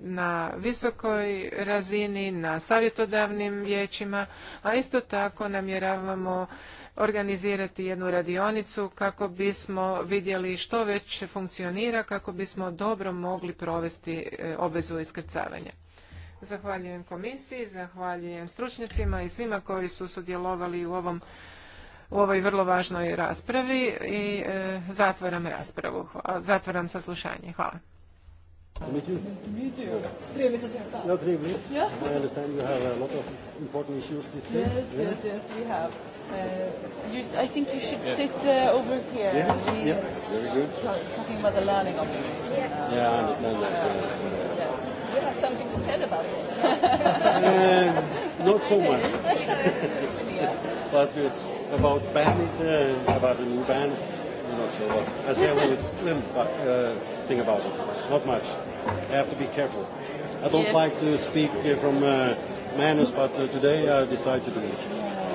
na visokoj razini, na savjetodavnim vijećima, a isto tako namjeravamo organizirati jednu radionicu kako bismo vidjeli što već funkcionira, kako bismo dobro mogli provesti e, obvezu iskrcavanja. Zahvaljujem komisiji, zahvaljujem stručnjacima i svima koji su sudjelovali u ovom ovoj vrlo važnoj raspravi i zatvoram e, zatvaram raspravu. zatvaram saslušanje. Hvala. To meet you. Nice to meet you. Three minutes. No, three minutes. Yeah. I understand you have a lot of important issues these days. Yes, yes, yes, we have. Uh, you, I think you should yeah. sit uh, over here. Yes. We, yeah. Very good. Talking about the learning obligation. Yeah, yeah I understand that. yeah. yes. You have something to tell about this. um, not so much. but uh, about ban, it, uh, about the new ban not sure what. I say a little, little uh, thing about it. Not much. I have to be careful. I don't yeah. like to speak uh, from uh, manners, but uh, today I decided to do it.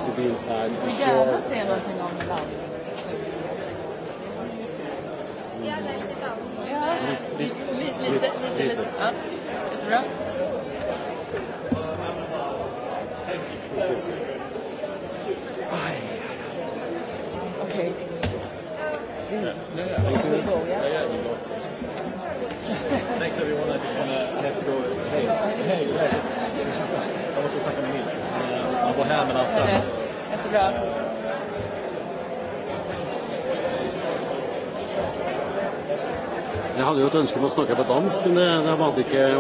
To be inside. Yeah, sure. gärna se någonting om Lauri. Ja, det Okay. Thanks everyone. I just Hey, Jeg på dansk, men det, hadde ikke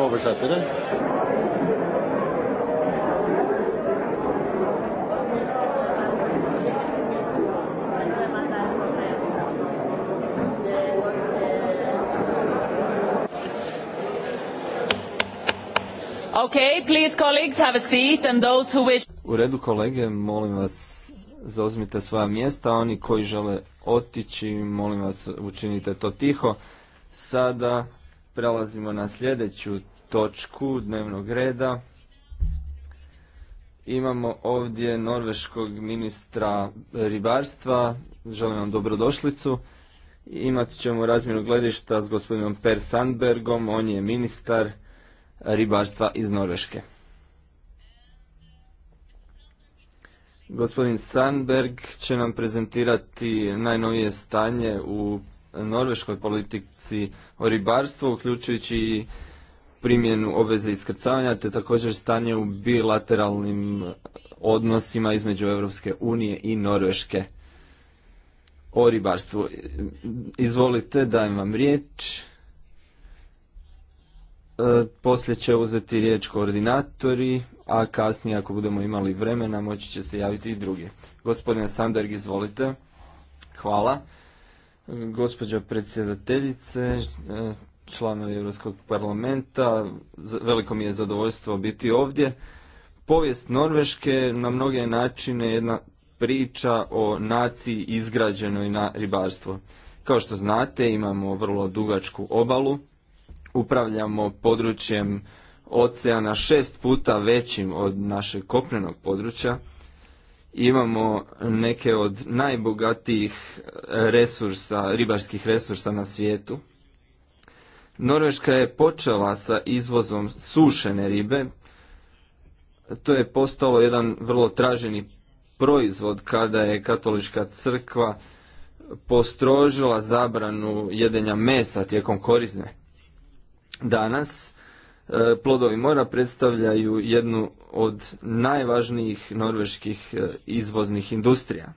Okay, please colleagues have a seat and those who wish... U redu kolege, molim vas zauzmite svoja mjesta, oni koji žele otići, molim vas učinite to tiho. Sada prelazimo na sljedeću točku dnevnog reda. Imamo ovdje norveškog ministra ribarstva, želim vam dobrodošlicu. Imat ćemo razmjenu gledišta s gospodinom Per Sandbergom, on je ministar ribarstva iz Norveške. Gospodin Sandberg će nam prezentirati najnovije stanje u norveškoj politici o ribarstvu, uključujući i primjenu obveze iskrcavanja, te također stanje u bilateralnim odnosima između Europske unije i Norveške o ribarstvu. Izvolite, dajem vam riječ. E, poslije će uzeti riječ koordinatori, a kasnije ako budemo imali vremena moći će se javiti i drugi. Gospodine Sanderg, izvolite. Hvala. E, Gospođa predsjedateljice, e, članovi Europskog parlamenta, veliko mi je zadovoljstvo biti ovdje. Povijest Norveške na mnoge načine jedna priča o naciji izgrađenoj na ribarstvo. Kao što znate, imamo vrlo dugačku obalu, upravljamo područjem oceana šest puta većim od našeg kopnenog područja. Imamo neke od najbogatijih resursa, ribarskih resursa na svijetu. Norveška je počela sa izvozom sušene ribe. To je postalo jedan vrlo traženi proizvod kada je katolička crkva postrožila zabranu jedenja mesa tijekom korizne. Danas e, plodovi mora predstavljaju jednu od najvažnijih norveških e, izvoznih industrija.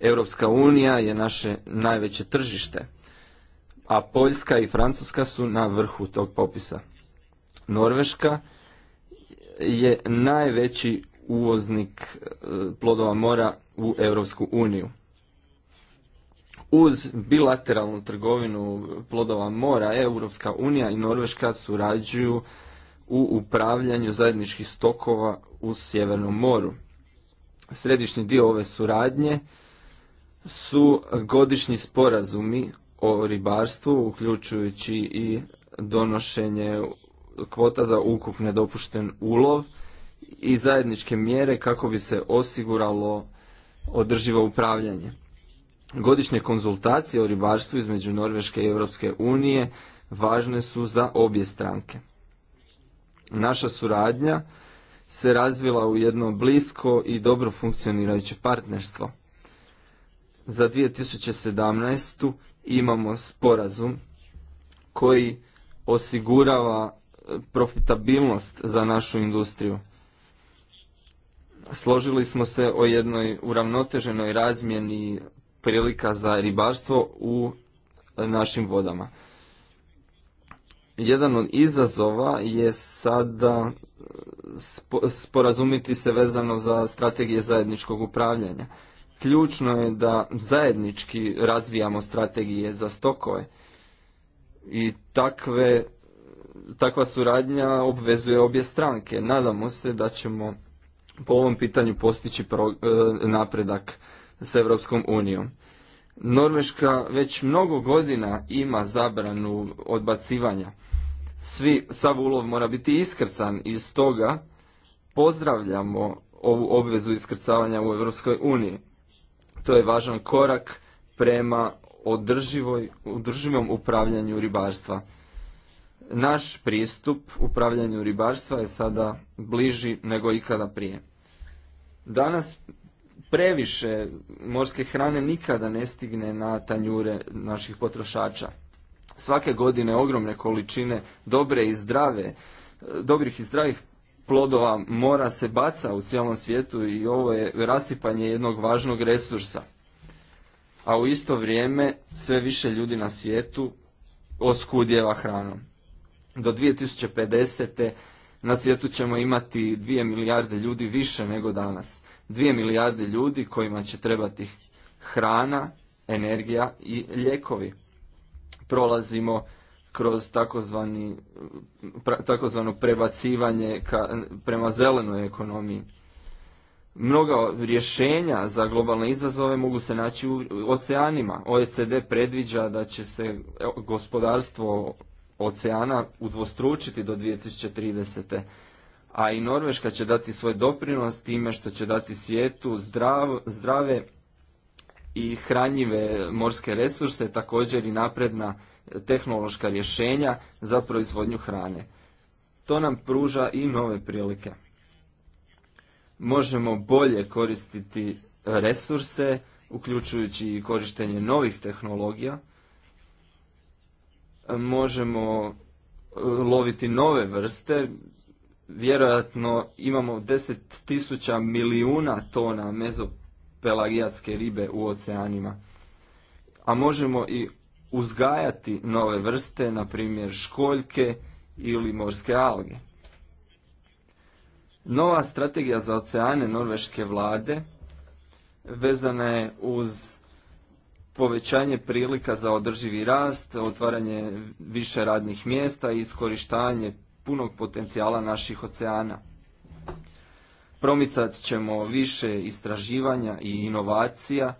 Europska unija je naše najveće tržište, a Poljska i Francuska su na vrhu tog popisa. Norveška je najveći uvoznik e, plodova mora u Europsku uniju. Uz bilateralnu trgovinu plodova mora, Europska unija i Norveška surađuju u upravljanju zajedničkih stokova u Sjevernom moru. Središnji dio ove suradnje su godišnji sporazumi o ribarstvu, uključujući i donošenje kvota za ukupne dopušten ulov i zajedničke mjere kako bi se osiguralo održivo upravljanje. Godišnje konzultacije o ribarstvu između Norveške i Europske unije važne su za obje stranke. Naša suradnja se razvila u jedno blisko i dobro funkcionirajuće partnerstvo. Za 2017. imamo sporazum koji osigurava e, profitabilnost za našu industriju. Složili smo se o jednoj uravnoteženoj razmjeni prilika za ribarstvo u našim vodama. Jedan od izazova je sada sporazumiti se vezano za strategije zajedničkog upravljanja. Ključno je da zajednički razvijamo strategije za stokove i takve, takva suradnja obvezuje obje stranke. Nadamo se da ćemo po ovom pitanju postići eh, napredak s Europskom unijom. Norveška već mnogo godina ima zabranu odbacivanja. Svi, sav ulov mora biti iskrcan i stoga pozdravljamo ovu obvezu iskrcavanja u Europskoj uniji. To je važan korak prema održivoj, održivom upravljanju ribarstva. Naš pristup upravljanju ribarstva je sada bliži nego ikada prije. Danas previše morske hrane nikada ne stigne na tanjure naših potrošača. Svake godine ogromne količine dobre i zdrave, dobrih i zdravih plodova mora se baca u cijelom svijetu i ovo je rasipanje jednog važnog resursa. A u isto vrijeme sve više ljudi na svijetu oskudjeva hranom. Do 2050. na svijetu ćemo imati 2 milijarde ljudi više nego danas. Dvije milijarde ljudi kojima će trebati hrana, energija i lijekovi. Prolazimo kroz takozvani, takozvano prebacivanje ka, prema zelenoj ekonomiji. Mnoga rješenja za globalne izazove mogu se naći u oceanima. OECD predviđa da će se gospodarstvo oceana udvostručiti do 2030 a i Norveška će dati svoj doprinos time što će dati svijetu zdrave i hranjive morske resurse, također i napredna tehnološka rješenja za proizvodnju hrane. To nam pruža i nove prilike. Možemo bolje koristiti resurse, uključujući i korištenje novih tehnologija. Možemo e, loviti nove vrste, vjerojatno imamo tisuća milijuna tona mezopelagijatske ribe u oceanima. A možemo i uzgajati nove vrste, na primjer školjke ili morske alge. Nova strategija za oceane norveške vlade vezana je uz povećanje prilika za održivi rast, otvaranje više radnih mjesta i iskorištavanje punog potencijala naših oceana. Promicat ćemo više istraživanja i inovacija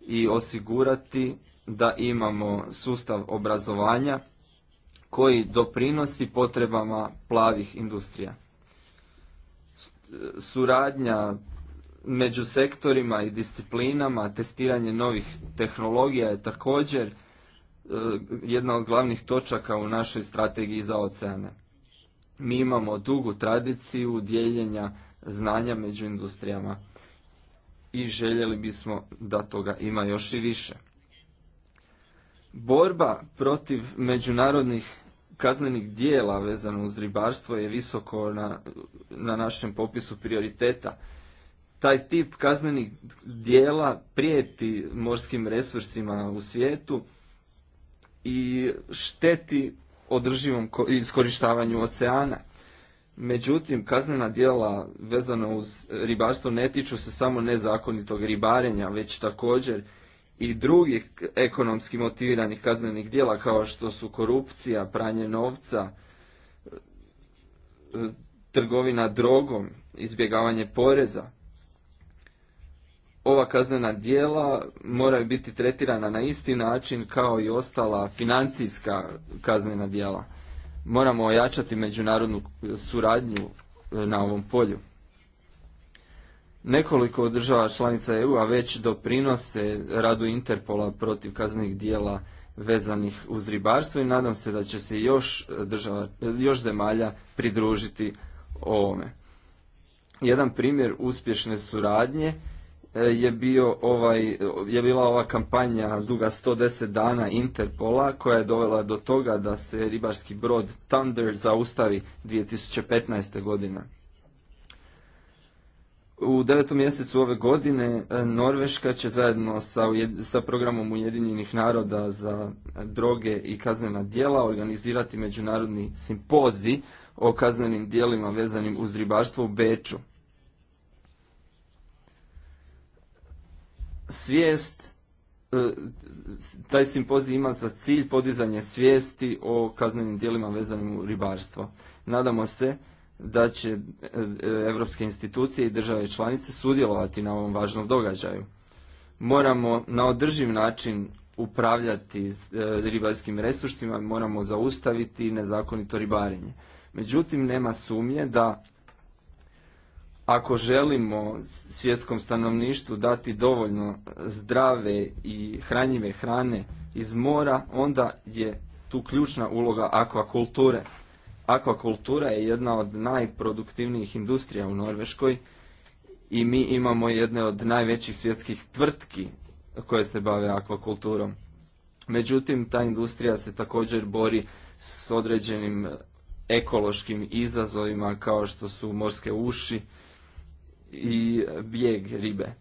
i osigurati da imamo sustav obrazovanja koji doprinosi potrebama plavih industrija. Suradnja među sektorima i disciplinama, testiranje novih tehnologija je također e, jedna od glavnih točaka u našoj strategiji za oceane mi imamo dugu tradiciju dijeljenja znanja među industrijama i željeli bismo da toga ima još i više. Borba protiv međunarodnih kaznenih dijela vezano uz ribarstvo je visoko na, na našem popisu prioriteta. Taj tip kaznenih dijela prijeti morskim resursima u svijetu i šteti održivom iskorištavanju oceana. Međutim, kaznena djela vezana uz ribarstvo ne tiču se samo nezakonitog ribarenja, već također i drugih ekonomski motiviranih kaznenih djela kao što su korupcija, pranje novca, e, trgovina drogom, izbjegavanje poreza ova kaznena djela moraju biti tretirana na isti način kao i ostala financijska kaznena djela. Moramo ojačati međunarodnu suradnju e, na ovom polju. Nekoliko država članica EU-a već doprinose radu Interpola protiv kaznenih dijela vezanih uz ribarstvo i nadam se da će se još, država, još zemalja pridružiti ovome. Jedan primjer uspješne suradnje E, je bio ovaj, je bila ova kampanja duga 110 dana Interpola koja je dovela do toga da se ribarski brod Thunder zaustavi 2015. godine. U devetom mjesecu ove godine e, Norveška će zajedno sa, sa programom Ujedinjenih naroda za droge i kaznena djela organizirati međunarodni simpozij o kaznenim djelima vezanim uz ribarstvo u Beču. svijest, e, taj simpozij ima za cilj podizanje svijesti o kaznenim djelima vezanim u ribarstvo. Nadamo se da će e, evropske institucije i države članice sudjelovati na ovom važnom događaju. Moramo na održiv način upravljati e, ribarskim resursima, moramo zaustaviti nezakonito ribarenje. Međutim, nema sumnje da ako želimo svjetskom stanovništvu dati dovoljno zdrave i hranjive hrane iz mora, onda je tu ključna uloga akvakulture. Akvakultura je jedna od najproduktivnijih industrija u Norveškoj i mi imamo jedne od najvećih svjetskih tvrtki koje se bave akvakulturom. Međutim, ta industrija se također bori s određenim ekološkim izazovima kao što su morske uši i bijeg ribe.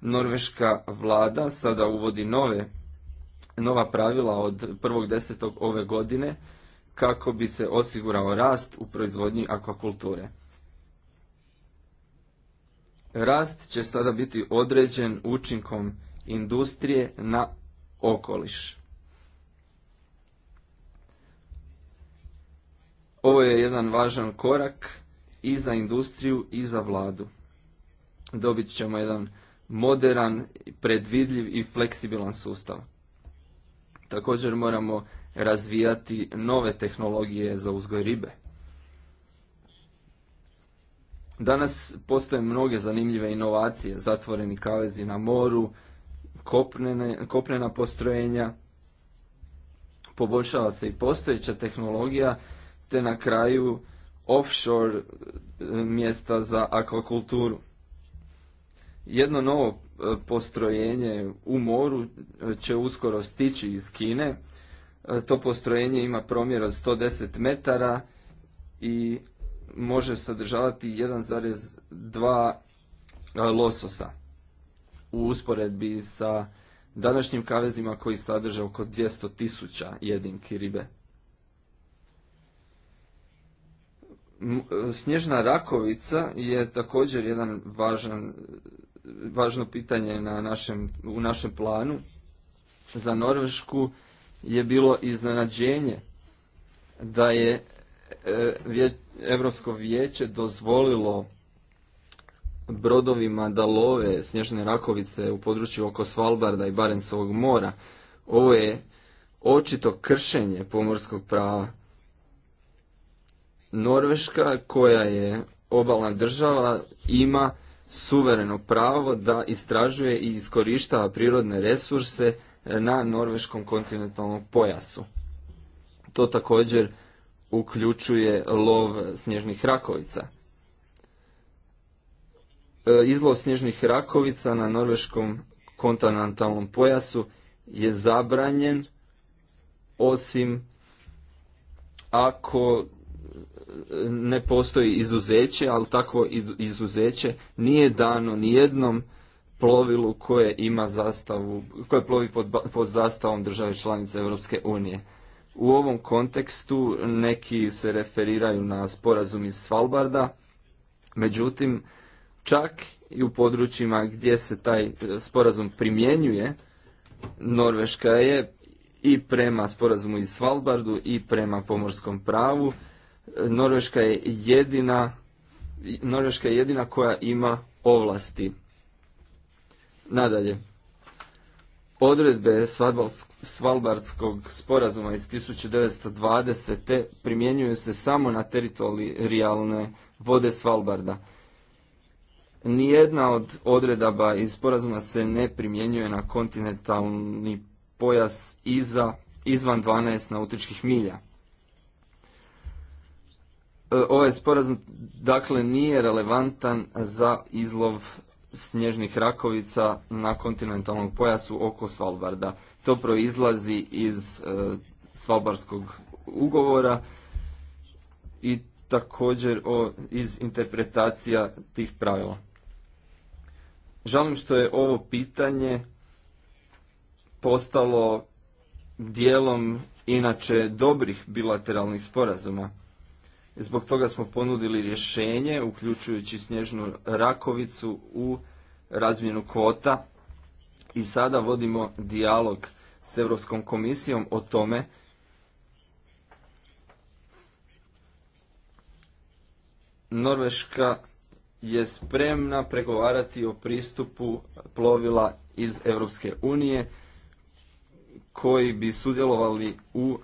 Norveška vlada sada uvodi nove, nova pravila od 1.10. ove godine kako bi se osigurao rast u proizvodnji akvakulture. Rast će sada biti određen učinkom industrije na okoliš. Ovo je jedan važan korak i za industriju i za vladu dobit ćemo jedan moderan, predvidljiv i fleksibilan sustav. Također moramo razvijati nove tehnologije za uzgoj ribe. Danas postoje mnoge zanimljive inovacije, zatvoreni kavezi na moru, kopnene, kopnena postrojenja, poboljšava se i postojeća tehnologija, te na kraju offshore e, mjesta za akvakulturu. Jedno novo e, postrojenje u moru e, će uskoro stići iz Kine. E, to postrojenje ima promjer od 110 metara i može sadržavati 1,2 lososa u usporedbi sa današnjim kavezima koji sadrže oko 200 tisuća jedinki ribe. Snježna rakovica je također jedan važan važno pitanje na našem, u našem planu za Norvešku je bilo iznenađenje da je e, Europsko vijeće dozvolilo brodovima da love snježne rakovice u području oko Svalbarda i Barencovog mora. Ovo je očito kršenje pomorskog prava. Norveška, koja je obalna država, ima suvereno pravo da istražuje i iskorištava prirodne resurse e, na norveškom kontinentalnom pojasu. To također uključuje lov snježnih rakovica. E, izlov snježnih rakovica na norveškom kontinentalnom pojasu je zabranjen osim ako ne postoji izuzeće, ali takvo izuzeće nije dano jednom plovilu koje ima zastavu, koje plovi pod, zastavom države članice Europske unije. U ovom kontekstu neki se referiraju na sporazum iz Svalbarda, međutim čak i u područjima gdje se taj e, sporazum primjenjuje, Norveška je i prema sporazumu iz Svalbardu i prema pomorskom pravu Norveška je jedina, Norveška je jedina koja ima ovlasti. Nadalje, odredbe Svalbardskog sporazuma iz 1920. primjenjuju se samo na teritorijalne vode Svalbarda. Nijedna od odredaba iz sporazuma se ne primjenjuje na kontinentalni pojas iza, izvan 12 nautičkih milja. E, ovaj sporazum dakle nije relevantan za izlov snježnih rakovica na kontinentalnom pojasu oko Svalbarda. To proizlazi iz e, Svalbarskog ugovora i također iz interpretacija tih pravila. Žalim što je ovo pitanje postalo dijelom inače dobrih bilateralnih sporazuma. Zbog toga smo ponudili rješenje, uključujući snježnu rakovicu u razmjenu kvota i sada vodimo dijalog s Europskom komisijom o tome Norveška je spremna pregovarati o pristupu plovila iz Europske unije koji bi sudjelovali u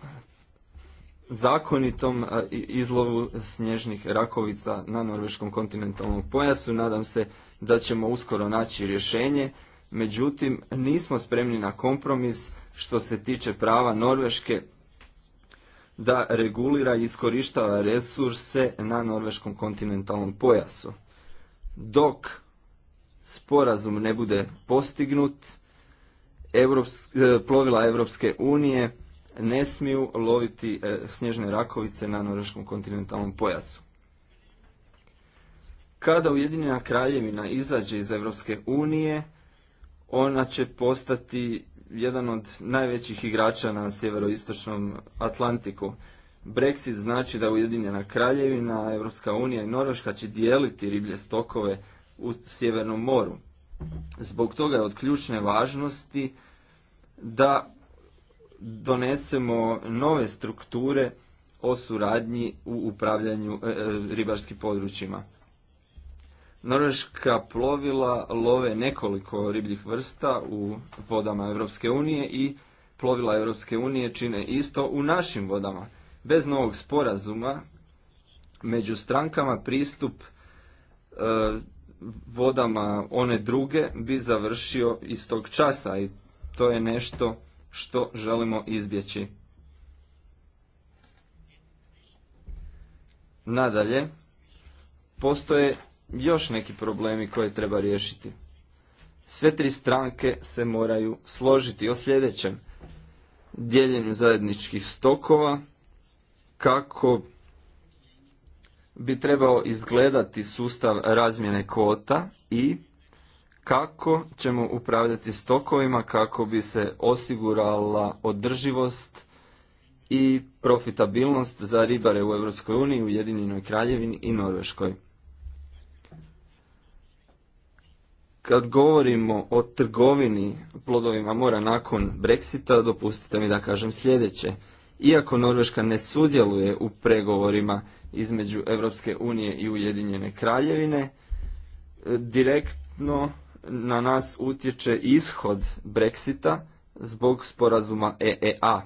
zakonitom izlovu snježnih rakovica na norveškom kontinentalnom pojasu. Nadam se da ćemo uskoro naći rješenje. Međutim, nismo spremni na kompromis što se tiče prava Norveške da regulira i iskorištava resurse na norveškom kontinentalnom pojasu. Dok sporazum ne bude postignut, e, plovila Evropske unije ne smiju loviti e, snježne rakovice na norveškom kontinentalnom pojasu. Kada Ujedinjena kraljevina izađe iz Europske unije, ona će postati jedan od najvećih igrača na sjeveroistočnom Atlantiku. Brexit znači da Ujedinjena kraljevina, Europska unija i Norveška će dijeliti riblje stokove u Sjevernom moru. Zbog toga je od ključne važnosti da donesemo nove strukture o suradnji u upravljanju e, e, ribarskim područjima. Norveška plovila love nekoliko ribljih vrsta u vodama Europske unije i plovila Europske unije čine isto u našim vodama. Bez novog sporazuma među strankama pristup e, vodama one druge bi završio tog časa i to je nešto što želimo izbjeći. Nadalje, postoje još neki problemi koje treba riješiti. Sve tri stranke se moraju složiti o sljedećem dijeljenju zajedničkih stokova, kako bi trebao izgledati sustav razmjene kvota i kako ćemo upravljati stokovima kako bi se osigurala održivost i profitabilnost za ribare u EU, Ujedinjenoj Kraljevini i Norveškoj. Kad govorimo o trgovini plodovima mora nakon Brexita, dopustite mi da kažem sljedeće. Iako Norveška ne sudjeluje u pregovorima između Europske unije i Ujedinjene kraljevine, e, direktno na nas utječe ishod Brexita zbog sporazuma EEA.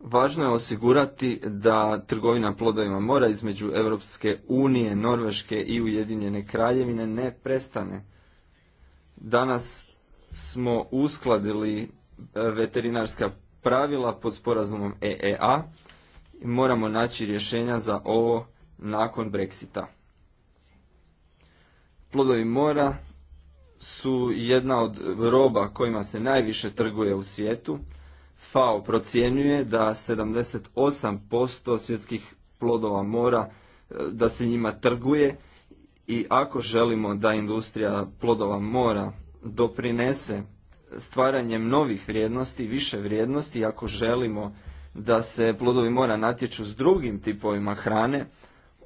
Važno je osigurati da trgovina plodovima mora između Europske unije, Norveške i Ujedinjene kraljevine ne prestane. Danas smo uskladili e, veterinarska pravila pod sporazumom EEA i moramo naći rješenja za ovo nakon Brexita. Plodovi mora su jedna od roba kojima se najviše trguje u svijetu. FAO procjenjuje da 78% svjetskih plodova mora e, da se njima trguje i ako želimo da industrija plodova mora doprinese stvaranjem novih vrijednosti, više vrijednosti, ako želimo da se plodovi mora natječu s drugim tipovima hrane,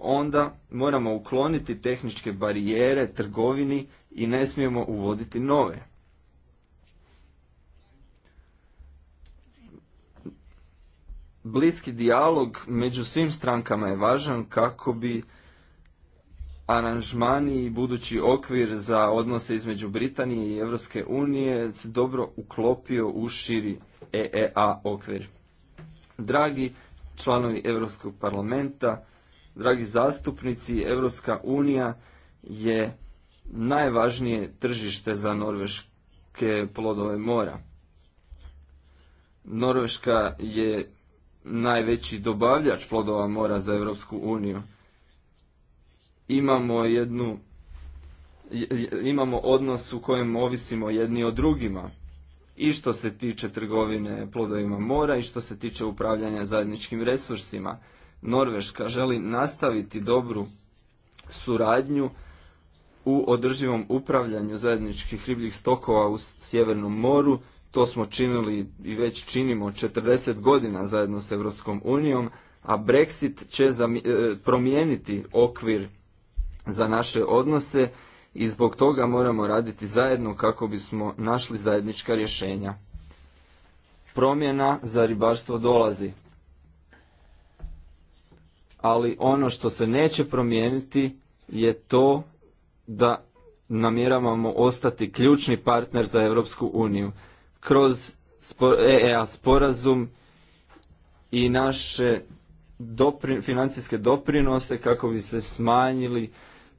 onda moramo ukloniti tehničke barijere trgovini i ne smijemo uvoditi nove. Bliski dijalog među svim strankama je važan kako bi aranžmani i budući okvir za odnose između Britanije i Europske unije se dobro uklopio u širi EEA okvir. Dragi članovi Europskog parlamenta, Dragi zastupnici, Europska unija je najvažnije tržište za norveške plodove mora. Norveška je najveći dobavljač plodova mora za Europsku uniju. Imamo jednu imamo odnos u kojem ovisimo jedni o drugima i što se tiče trgovine plodovima mora i što se tiče upravljanja zajedničkim resursima. Norveška želi nastaviti dobru suradnju u održivom upravljanju zajedničkih ribljih stokova u Sjevernom moru. To smo činili i već činimo 40 godina zajedno s Evropskom unijom, a Brexit će e, promijeniti okvir za naše odnose i zbog toga moramo raditi zajedno kako bismo našli zajednička rješenja. Promjena za ribarstvo dolazi ali ono što se neće promijeniti je to da namjeravamo ostati ključni partner za Europsku uniju kroz EEA sporazum i naše financijske doprinose kako bi se smanjili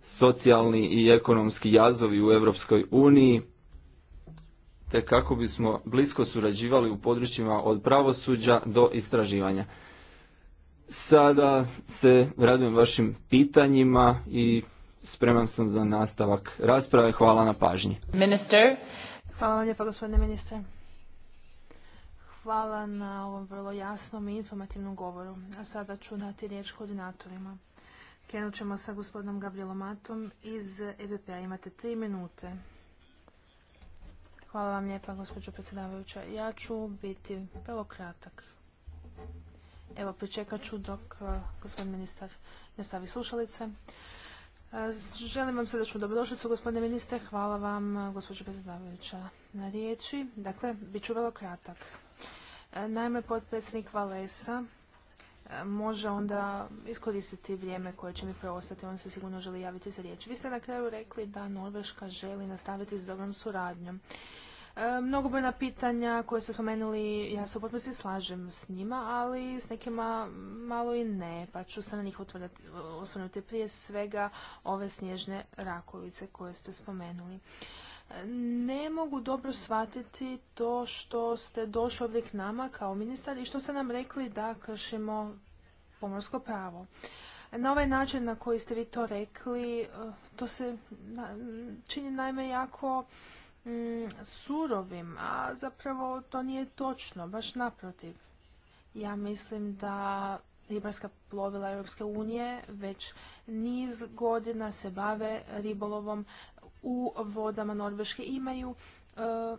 socijalni i ekonomski jazovi u Europskoj uniji te kako bismo blisko surađivali u područjima od pravosuđa do istraživanja. Sada se radujem vašim pitanjima i spreman sam za nastavak rasprave. Hvala na pažnji. Minister. Hvala vam lijepa gospodine ministre. Hvala na ovom vrlo jasnom i informativnom govoru. A sada ću dati riječ koordinatorima. Krenut ćemo sa gospodinom Gabrielom Matom iz EBP-a. Imate tri minute. Hvala vam lijepa, gospođo predsjedavajuća. Ja ću biti vrlo kratak. Evo, pričekat ću dok e, gospodin ministar ne stavi slušalice. E, želim vam srdečnu dobrodošlicu, gospodine ministre. Hvala vam, e, gospođo predsjedavajuća, na riječi. Dakle, bit ću vrlo kratak. Naime, potpredsjednik Valesa može onda iskoristiti vrijeme koje će mi preostati. On se sigurno želi javiti za riječ. Vi ste na kraju rekli da Norveška želi nastaviti s dobrom suradnjom. E, mnogo na pitanja koje ste spomenuli, ja se u potpunosti slažem s njima, ali s nekima malo i ne, pa ću se na njih osvrnuti prije svega ove snježne rakovice koje ste spomenuli. E, ne mogu dobro shvatiti to što ste došli ovdje k nama kao ministar i što ste nam rekli da kršimo pomorsko pravo. Na ovaj način na koji ste vi to rekli, e, to se čini najme jako Mm, surovim, a zapravo to nije točno, baš naprotiv. Ja mislim da ribarska plovila Europske unije već niz godina se bave ribolovom u vodama Norveške. Imaju e,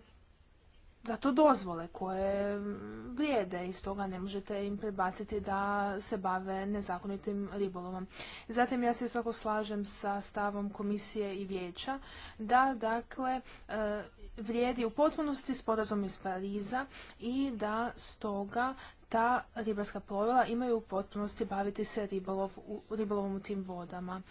za to dozvole koje vrijede i stoga ne možete im prebaciti da se bave nezakonitim ribolovom. Zatim ja se svako slažem sa stavom komisije i vijeća da dakle e, vrijedi u potpunosti sporazum iz Pariza i da stoga ta ribarska plovila imaju u potpunosti baviti se ribolov u, ribolovom u tim vodama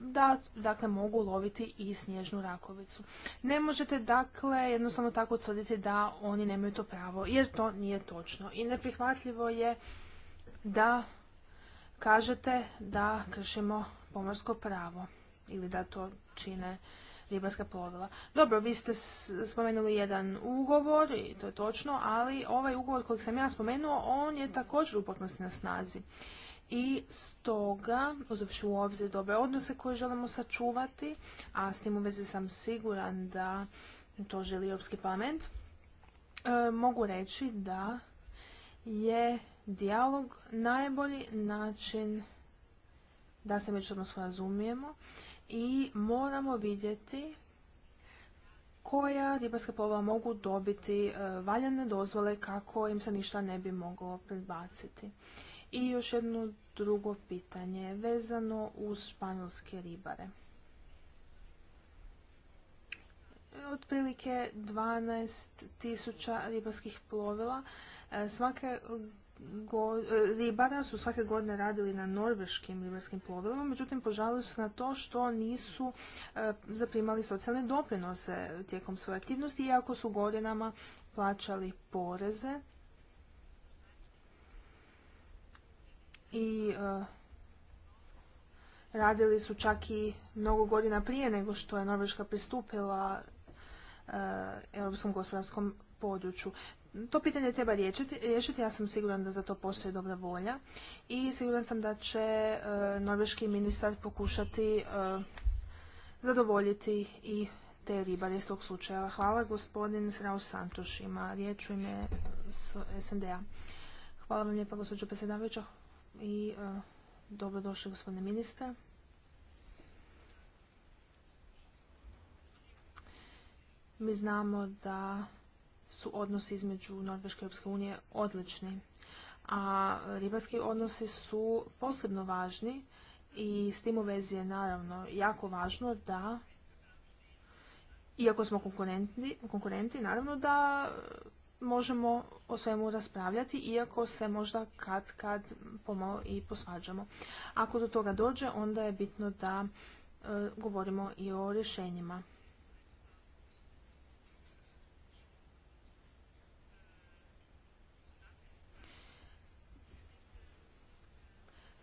da dakle mogu loviti i snježnu rakovicu. Ne možete dakle jednostavno tako tvrditi da oni nemaju to pravo jer to nije točno i neprihvatljivo je da kažete da kršimo pomorsko pravo ili da to čine ribarska plovila. Dobro, vi ste spomenuli jedan ugovor i to je točno, ali ovaj ugovor kojeg sam ja spomenuo, on je također u na snazi i stoga, uzavši u obzir dobre odnose koje želimo sačuvati, a s tim u vezi sam siguran da to želi Europski parlament, e, mogu reći da je dijalog najbolji način da se međusobno sporazumijemo i moramo vidjeti koja ribarska polova mogu dobiti e, valjane dozvole kako im se ništa ne bi moglo predbaciti. I još jedno drugo pitanje vezano uz španjolske ribare. Otprilike 12.000 ribarskih plovila e, svake e, ribara su svake godine radili na norveškim ribarskim plovilama, međutim požalili su na to što nisu e, zaprimali socijalne doprinose tijekom svoje aktivnosti, iako su godinama plaćali poreze i e, radili su čak i mnogo godina prije nego što je Norveška pristupila e, europskom gospodarskom području. To pitanje treba riješiti, ja sam siguran da za to postoji dobra volja i siguran sam da će e, norveški ministar pokušati zadovoljiti i te ribare iz tog slučaja. Hvala gospodin Srao Santuš ima riječ u ime SND-a. Hvala vam lijepa gospođo predsjedavajuća, i e, dobrodošli gospodine ministre. Mi znamo da su odnosi između Norveške i Europske unije odlični, a ribarski odnosi su posebno važni i s tim u vezi je naravno jako važno da iako smo konkurentni, konkurenti, naravno da možemo o svemu raspravljati, iako se možda kad kad pomalo i posvađamo. Ako do toga dođe, onda je bitno da e, govorimo i o rješenjima.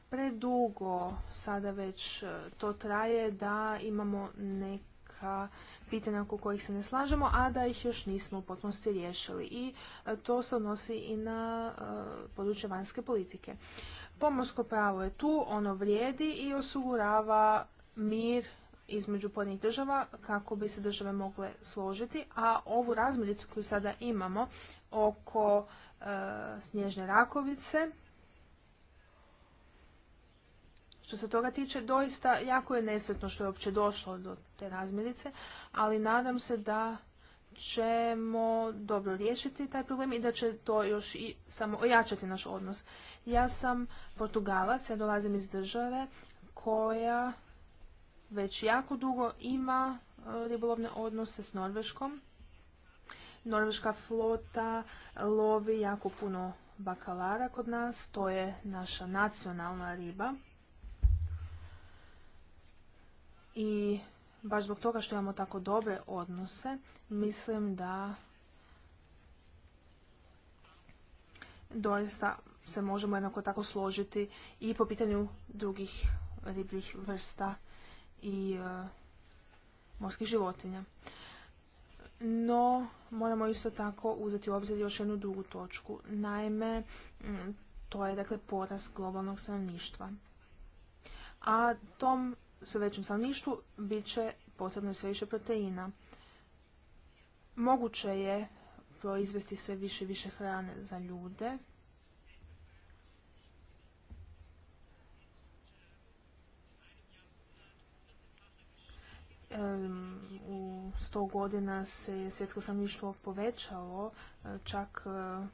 Predugo sada već e, to traje da imamo neka pitanja oko kojih se ne slažemo, a da ih još nismo u potpunosti riješili. I e, to se odnosi i na e, područje vanjske politike. Pomorsko pravo je tu, ono vrijedi i osigurava mir između pojedinih država kako bi se države mogle složiti, a ovu razmiricu koju sada imamo oko e, snježne rakovice što se toga tiče, doista jako je nesretno što je uopće došlo do te razmirice, ali nadam se da ćemo dobro riješiti taj problem i da će to još i samo ojačati naš odnos. Ja sam Portugalac, ja dolazim iz države koja već jako dugo ima e, ribolovne odnose s Norveškom. Norveška flota lovi jako puno bakalara kod nas, to je naša nacionalna riba. I baš zbog toga što imamo tako dobre odnose, mislim da doista se možemo jednako tako složiti i po pitanju drugih ribljih vrsta i e, morskih životinja. No, moramo isto tako uzeti u obzir još jednu drugu točku. Naime, to je dakle porast globalnog stanovništva. A tom sve većem stanovništvu bit će potrebno sve više proteina. Moguće je proizvesti sve više i više hrane za ljude. U sto godina se svjetsko stanovništvo povećalo e, čak e,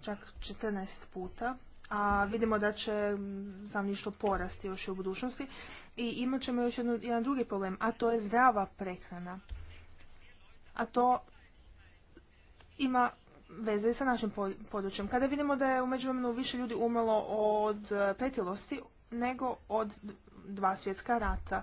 čak 14 puta a vidimo da će mm, stanovništvo porasti još i u budućnosti. I imat ćemo još jedan, drugi problem, a to je zdrava prehrana. A to ima veze i sa našim područjem. Kada vidimo da je u međuvremenu više ljudi umrlo od e, pretilosti nego od dva svjetska rata.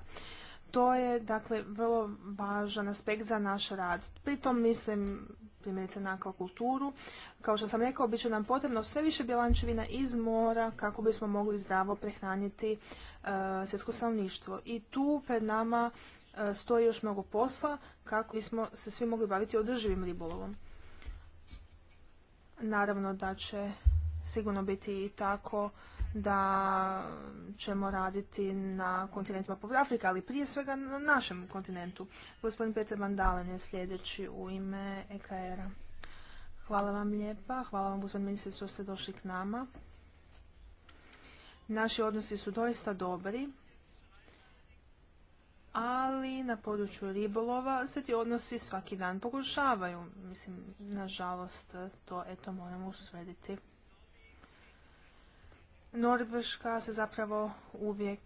To je dakle vrlo važan aspekt za naš rad. Pritom mislim primjerice na akvakulturu. Kao što sam rekao, bit će nam potrebno sve više bjelančevina iz mora kako bismo mogli zdravo prehraniti e, svjetsko stanovništvo. I tu pred nama e, stoji još mnogo posla kako bismo se svi mogli baviti održivim ribolovom. Naravno da će sigurno biti i tako da ćemo raditi na kontinentima Afrika, ali prije svega na našem kontinentu. Gospodin Peter Vandalen je sljedeći u ime EKR-a. Hvala vam lijepa. Hvala vam, gospodin ministar, što ste došli k nama. Naši odnosi su doista dobri, ali na području ribolova se ti odnosi svaki dan pogoršavaju. Mislim, nažalost, to eto moramo usvediti. Norveška se zapravo uvijek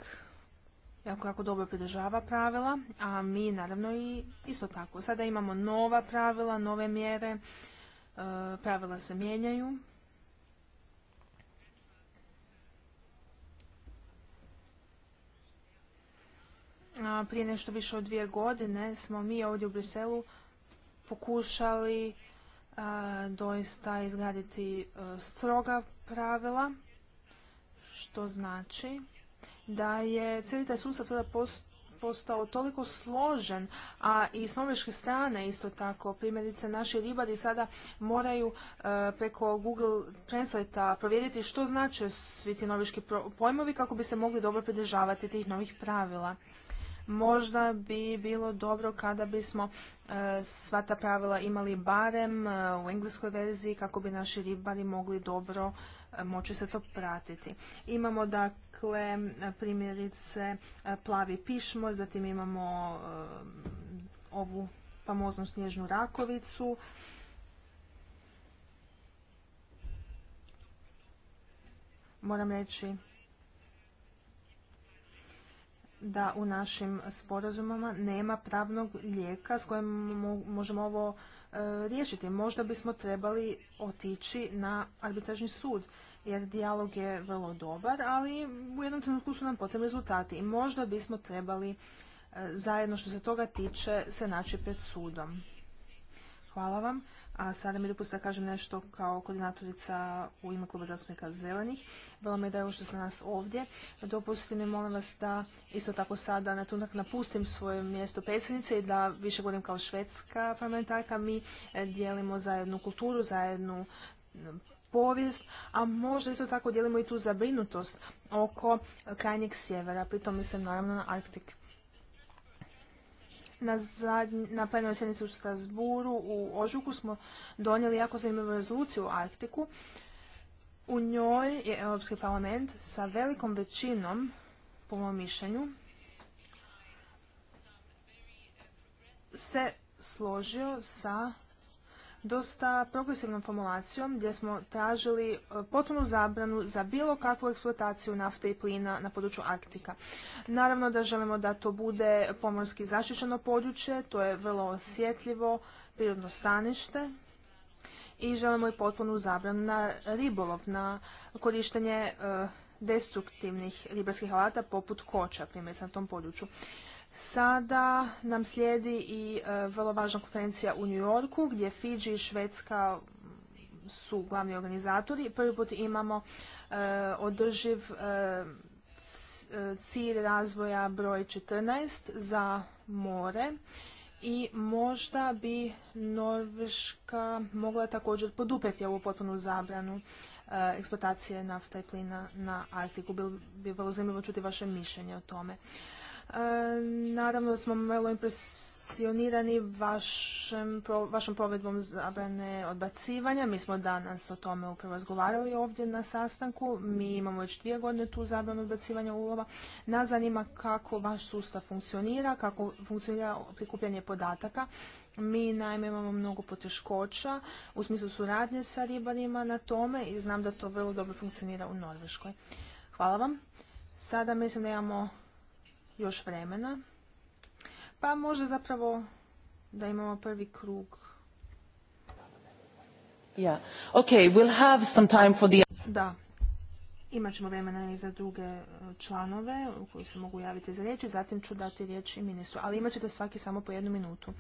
jako, jako dobro pridržava pravila, a mi naravno i isto tako. Sada imamo nova pravila, nove mjere, e, pravila se mijenjaju. prije nešto više od dvije godine smo mi ovdje u Briselu pokušali e, doista izgraditi e, stroga pravila što znači da je cijeli taj sustav tada postao toliko složen, a i s norveške strane isto tako, primjerice naši ribari sada moraju e, preko Google Translate-a provjeriti što znače svi ti norveški pojmovi kako bi se mogli dobro pridržavati tih novih pravila. Možda bi bilo dobro kada bismo e, sva ta pravila imali barem e, u engleskoj verziji kako bi naši ribari mogli dobro moći se to pratiti. Imamo dakle primjerice plavi pišmo, zatim imamo um, ovu famoznu snježnu rakovicu. Moram reći da u našim sporazumama nema pravnog lijeka s kojim možemo ovo E, riješiti. Možda bismo trebali otići na arbitražni sud jer dijalog je vrlo dobar, ali u jednom trenutku su nam potrebni rezultati i možda bismo trebali e, zajedno što se toga tiče se naći pred sudom. Hvala vam. A sada mi dopustite da kažem nešto kao koordinatorica u ime Kluba zastupnika Zelenih. Bilo mi je da je što za nas ovdje. Dopustite mi, molim vas, da isto tako sada na tunak napustim svoje mjesto predsjednice i da više govorim kao švedska parlamentarka. Mi eh, dijelimo zajednu kulturu, zajednu povijest, a možda isto tako dijelimo i tu zabrinutost oko eh, krajnjeg sjevera, pritom mislim naravno na Arktik. Na, zadnj, plenoj sjednici u Strasburu u Ožuku smo donijeli jako zanimljivu rezoluciju u Arktiku. U njoj je Europski parlament sa velikom većinom, po mom mišljenju, se složio sa dosta progresivnom formulacijom gdje smo tražili e, potpunu zabranu za bilo kakvu eksploataciju nafte i plina na području Arktika. Naravno da želimo da to bude pomorski zaštićeno područje, to je vrlo osjetljivo prirodno stanište i želimo i potpunu zabranu na ribolov, na korištenje e, destruktivnih ribarskih alata poput koča primjerice na tom području. Sada nam slijedi i e, vrlo važna konferencija u New Yorku gdje Fiji i Švedska su glavni organizatori. Prvi put imamo e, održiv e, cilj razvoja broj 14 za more i možda bi Norveška mogla također podupeti ovu potpunu zabranu eksploatacije nafta i plina na Arktiku. Bilo bi vrlo zanimljivo čuti vaše mišljenje o tome. E, naravno smo malo impresionirani vašom provedbom zabrane odbacivanja. Mi smo danas o tome upravo razgovarali ovdje na sastanku. Mi imamo već dvije godine tu zabranu odbacivanja ulova. Nas zanima kako vaš sustav funkcionira, kako funkcionira prikupljanje podataka. Mi naime imamo mnogo poteškoća u smislu suradnje sa ribarima na tome i znam da to vrlo dobro funkcionira u Norveškoj. Hvala vam. Sada mislim da imamo još vremena. Pa možda zapravo da imamo prvi krug. time Da, imat ćemo vremena i za druge e, članove koji se mogu javiti za riječ i zatim ću dati riječ i ministru. Ali imat ćete svaki samo po jednu minutu.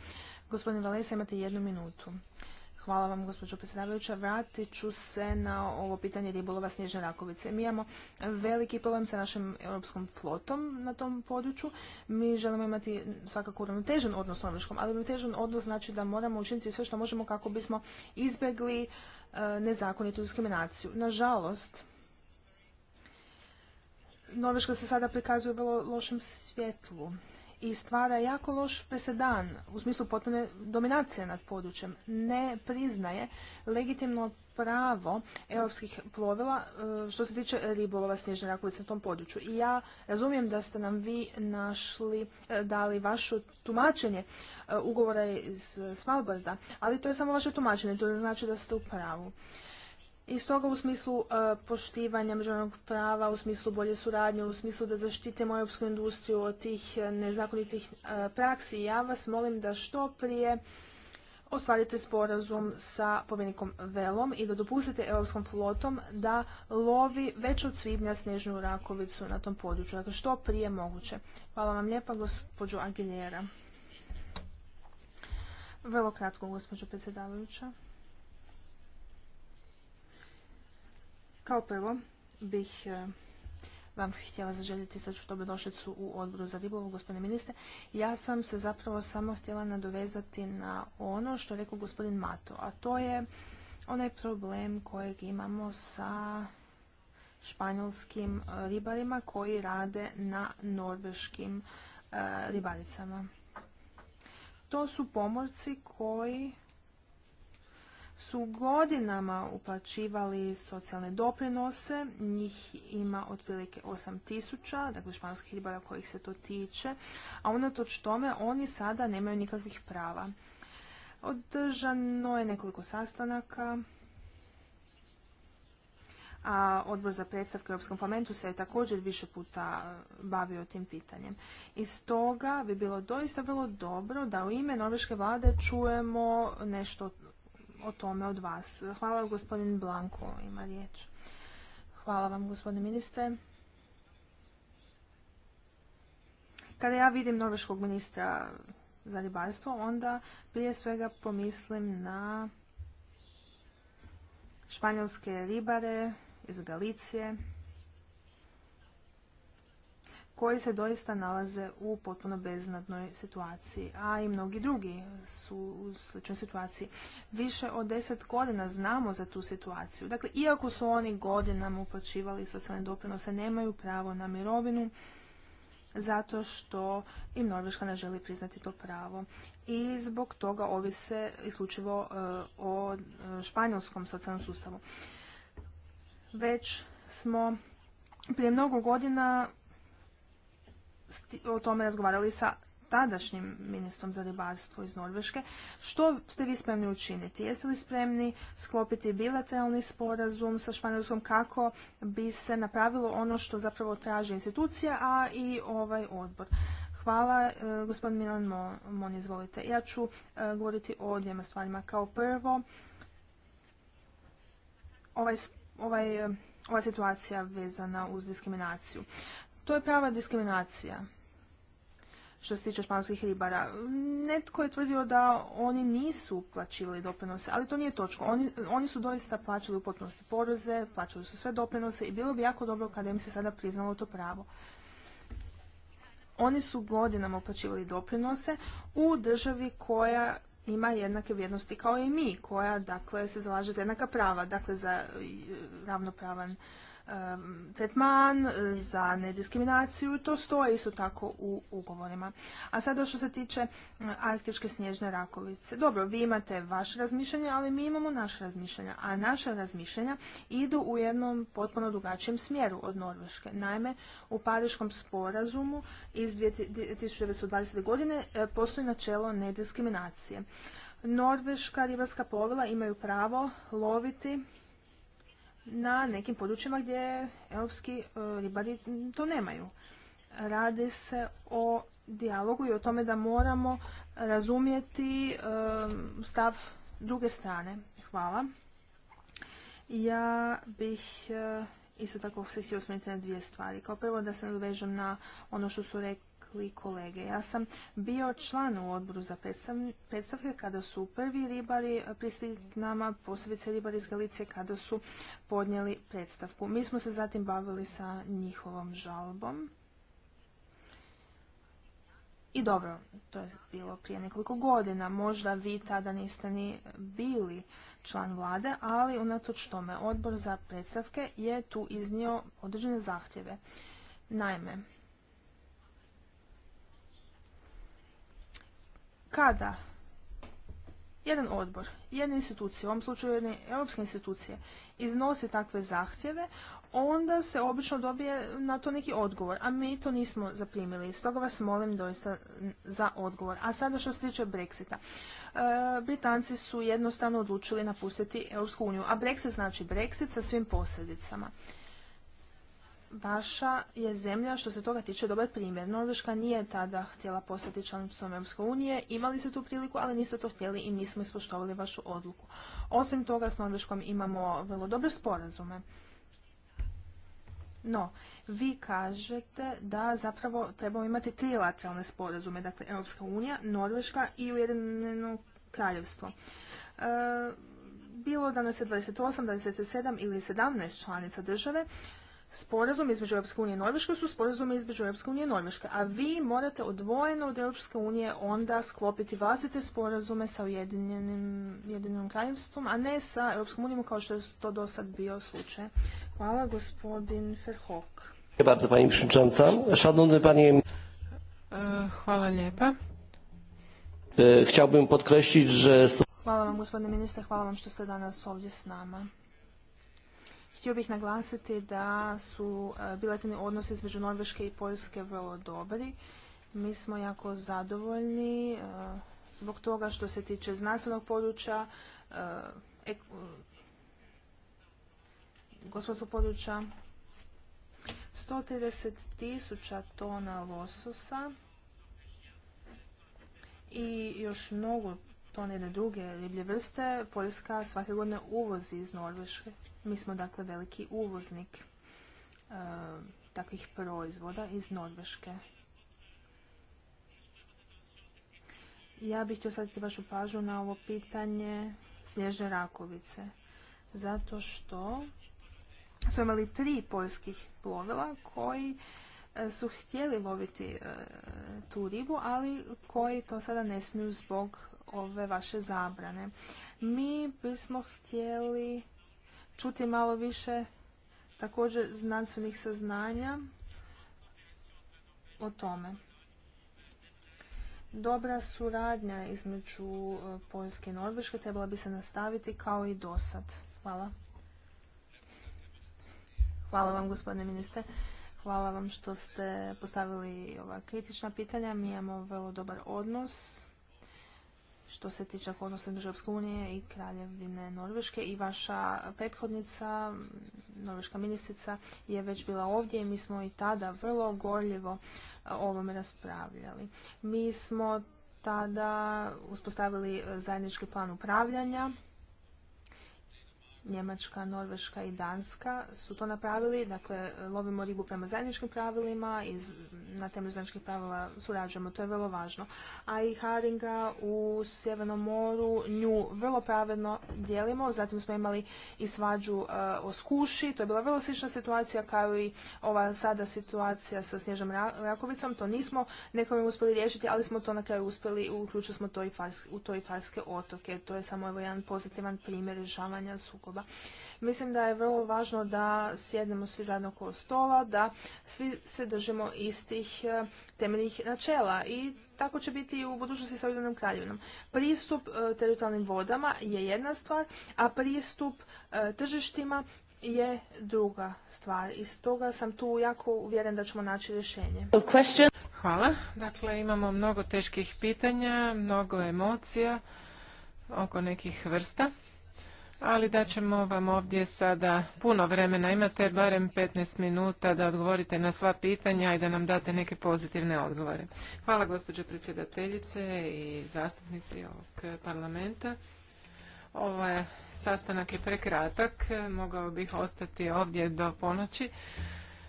Gospodin Valesa, imate jednu minutu. Hvala vam, gospođo predsjedavajuća. Vratit ću se na ovo pitanje ribolova snježne rakovice. Mi imamo veliki problem sa našom europskom flotom na tom području. Mi želimo imati svakako uravnotežen odnos s Norveškom, ali uravnotežen odnos znači da moramo učiniti sve što možemo kako bismo izbjegli e, nezakonitu diskriminaciju. Nažalost, Norveška se sada prikazuje u vrlo lošem svjetlu i stvara jako loš presedan u smislu potpune dominacije nad područjem. Ne priznaje legitimno pravo europskih plovila e, što se tiče ribolova snježne rakovice na tom području. I ja razumijem da ste nam vi našli, e, dali vaše tumačenje e, ugovora iz Svalbarda, ali to je samo vaše tumačenje, to ne znači da ste u pravu. I stoga u smislu e, poštivanja međunarodnog prava, u smislu bolje suradnje, u smislu da zaštitimo europsku industriju od tih e, nezakonitih e, praksi, ja vas molim da što prije ostvarite sporazum sa povjerenikom Velom i da dopustite europskom flotom da lovi već od svibnja snežnu rakovicu na tom području. Dakle, što prije moguće. Hvala vam lijepa, gospođo Aguilera. Vrlo kratko, gospođo predsjedavajuća. Kao prvo bih e, vam htjela zaželjeti srču dobrodošlicu u odboru za ribolov, gospodine ministre. Ja sam se zapravo samo htjela nadovezati na ono što je rekao gospodin Mato, a to je onaj problem kojeg imamo sa španjolskim e, ribarima koji rade na norveškim e, ribaricama. To su pomorci koji su godinama uplaćivali socijalne doprinose, njih ima otprilike 8000, dakle španskih ribara kojih se to tiče, a unatoč tome oni sada nemaju nikakvih prava. Održano je nekoliko sastanaka, a Odbor za predstavke u Europskom parlamentu se je također više puta bavio tim pitanjem. I stoga bi bilo doista vrlo dobro da u ime norveške vlade čujemo nešto o tome od vas. Hvala gospodin Blanko, ima riječ. Hvala vam gospodine ministre. Kada ja vidim norveškog ministra za ribarstvo, onda prije svega pomislim na španjolske ribare iz Galicije, koji se doista nalaze u potpuno beznadnoj situaciji, a i mnogi drugi su u sličnoj situaciji. Više od deset godina znamo za tu situaciju. Dakle, iako su oni godinama uplaćivali socijalne doprinose, nemaju pravo na mirovinu zato što im Norveška ne želi priznati to pravo. I zbog toga ovise isključivo e, o e, španjolskom socijalnom sustavu. Već smo prije mnogo godina o tome razgovarali sa tadašnjim ministrom za ribarstvo iz Norveške. Što ste vi spremni učiniti? Jeste li spremni sklopiti bilateralni sporazum sa Španjolskom kako bi se napravilo ono što zapravo traže institucija, a i ovaj odbor? Hvala, e, gospodin Milan Mon, izvolite. Ja ću e, govoriti o dvijema stvarima. Kao prvo, ovaj, ovaj, e, ova situacija vezana uz diskriminaciju. To je prava diskriminacija što se tiče španskih ribara. Netko je tvrdio da oni nisu uplaćivali doprinose, ali to nije točno. Oni, oni su doista plaćali u potpunosti poreze, plaćali su sve doprinose i bilo bi jako dobro kada im se sada priznalo to pravo. Oni su godinama uplaćivali doprinose u državi koja ima jednake vrijednosti kao i mi, koja dakle se zalaže za jednaka prava, dakle za e, ravnopravan tretman, eh, za nediskriminaciju, to stoje isto tako u ugovorima. A sada što se tiče eh, arktičke snježne rakovice. Dobro, vi imate vaše razmišljanje, ali mi imamo naše razmišljanja. A naše razmišljanja idu u jednom potpuno drugačijem smjeru od Norveške. Naime, u Pariškom sporazumu iz 1920. godine eh, postoji načelo nediskriminacije. Norveška ribarska plovila imaju pravo loviti na nekim područjima gdje europski e, ribari to nemaju. Radi se o dijalogu i o tome da moramo razumjeti e, stav druge strane. Hvala. Ja bih e, isto tako se htio osvrnuti na dvije stvari. Kao prvo da se nadovežem na ono što su rekli rekli kolege. Ja sam bio član u odboru za predstavke kada su prvi ribari pristigli k nama, posebice ribari iz Galicije, kada su podnijeli predstavku. Mi smo se zatim bavili sa njihovom žalbom. I dobro, to je bilo prije nekoliko godina. Možda vi tada niste ni bili član vlade, ali unatoč tome odbor za predstavke je tu iznio određene zahtjeve. Naime, kada jedan odbor, jedna institucija, u ovom slučaju jedne europske institucije, iznose takve zahtjeve, onda se obično dobije na to neki odgovor, a mi to nismo zaprimili. Stoga vas molim doista za odgovor. A sada što se tiče Brexita. E, Britanci su jednostavno odlučili napustiti EU, a Brexit znači Brexit sa svim posljedicama vaša je zemlja što se toga tiče dobar primjer. Norveška nije tada htjela postati članicom Europske unije, imali ste tu priliku, ali niste to htjeli i mi smo ispoštovali vašu odluku. Osim toga s Norveškom imamo vrlo dobre sporazume. No, vi kažete da zapravo trebamo imati trilateralne sporazume, dakle Europska unija, Norveška i Ujedinjeno kraljevstvo. E, bilo da nas je 28, 27 ili 17 članica države, sporazum između Europske unije i Norveške su sporazume između Europske unije i Norveške, a vi morate odvojeno od Europske unije onda sklopiti vlastite sporazume sa Ujedinjenim kraljevstvom, a ne sa Europskom unijom kao što je to do sad bio slučaj. Hvala gospodin Ferhok. E, hvala lijepa. E, hvala vam gospodine ministre, hvala vam što ste danas ovdje s nama. Htio bih naglasiti da su e, bilateralni odnosi između Norveške i Poljske vrlo dobri. Mi smo jako zadovoljni e, zbog toga što se tiče znanstvenog područja, e, gospodarskog područja, 130 tisuća tona lososa i još mnogo to jedne druge riblje vrste Poljska svake godine uvozi iz Norveške. Mi smo dakle veliki uvoznik e, takvih proizvoda iz Norveške. Ja bih htio saditi vašu pažnju na ovo pitanje snježne rakovice. Zato što smo imali tri poljskih plovila koji e, su htjeli loviti e, tu ribu, ali koji to sada ne smiju zbog ove vaše zabrane. Mi bismo htjeli čuti malo više također znanstvenih saznanja o tome. Dobra suradnja između e, Poljske i Norveške trebala bi se nastaviti kao i dosad. Hvala. Hvala vam gospodine ministre. Hvala vam što ste postavili ova kritična pitanja. Mi imamo vrlo dobar odnos što se tiče odnosa između Europske unije i Kraljevine Norveške i vaša prethodnica, norveška ministrica, je već bila ovdje i mi smo i tada vrlo gorljivo e, o ovome raspravljali. Mi smo tada uspostavili e, zajednički plan upravljanja Njemačka, Norveška i Danska su to napravili. Dakle, lovimo ribu prema zajedničkim pravilima i na temelju zajedničkih pravila surađujemo. To je vrlo važno. A i Haringa u Sjevernom moru nju vrlo pravedno dijelimo. Zatim smo imali i svađu e, o skuši. To je bila vrlo slična situacija kao i ova sada situacija sa Snježom Rakovicom. To nismo nekome uspjeli riješiti, ali smo to na kraju uspjeli. Uključili smo to i u to i Farske otoke. To je samo jedan pozitivan primjer rješavanja sukoba sukoba. Mislim da je vrlo važno da sjednemo svi zajedno oko stola, da svi se držimo istih e, temeljnih načela i tako će biti i u budućnosti sa Ujedinom kraljevinom. Pristup e, teritorijalnim vodama je jedna stvar, a pristup e, tržištima je druga stvar. I toga sam tu jako uvjeren da ćemo naći rješenje. Hvala. Dakle, imamo mnogo teških pitanja, mnogo emocija oko nekih vrsta ali da ćemo vam ovdje sada puno vremena. Imate barem 15 minuta da odgovorite na sva pitanja i da nam date neke pozitivne odgovore. Hvala gospođo predsjedateljice i zastupnici ovog parlamenta. Ovaj sastanak je prekratak, mogao bih ostati ovdje do ponoći.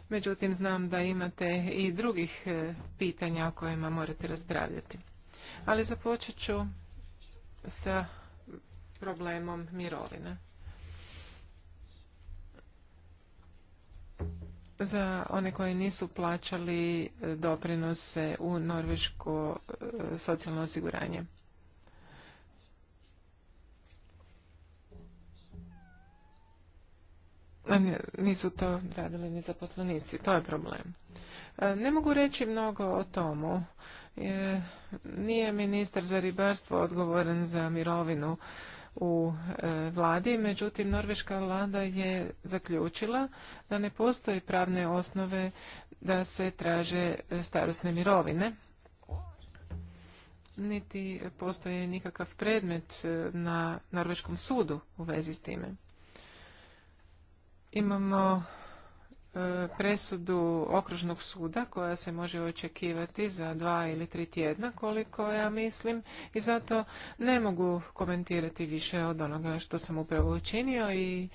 Međutim, znam da imate i drugih e, pitanja o kojima morate raspravljati. Ali započet ću sa problemom mirovine. Za one koji nisu plaćali e, doprinose u norveško e, socijalno osiguranje. Nisu to radili ni zaposlenici, to je problem. E, ne mogu reći mnogo o tomu. Nije ministar za ribarstvo odgovoran za mirovinu u e, vladi, međutim norveška vlada je zaključila da ne postoji pravne osnove da se traže e, starosne mirovine. Niti postoji nikakav predmet e, na norveškom sudu u vezi s time. Imamo presudu okružnog suda koja se može očekivati za dva ili tri tjedna koliko ja mislim i zato ne mogu komentirati više od onoga što sam upravo učinio i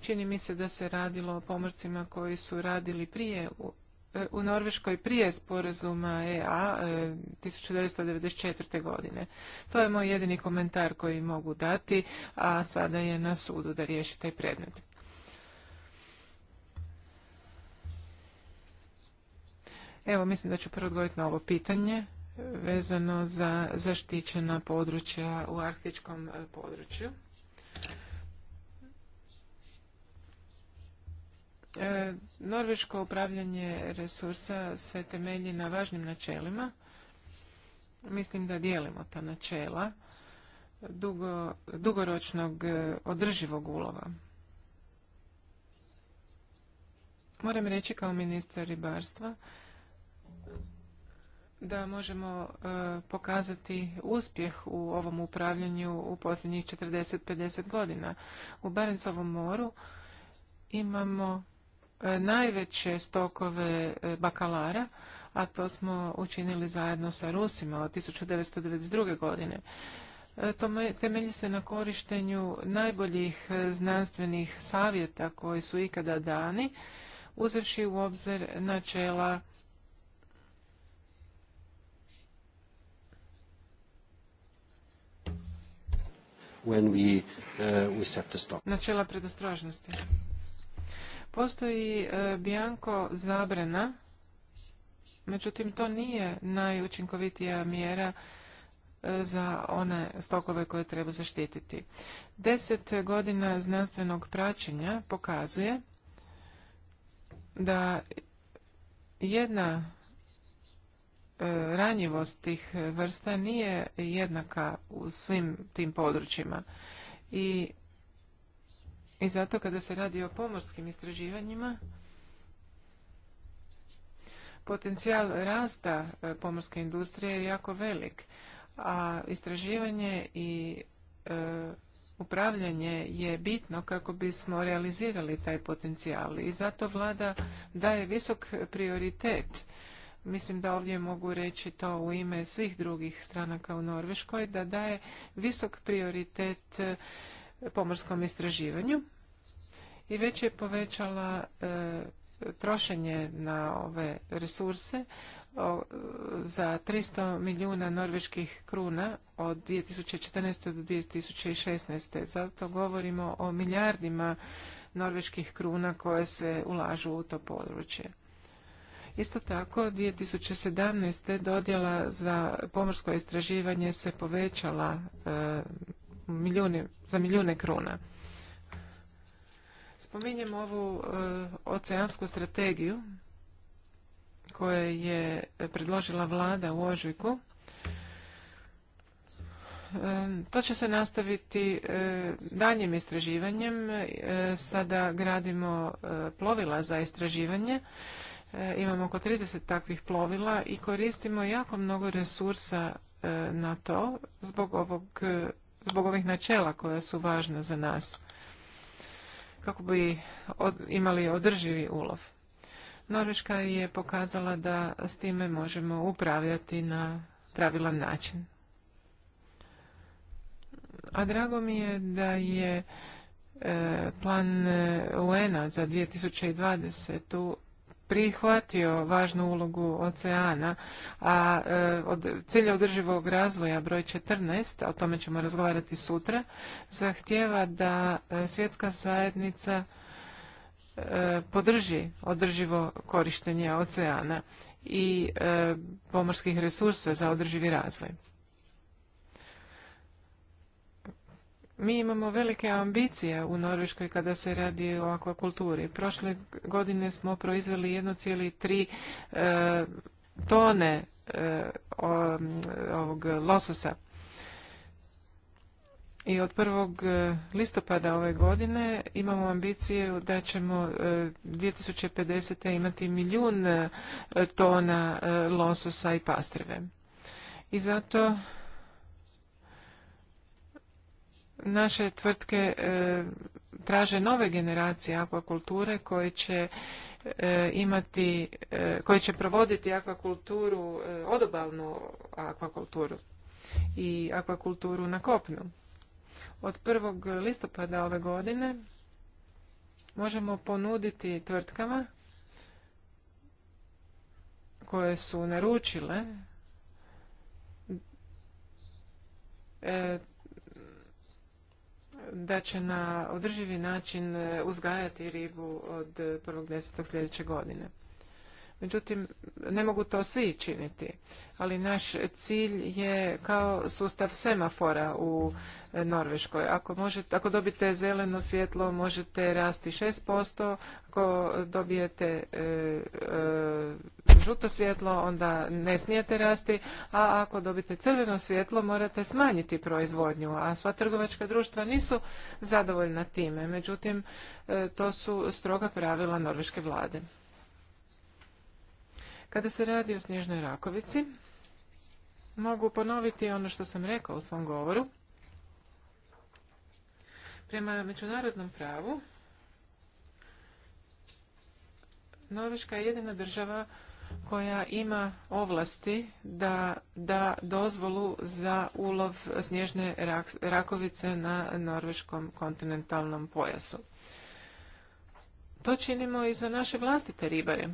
čini mi se da se radilo o pomorcima koji su radili prije u, e, Norveškoj prije sporazuma EA 1994. E, godine. To je moj jedini komentar koji mogu dati, a sada je na sudu da riješi taj predmet. Evo, mislim da ću prvo odgovoriti na ovo pitanje vezano za zaštićena područja u arktičkom e, području. E, norveško upravljanje resursa se temelji na važnim načelima. Mislim da dijelimo ta načela dugoročnog e, održivog ulova. Moram reći kao ministar ribarstva da možemo e, pokazati uspjeh u ovom upravljanju u posljednjih 40-50 godina. U Barencovom moru imamo e, najveće stokove e, bakalara, a to smo učinili zajedno sa Rusima od 1992. godine. To temelji se na korištenju najboljih znanstvenih savjeta koji su ikada dani, uzevši u obzir načela when we, uh, we set the Načela predostrožnosti. Postoji e, bianko zabrana, međutim to nije najučinkovitija mjera e, za one stokove koje treba zaštititi. Deset godina znanstvenog praćenja pokazuje da jedna E, ranjivost tih vrsta nije jednaka u svim tim područjima. I, i zato kada se radi o pomorskim istraživanjima, potencijal rasta e, pomorske industrije je jako velik, a istraživanje i e, upravljanje je bitno kako bismo realizirali taj potencijal i zato vlada daje visok prioritet mislim da ovdje mogu reći to u ime svih drugih stranaka u Norveškoj, da daje visok prioritet e, pomorskom istraživanju i već je povećala e, trošenje na ove resurse e, za 300 milijuna norveških kruna od 2014. do 2016. Zato govorimo o milijardima norveških kruna koje se ulažu u to područje. Isto tako, 2017. dodjela za pomorsko istraživanje se povećala e, za milijune kruna. Spominjem ovu e, oceansku strategiju koju je predložila vlada u Ožujku. E, to će se nastaviti danjem istraživanjem. Sada gradimo plovila za istraživanje E, imamo oko 30 takvih plovila i koristimo jako mnogo resursa e, na to zbog, ovog, e, zbog ovih načela koja su važna za nas kako bi imali održivi ulov. Norveška je pokazala da s time možemo upravljati na pravilan način. A drago mi je da je plan UN-a za 2020 prihvatio važnu ulogu oceana, a e, od cilja održivog razvoja broj 14, o tome ćemo razgovarati sutra, zahtjeva da e, svjetska zajednica e, podrži održivo korištenje oceana i pomorskih resursa za održivi razvoj. Mi imamo velike ambicije u Norveškoj kada se radi o akvakulturi. Prošle godine smo proizveli 1,3 e, tone e, ovog lososa. I od 1. E, listopada ove godine imamo ambiciju da ćemo 2050. imati milijun tona lososa i pastrve. I zato naše tvrtke e, traže nove generacije akvakulture koje će e, imati, e, koje će provoditi akvakulturu, odobalnu akvakulturu i akvakulturu na kopnu. Od 1. listopada ove godine možemo ponuditi tvrtkama koje su naručile da će na održivi način e, uzgajati ribu od 1.10. sljedeće godine. Međutim, ne mogu to svi činiti, ali naš cilj je kao sustav semafora u e, Norveškoj. Ako, možete, ako dobite zeleno svjetlo, možete rasti 6%, ako dobijete e, e, žuto svjetlo, onda ne smijete rasti, a ako dobite crveno svjetlo, morate smanjiti proizvodnju, a sva trgovačka društva nisu zadovoljna time. Međutim, to su stroga pravila norveške vlade. Kada se radi o snježnoj rakovici, mogu ponoviti ono što sam rekao u svom govoru. Prema međunarodnom pravu, Norveška je jedina država koja ima ovlasti da da dozvolu za ulov snježne rakovice na norveškom kontinentalnom pojasu. To činimo i za naše vlastite ribare.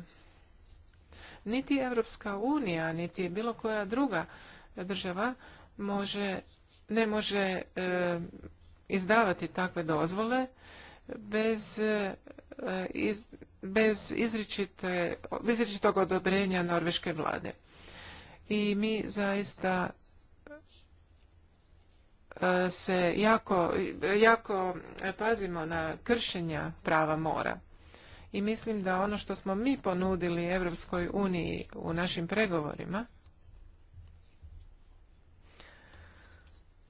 Niti Europska unija, niti bilo koja druga država može, ne može e, izdavati takve dozvole bez, e, bez izričitog odobrenja norveške vlade. I mi zaista e, se jako, jako pazimo na kršenja prava mora i mislim da ono što smo mi ponudili Evropskoj uniji u našim pregovorima,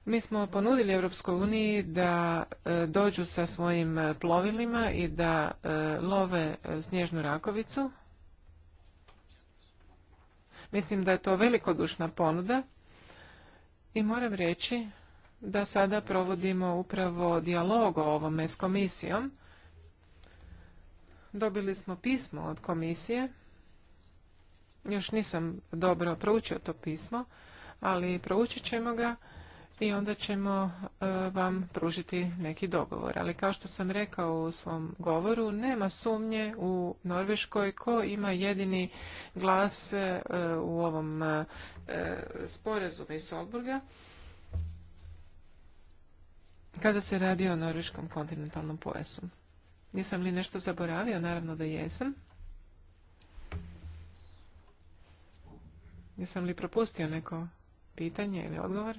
Mi smo ponudili Europskoj uniji da e, dođu sa svojim e, plovilima i da e, love snježnu rakovicu. Mislim da je to velikodušna ponuda i moram reći da sada provodimo upravo dijalog o ovome s komisijom Dobili smo pismo od komisije. Još nisam dobro proučio to pismo, ali proučit ćemo ga i onda ćemo e, vam pružiti neki dogovor. Ali kao što sam rekao u svom govoru, nema sumnje u Norveškoj ko ima jedini glas e, u ovom e, sporazumu iz Solburga kada se radi o norveškom kontinentalnom pojasu. Nisam li nešto zaboravio? Naravno da jesam. Jesam li propustio neko pitanje ili odgovor?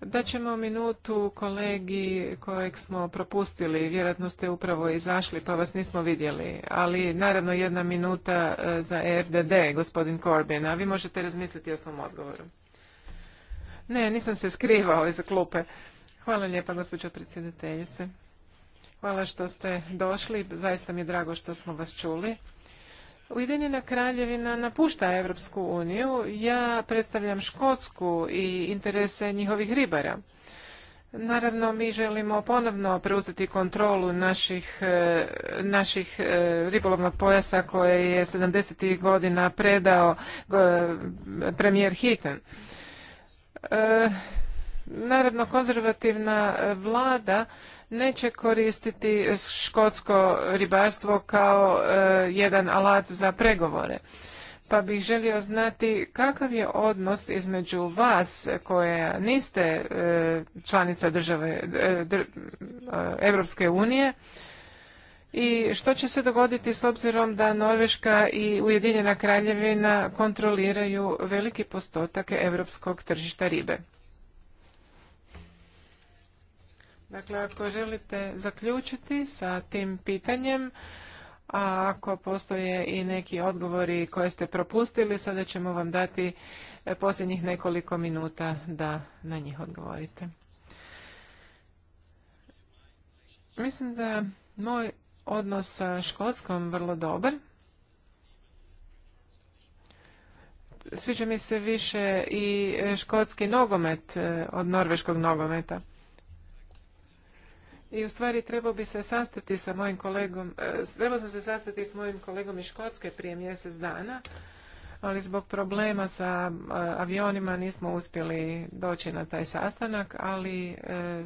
Da ćemo minutu kolegi kojeg smo propustili, vjerojatno ste upravo izašli pa vas nismo vidjeli, ali naravno jedna minuta eh, za RDD, gospodin Corbyn, a vi možete razmisliti o svom odgovoru. Ne, nisam se skrivao iz klupe. Hvala lijepa, gospođo predsjedateljice. Hvala što ste došli, zaista mi je drago što smo vas čuli. Ujedinjena kraljevina napušta Evropsku uniju, ja predstavljam Škotsku i interese njihovih ribara. Naravno, mi želimo ponovno preuzeti kontrolu naših, e, naših e, ribolovnog pojasa koje je 70. godina predao e, premijer Hitten E, naravno, konzervativna vlada neće koristiti škotsko ribarstvo kao e, jedan alat za pregovore. Pa bih želio znati kakav je odnos između vas koja niste e, članica države Europske unije i što će se dogoditi s obzirom da Norveška i Ujedinjena kraljevina kontroliraju veliki postotak europskog tržišta ribe? Dakle, ako želite zaključiti sa tim pitanjem, a ako postoje i neki odgovori koje ste propustili, sada ćemo vam dati posljednjih nekoliko minuta da na njih odgovorite. Mislim da moj odnos sa Škotskom vrlo dobar. Sviđa mi se više i e, škotski nogomet e, od norveškog nogometa. I u stvari trebao bi se sastati sa mojim kolegom, e, trebao sam se sastati s mojim kolegom iz Škotske prije mjesec dana, ali zbog problema sa avionima nismo uspjeli doći na taj sastanak, ali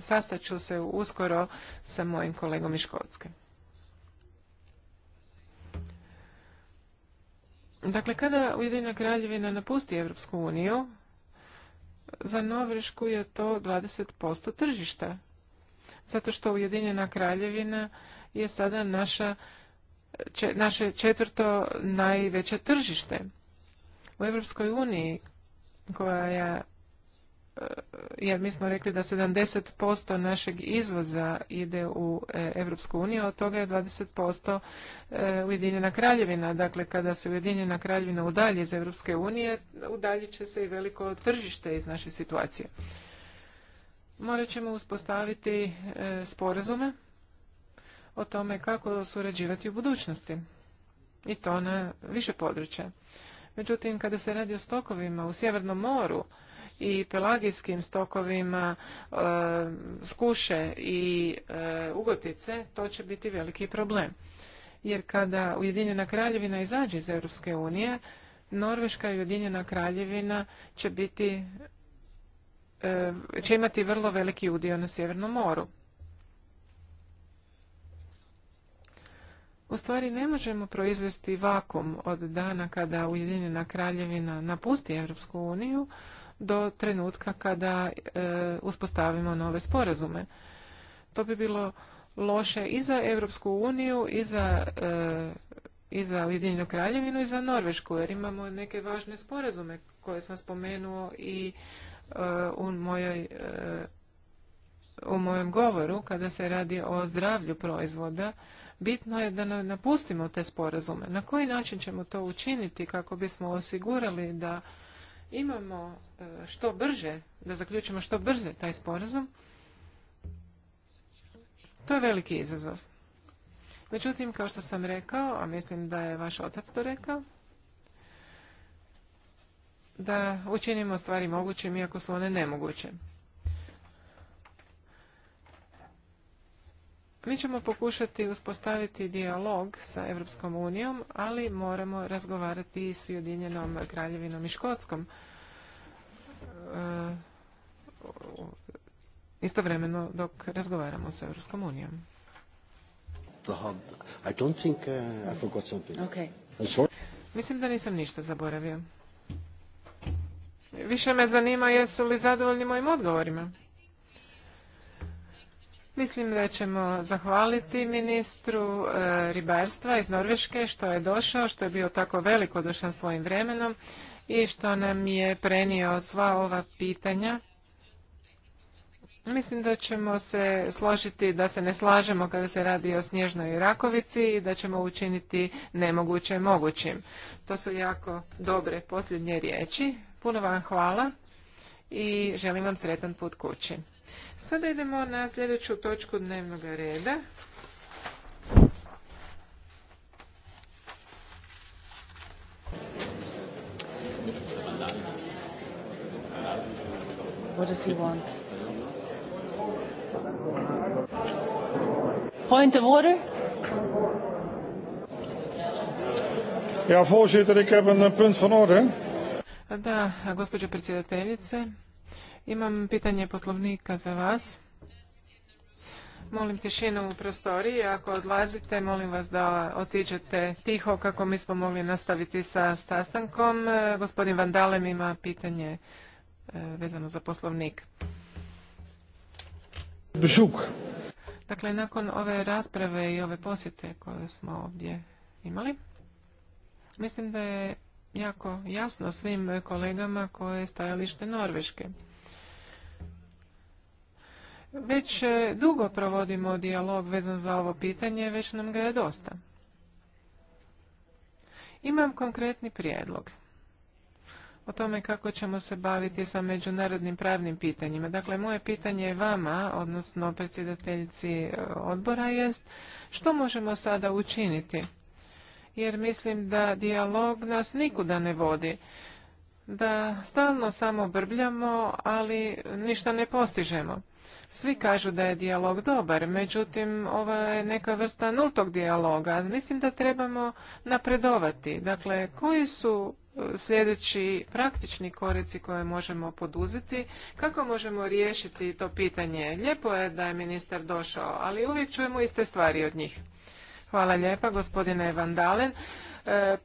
sastaću se uskoro sa mojim kolegom iz Škotske. Dakle, kada Ujedinjena kraljevina napusti Europsku uniju, za Norvešku je to 20% tržišta. Zato što Ujedinjena kraljevina je sada naša, naše četvrto najveće tržište. U Europskoj uniji koja E, jer mi smo rekli da 70% našeg izvoza ide u Europsku uniju, od toga je 20% e, Ujedinjena kraljevina. Dakle, kada se Ujedinjena kraljevina udalji iz Europske unije, udalji će se i veliko tržište iz naše situacije. Morat ćemo uspostaviti e, sporazume o tome kako surađivati u budućnosti. I to na više područja. Međutim, kada se radi o stokovima u Sjevernom moru, i pelagijskim stokovima e, skuše i e, ugotice, to će biti veliki problem. Jer kada Ujedinjena kraljevina izađe iz Europske unije, Norveška i Ujedinjena kraljevina će biti e, će imati vrlo veliki udio na Sjevernom moru. U stvari ne možemo proizvesti vakum od dana kada Ujedinjena kraljevina napusti Europsku uniju do trenutka kada e, uspostavimo nove sporazume. To bi bilo loše i za Europsku uniju i za e, i za Ujedinjenu kraljevinu i za Norvešku, jer imamo neke važne sporazume koje sam spomenuo i e, u, mojoj, e, u mojem govoru, kada se radi o zdravlju proizvoda, bitno je da napustimo te sporazume. Na koji način ćemo to učiniti kako bismo osigurali da imamo e, što brže, da zaključimo što brže taj sporazum, to je veliki izazov. Međutim, kao što sam rekao, a mislim da je vaš otac to rekao, da učinimo stvari mogućim iako su one nemoguće. Mi ćemo pokušati uspostaviti dijalog sa Europskom unijom, ali moramo razgovarati i s Ujedinjenom kraljevinom i Škotskom. E, istovremeno dok razgovaramo sa Europskom unijom. Uh, Mislim da nisam ništa zaboravio. Više me zanima jesu li zadovoljni mojim odgovorima. Mislim da ćemo zahvaliti ministru e, ribarstva iz Norveške što je došao, što je bio tako veliko svojim vremenom i što nam je prenio sva ova pitanja. Mislim da ćemo se složiti da se ne slažemo kada se radi o snježnoj rakovici i da ćemo učiniti nemoguće mogućim. To su jako dobre posljednje riječi. Puno vam hvala i želim vam sretan put kući. Sada idemo na sljedeću točku dnevnog reda. What does he want? Point of order? Ja, voorzitter, ik heb een punt van orde. Da, gospođo predsjedateljice, imam pitanje poslovnika za vas. Molim tišinu u prostoriji. Ako odlazite, molim vas da otiđete tiho kako mi smo mogli nastaviti sa sastankom. E, gospodin Vandalem ima pitanje e, vezano za poslovnik. Dakle, nakon ove rasprave i ove posjete koje smo ovdje imali, mislim da je jako jasno svim kolegama koje je stajalište Norveške. Već e, dugo provodimo dijalog vezan za ovo pitanje, već nam ga je dosta. Imam konkretni prijedlog o tome kako ćemo se baviti sa međunarodnim pravnim pitanjima. Dakle, moje pitanje vama, odnosno predsjedateljici e, odbora, jest što možemo sada učiniti? Jer mislim da dijalog nas nikuda ne vodi da stalno samo brbljamo, ali ništa ne postižemo. Svi kažu da je dijalog dobar, međutim, ova je neka vrsta nultog dijaloga. Mislim da trebamo napredovati. Dakle, koji su e, sljedeći praktični koreci koje možemo poduzeti, kako možemo riješiti to pitanje. Lijepo je da je ministar došao, ali uvijek čujemo iste stvari od njih. Hvala lijepa, gospodine Vandalen. E,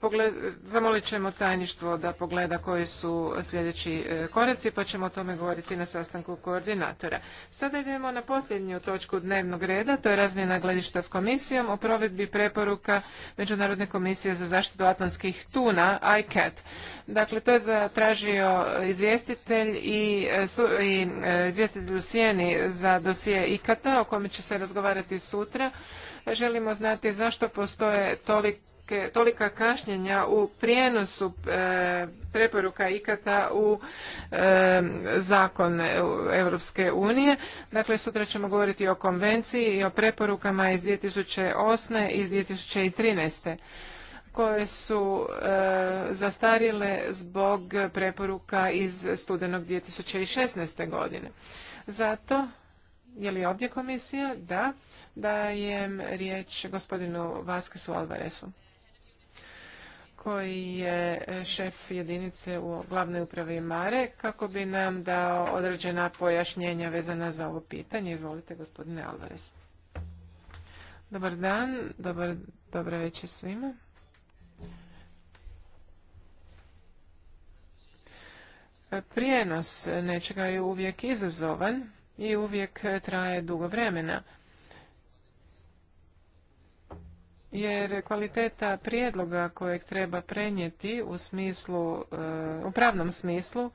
zamolit ćemo tajništvo da pogleda koji su sljedeći e, koraci, pa ćemo o tome govoriti na sastanku koordinatora. Sada idemo na posljednju točku dnevnog reda, to je razmjena gledišta s komisijom o provedbi preporuka Međunarodne komisije za zaštitu atlantskih tuna, ICAT. Dakle, to je zatražio izvjestitelj i, e, izvjestitelj u za dosije icat o kome će se razgovarati sutra. Želimo znati zašto postoje tolik tolika kašnjenja u prijenosu e, preporuka ikata u e, zakon Europske unije. Dakle, sutra ćemo govoriti o konvenciji i o preporukama iz 2008. i iz 2013 koje su e, zastarile zastarjele zbog preporuka iz studenog 2016. godine. Zato, je li ovdje komisija? Da. Dajem riječ gospodinu Vaskesu Alvaresu koji je e, šef jedinice u glavnoj upravi Mare, kako bi nam dao određena pojašnjenja vezana za ovo pitanje. Izvolite, gospodine Alvarez. Dobar dan, dobar, dobra večer svima. E, prijenos nečega je uvijek izazovan i uvijek traje dugo vremena. jer kvaliteta prijedloga kojeg treba prenijeti u smislu, e, u pravnom smislu,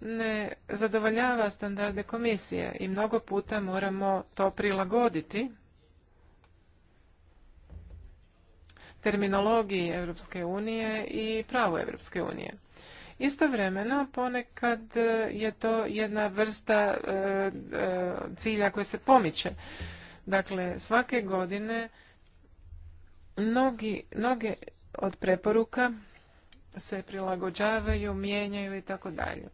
ne zadovoljava standarde komisije i mnogo puta moramo to prilagoditi terminologiji Europske unije i pravu Europske unije. Istovremeno ponekad je to jedna vrsta e, e, cilja koja se pomiče. Dakle, svake godine Mnogi, mnoge od preporuka se prilagođavaju, mijenjaju i tako dalje.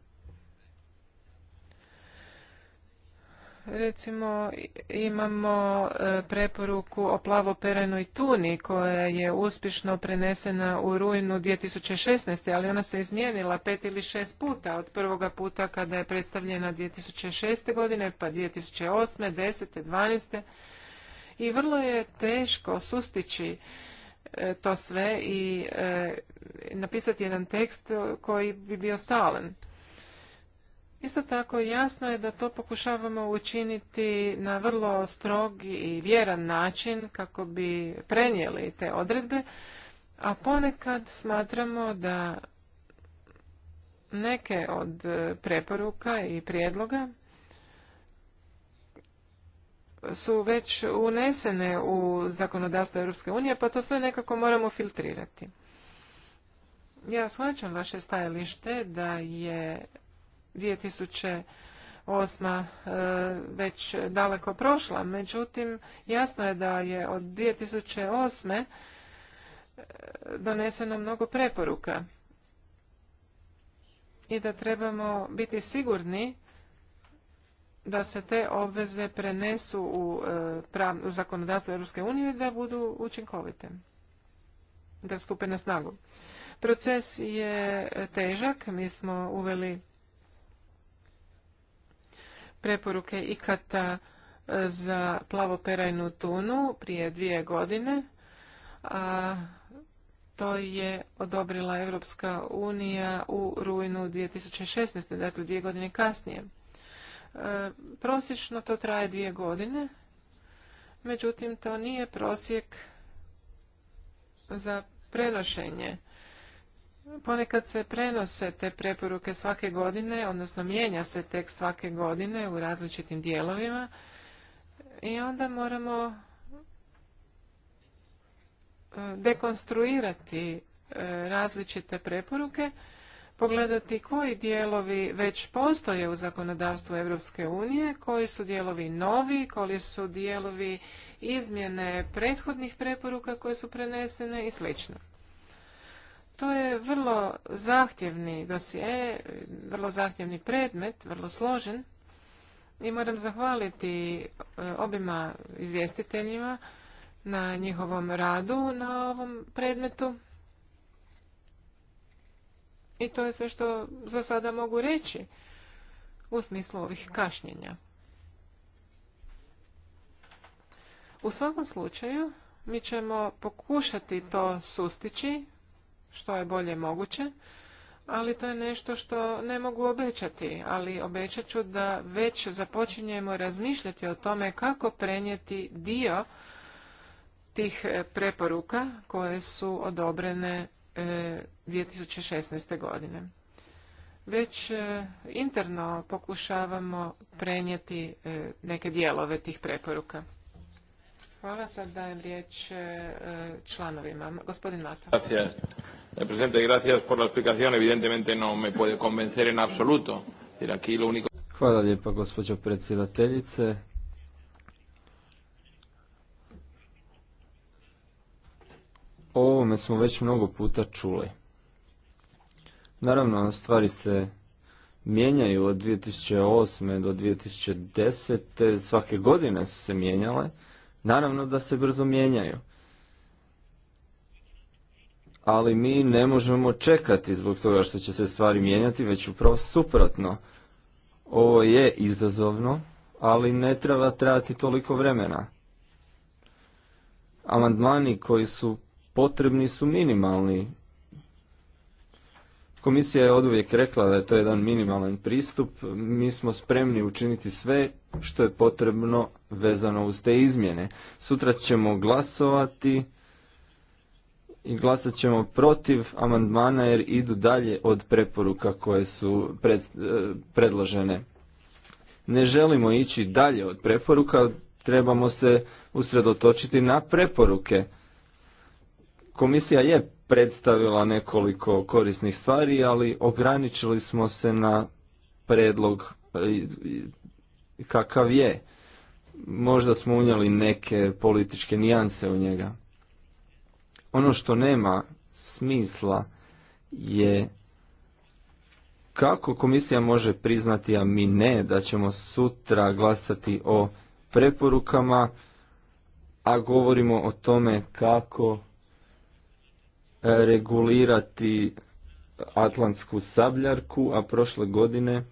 Recimo imamo e, preporuku o plavo-perenoj tuni koja je uspješno prenesena u rujnu 2016. ali ona se izmijenila pet ili šest puta od prvoga puta kada je predstavljena 2006. godine pa 2008. 10. 12 i vrlo je teško sustići e, to sve i e, napisati jedan tekst koji bi bio stalen. Isto tako jasno je da to pokušavamo učiniti na vrlo strog i vjeran način kako bi prenijeli te odredbe, a ponekad smatramo da neke od preporuka i prijedloga su već unesene u zakonodavstvo Europske unije, pa to sve nekako moramo filtrirati. Ja shvaćam vaše stajalište da je 2008. E, već daleko prošla, međutim jasno je da je od 2008. E, doneseno mnogo preporuka i da trebamo biti sigurni da se te obveze prenesu e, u zakonodavstvo Europske unije da budu učinkovite, da stupe na snagu. Proces je težak, mi smo uveli preporuke ikata e, za plavoperajnu tunu prije dvije godine, a to je odobrila Europska unija u rujnu 2016. dakle dvije godine kasnije. E, prosječno to traje dvije godine, međutim to nije prosjek za prenošenje. Ponekad se prenose te preporuke svake godine, odnosno mijenja se tekst svake godine u različitim dijelovima i onda moramo e, dekonstruirati e, različite preporuke pogledati koji dijelovi već postoje u zakonodavstvu Europske unije, koji su dijelovi novi, koji su dijelovi izmjene prethodnih preporuka koje su prenesene i sl. To je vrlo zahtjevni dosije, vrlo zahtjevni predmet, vrlo složen i moram zahvaliti e, obima izvjestiteljima na njihovom radu na ovom predmetu. I to je sve što za sada mogu reći u smislu ovih kašnjenja. U svakom slučaju mi ćemo pokušati to sustići što je bolje moguće, ali to je nešto što ne mogu obećati, ali obećat ću da već započinjemo razmišljati o tome kako prenijeti dio tih preporuka koje su odobrene 2016. E, godine. Već e, interno pokušavamo prenijeti e, neke dijelove tih preporuka. Hvala, sad dajem riječ članovima. Gospodin Mato. Gracias. Eh, gracias por la Evidentemente no me Jer Hvala lijepa, gospođo predsjedateljice. O ovome smo već mnogo puta čuli. Naravno, stvari se mijenjaju od 2008. do 2010. Svake godine su se mijenjale. Naravno da se brzo mijenjaju. Ali mi ne možemo čekati zbog toga što će se stvari mijenjati, već upravo suprotno. Ovo je izazovno, ali ne treba trajati toliko vremena. Amandmani koji su potrebni su minimalni. Komisija je oduvijek rekla da je to jedan minimalan pristup. Mi smo spremni učiniti sve što je potrebno vezano uz te izmjene. Sutra ćemo glasovati i glasat ćemo protiv amandmana jer idu dalje od preporuka koje su e, predložene. Ne želimo ići dalje od preporuka, trebamo se usredotočiti na preporuke. Komisija je predstavila nekoliko korisnih stvari, ali ograničili smo se na predlog e, kakav je. Možda smo unijeli neke političke nijanse u njega. Ono što nema smisla je kako komisija može priznati, a mi ne, da ćemo sutra glasati o preporukama, a govorimo o tome kako E, regulirati atlantsku sabljarku, a prošle godine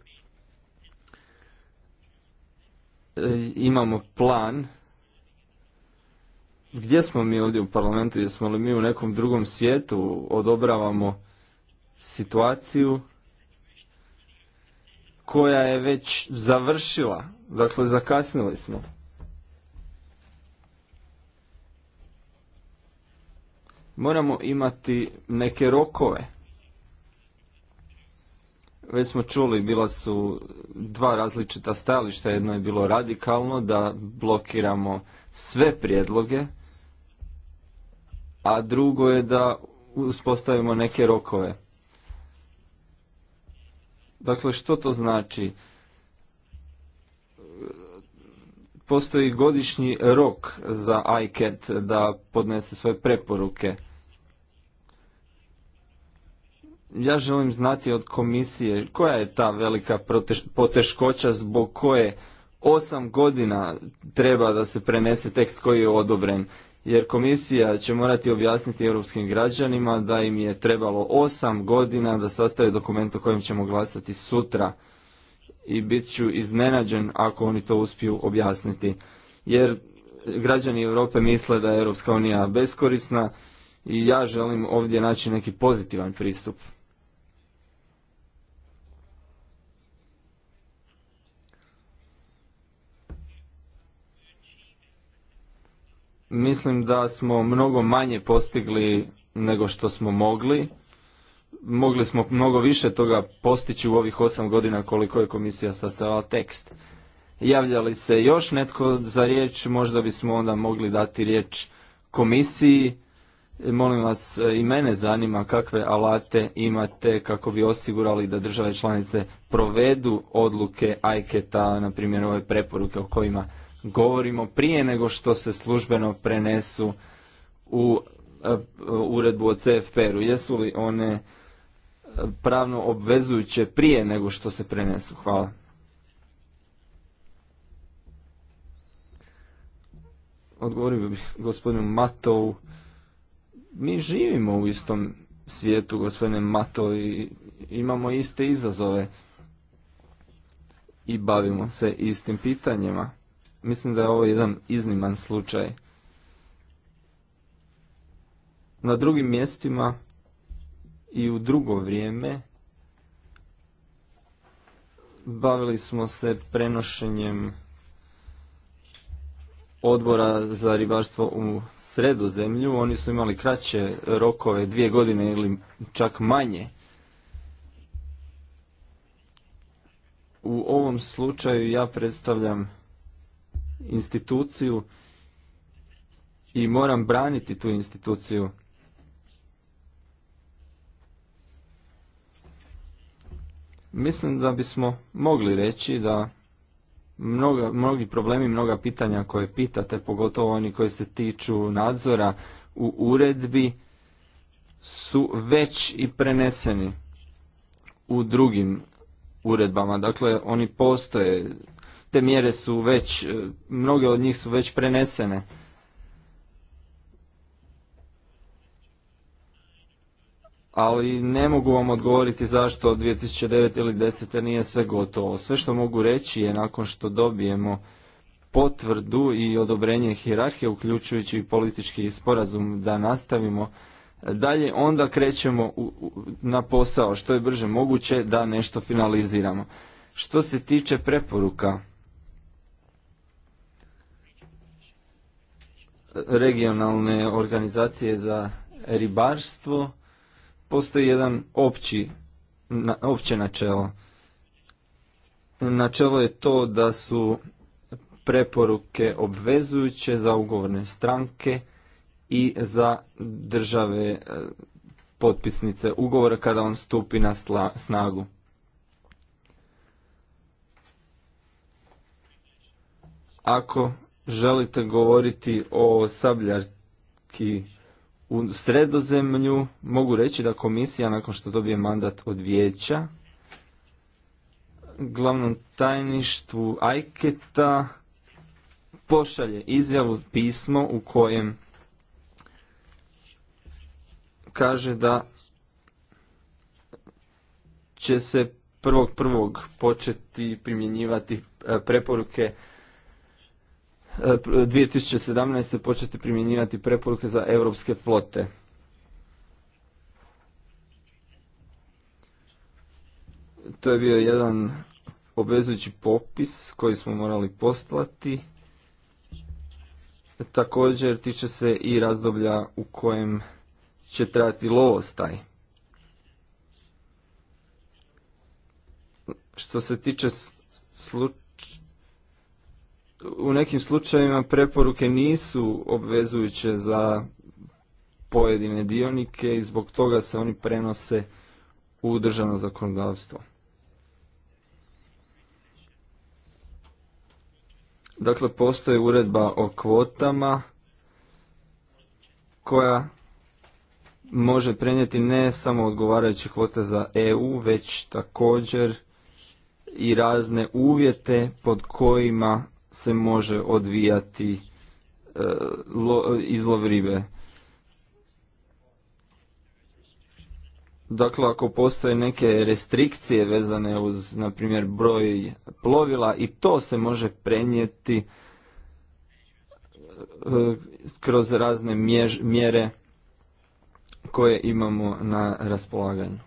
e, imamo plan gdje smo mi ovdje u parlamentu, jesmo li mi u nekom drugom svijetu, odobravamo situaciju koja je već završila, dakle zakasnili smo. Moramo imati neke rokove. Već smo čuli, bila su dva različita stajališta. Jedno je bilo radikalno, da blokiramo sve prijedloge, a drugo je da uspostavimo neke rokove. Dakle, što to znači? Postoji godišnji rok za ICAT da podnese svoje preporuke. ja želim znati od komisije koja je ta velika poteškoća zbog koje osam godina treba da se prenese tekst koji je odobren. Jer komisija će morati objasniti europskim građanima da im je trebalo osam godina da sastave dokument o kojem ćemo glasati sutra. I bit ću iznenađen ako oni to uspiju objasniti. Jer građani Europe misle da je Europska unija beskorisna i ja želim ovdje naći neki pozitivan pristup. Mislim da smo mnogo manje postigli nego što smo mogli. Mogli smo mnogo više toga postići u ovih osam godina koliko je komisija sastavila tekst. Javljali se još netko za riječ, možda bismo onda mogli dati riječ komisiji. Molim vas, i mene zanima kakve alate imate kako bi osigurali da države članice provedu odluke ajketa, na primjer ove preporuke o kojima govorimo prije nego što se službeno prenesu u e, uredbu o CFPR-u? Jesu li one e, pravno obvezujuće prije nego što se prenesu? Hvala. Odgovorio bih gospodinu Matovu. Mi živimo u istom svijetu, gospodine Mato, i imamo iste izazove i bavimo se istim pitanjima. Mislim da je ovo jedan izniman slučaj. Na drugim mjestima i u drugo vrijeme bavili smo se prenošenjem odbora za ribarstvo u sredozemlju. Oni su imali kraće rokove, dvije godine ili čak manje. U ovom slučaju ja predstavljam instituciju i moram braniti tu instituciju. Mislim da bismo mogli reći da mnoga, mnogi problemi, mnoga pitanja koje pitate, pogotovo oni koji se tiču nadzora u uredbi, su već i preneseni u drugim uredbama. Dakle, oni postoje, te mjere su već, e, mnoge od njih su već prenesene. ali ne mogu vam odgovoriti zašto od 2009. ili 2010. nije sve gotovo. Sve što mogu reći je nakon što dobijemo potvrdu i odobrenje hirarhije, uključujući i politički sporazum da nastavimo dalje, onda krećemo na posao što je brže moguće da nešto finaliziramo. Što se tiče preporuka, regionalne organizacije za ribarstvo postoji jedan opći, opće načelo. Načelo je to da su preporuke obvezujuće za ugovorne stranke i za države e, potpisnice ugovora kada on stupi na snagu. Ako želite govoriti o sabljarki u sredozemlju, mogu reći da komisija nakon što dobije mandat od vijeća, glavnom tajništvu Ajketa pošalje izjavu pismo u kojem kaže da će se prvog početi primjenjivati e, preporuke 2017. E, početi primjenjivati preporuke za europske flote. To je bio jedan obvezujući popis koji smo morali poslati. Također tiče se i razdoblja u kojem će trajati lovostaj. Što se tiče slučaja u nekim slučajevima preporuke nisu obvezujuće za pojedine dionike i zbog toga se oni prenose u državno zakonodavstvo. Dakle, postoji uredba o kvotama koja može prenijeti ne samo odgovarajuće kvote za EU, već također i razne uvjete pod kojima se može odvijati e, izlov ribe. Dakle, ako postoje neke restrikcije vezane uz, na primjer, broj plovila i to se može prenijeti e, kroz razne mjere koje imamo na raspolaganju.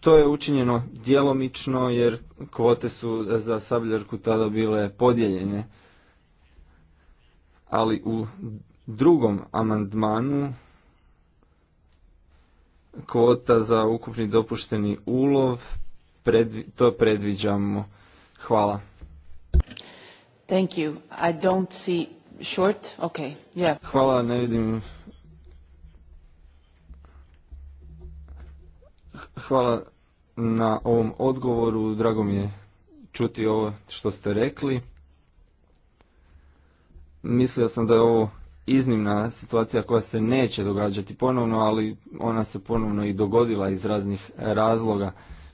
To je učinjeno djelomično jer kvote su za sabljarku tada bile podijeljene. Ali u drugom amandmanu kvota za ukupni dopušteni ulov to predviđamo. Hvala. Thank you. I don't see short. Okay. Yeah. Hvala, ne vidim Hvala na ovom odgovoru. Drago mi je čuti ovo što ste rekli. Mislio sam da je ovo iznimna situacija koja se neće događati ponovno, ali ona se ponovno i dogodila iz raznih razloga.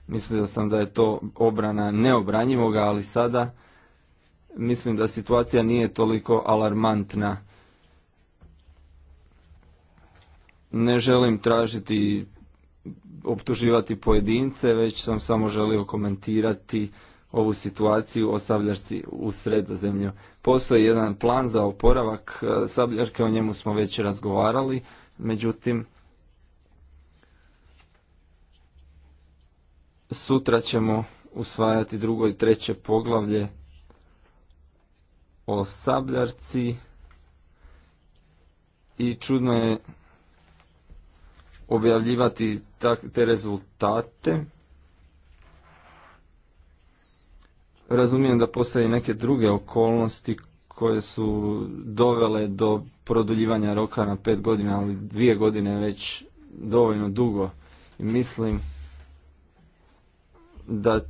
Mislio sam da je to obrana neobranjivoga, ali sada mislim da situacija nije toliko alarmantna. Ne želim tražiti optuživati pojedince, već sam samo želio komentirati ovu situaciju o sabljarci u sredozemlju. Postoji jedan plan za oporavak e, sabljarke, o njemu smo već razgovarali, međutim sutra ćemo usvajati drugo i treće poglavlje o sabljarci i čudno je objavljivati te rezultate. Razumijem da postoje neke druge okolnosti koje su dovele do produljivanja roka na pet godina, ali dvije godine već dovoljno dugo. I mislim da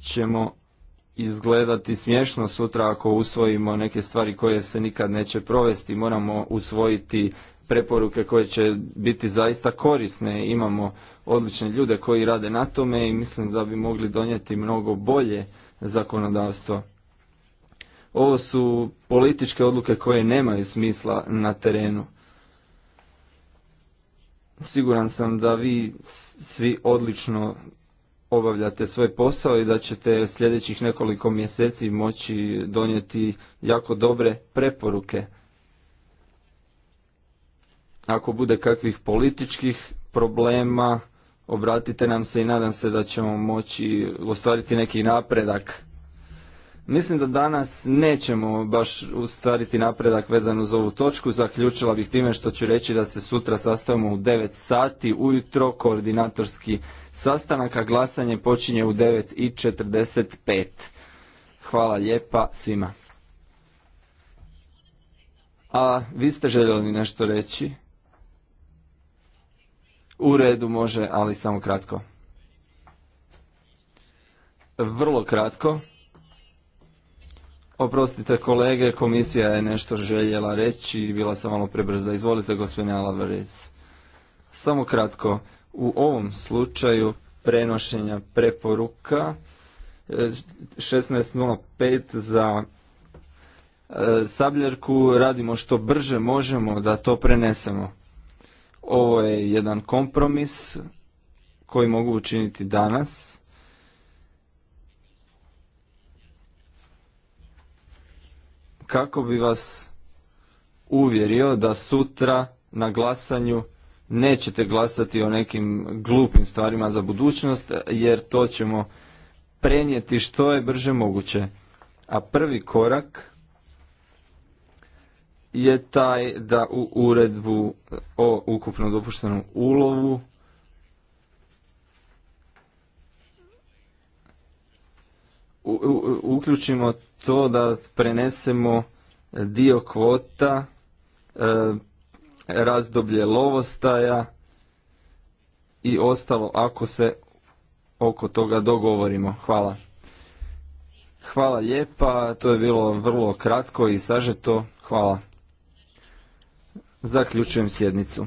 ćemo izgledati smiješno sutra ako usvojimo neke stvari koje se nikad neće provesti. Moramo usvojiti preporuke koje će biti zaista korisne. Imamo odlične ljude koji rade na tome i mislim da bi mogli donijeti mnogo bolje zakonodavstvo. Ovo su političke odluke koje nemaju smisla na terenu. Siguran sam da vi svi odlično obavljate svoj posao i da ćete sljedećih nekoliko mjeseci moći donijeti jako dobre preporuke. Ako bude kakvih političkih problema, obratite nam se i nadam se da ćemo moći ostvariti neki napredak. Mislim da danas nećemo baš ostvariti napredak vezan uz ovu točku. Zaključila bih time što ću reći da se sutra sastavimo u 9 sati ujutro, koordinatorski sastanak, a glasanje počinje u 9.45. Hvala lijepa svima. A vi ste željeli nešto reći? U redu može, ali samo kratko. Vrlo kratko. Oprostite kolege, komisija je nešto željela reći i bila sam malo prebrza. Izvolite gospodine Alavarez. Samo kratko, u ovom slučaju prenošenja preporuka 16.05 e, za e, sabljarku radimo što brže možemo da to prenesemo. Ovo je jedan kompromis koji mogu učiniti danas. Kako bi vas uvjerio da sutra na glasanju nećete glasati o nekim glupim stvarima za budućnost, jer to ćemo prenijeti što je brže moguće. A prvi korak je taj da u uredbu o ukupno dopuštenom ulovu uključimo to da prenesemo dio kvota e, razdoblje lovostaja i ostalo ako se oko toga dogovorimo. Hvala. Hvala lijepa, to je bilo vrlo kratko i sažeto. Hvala. Zaključujem sjednicu.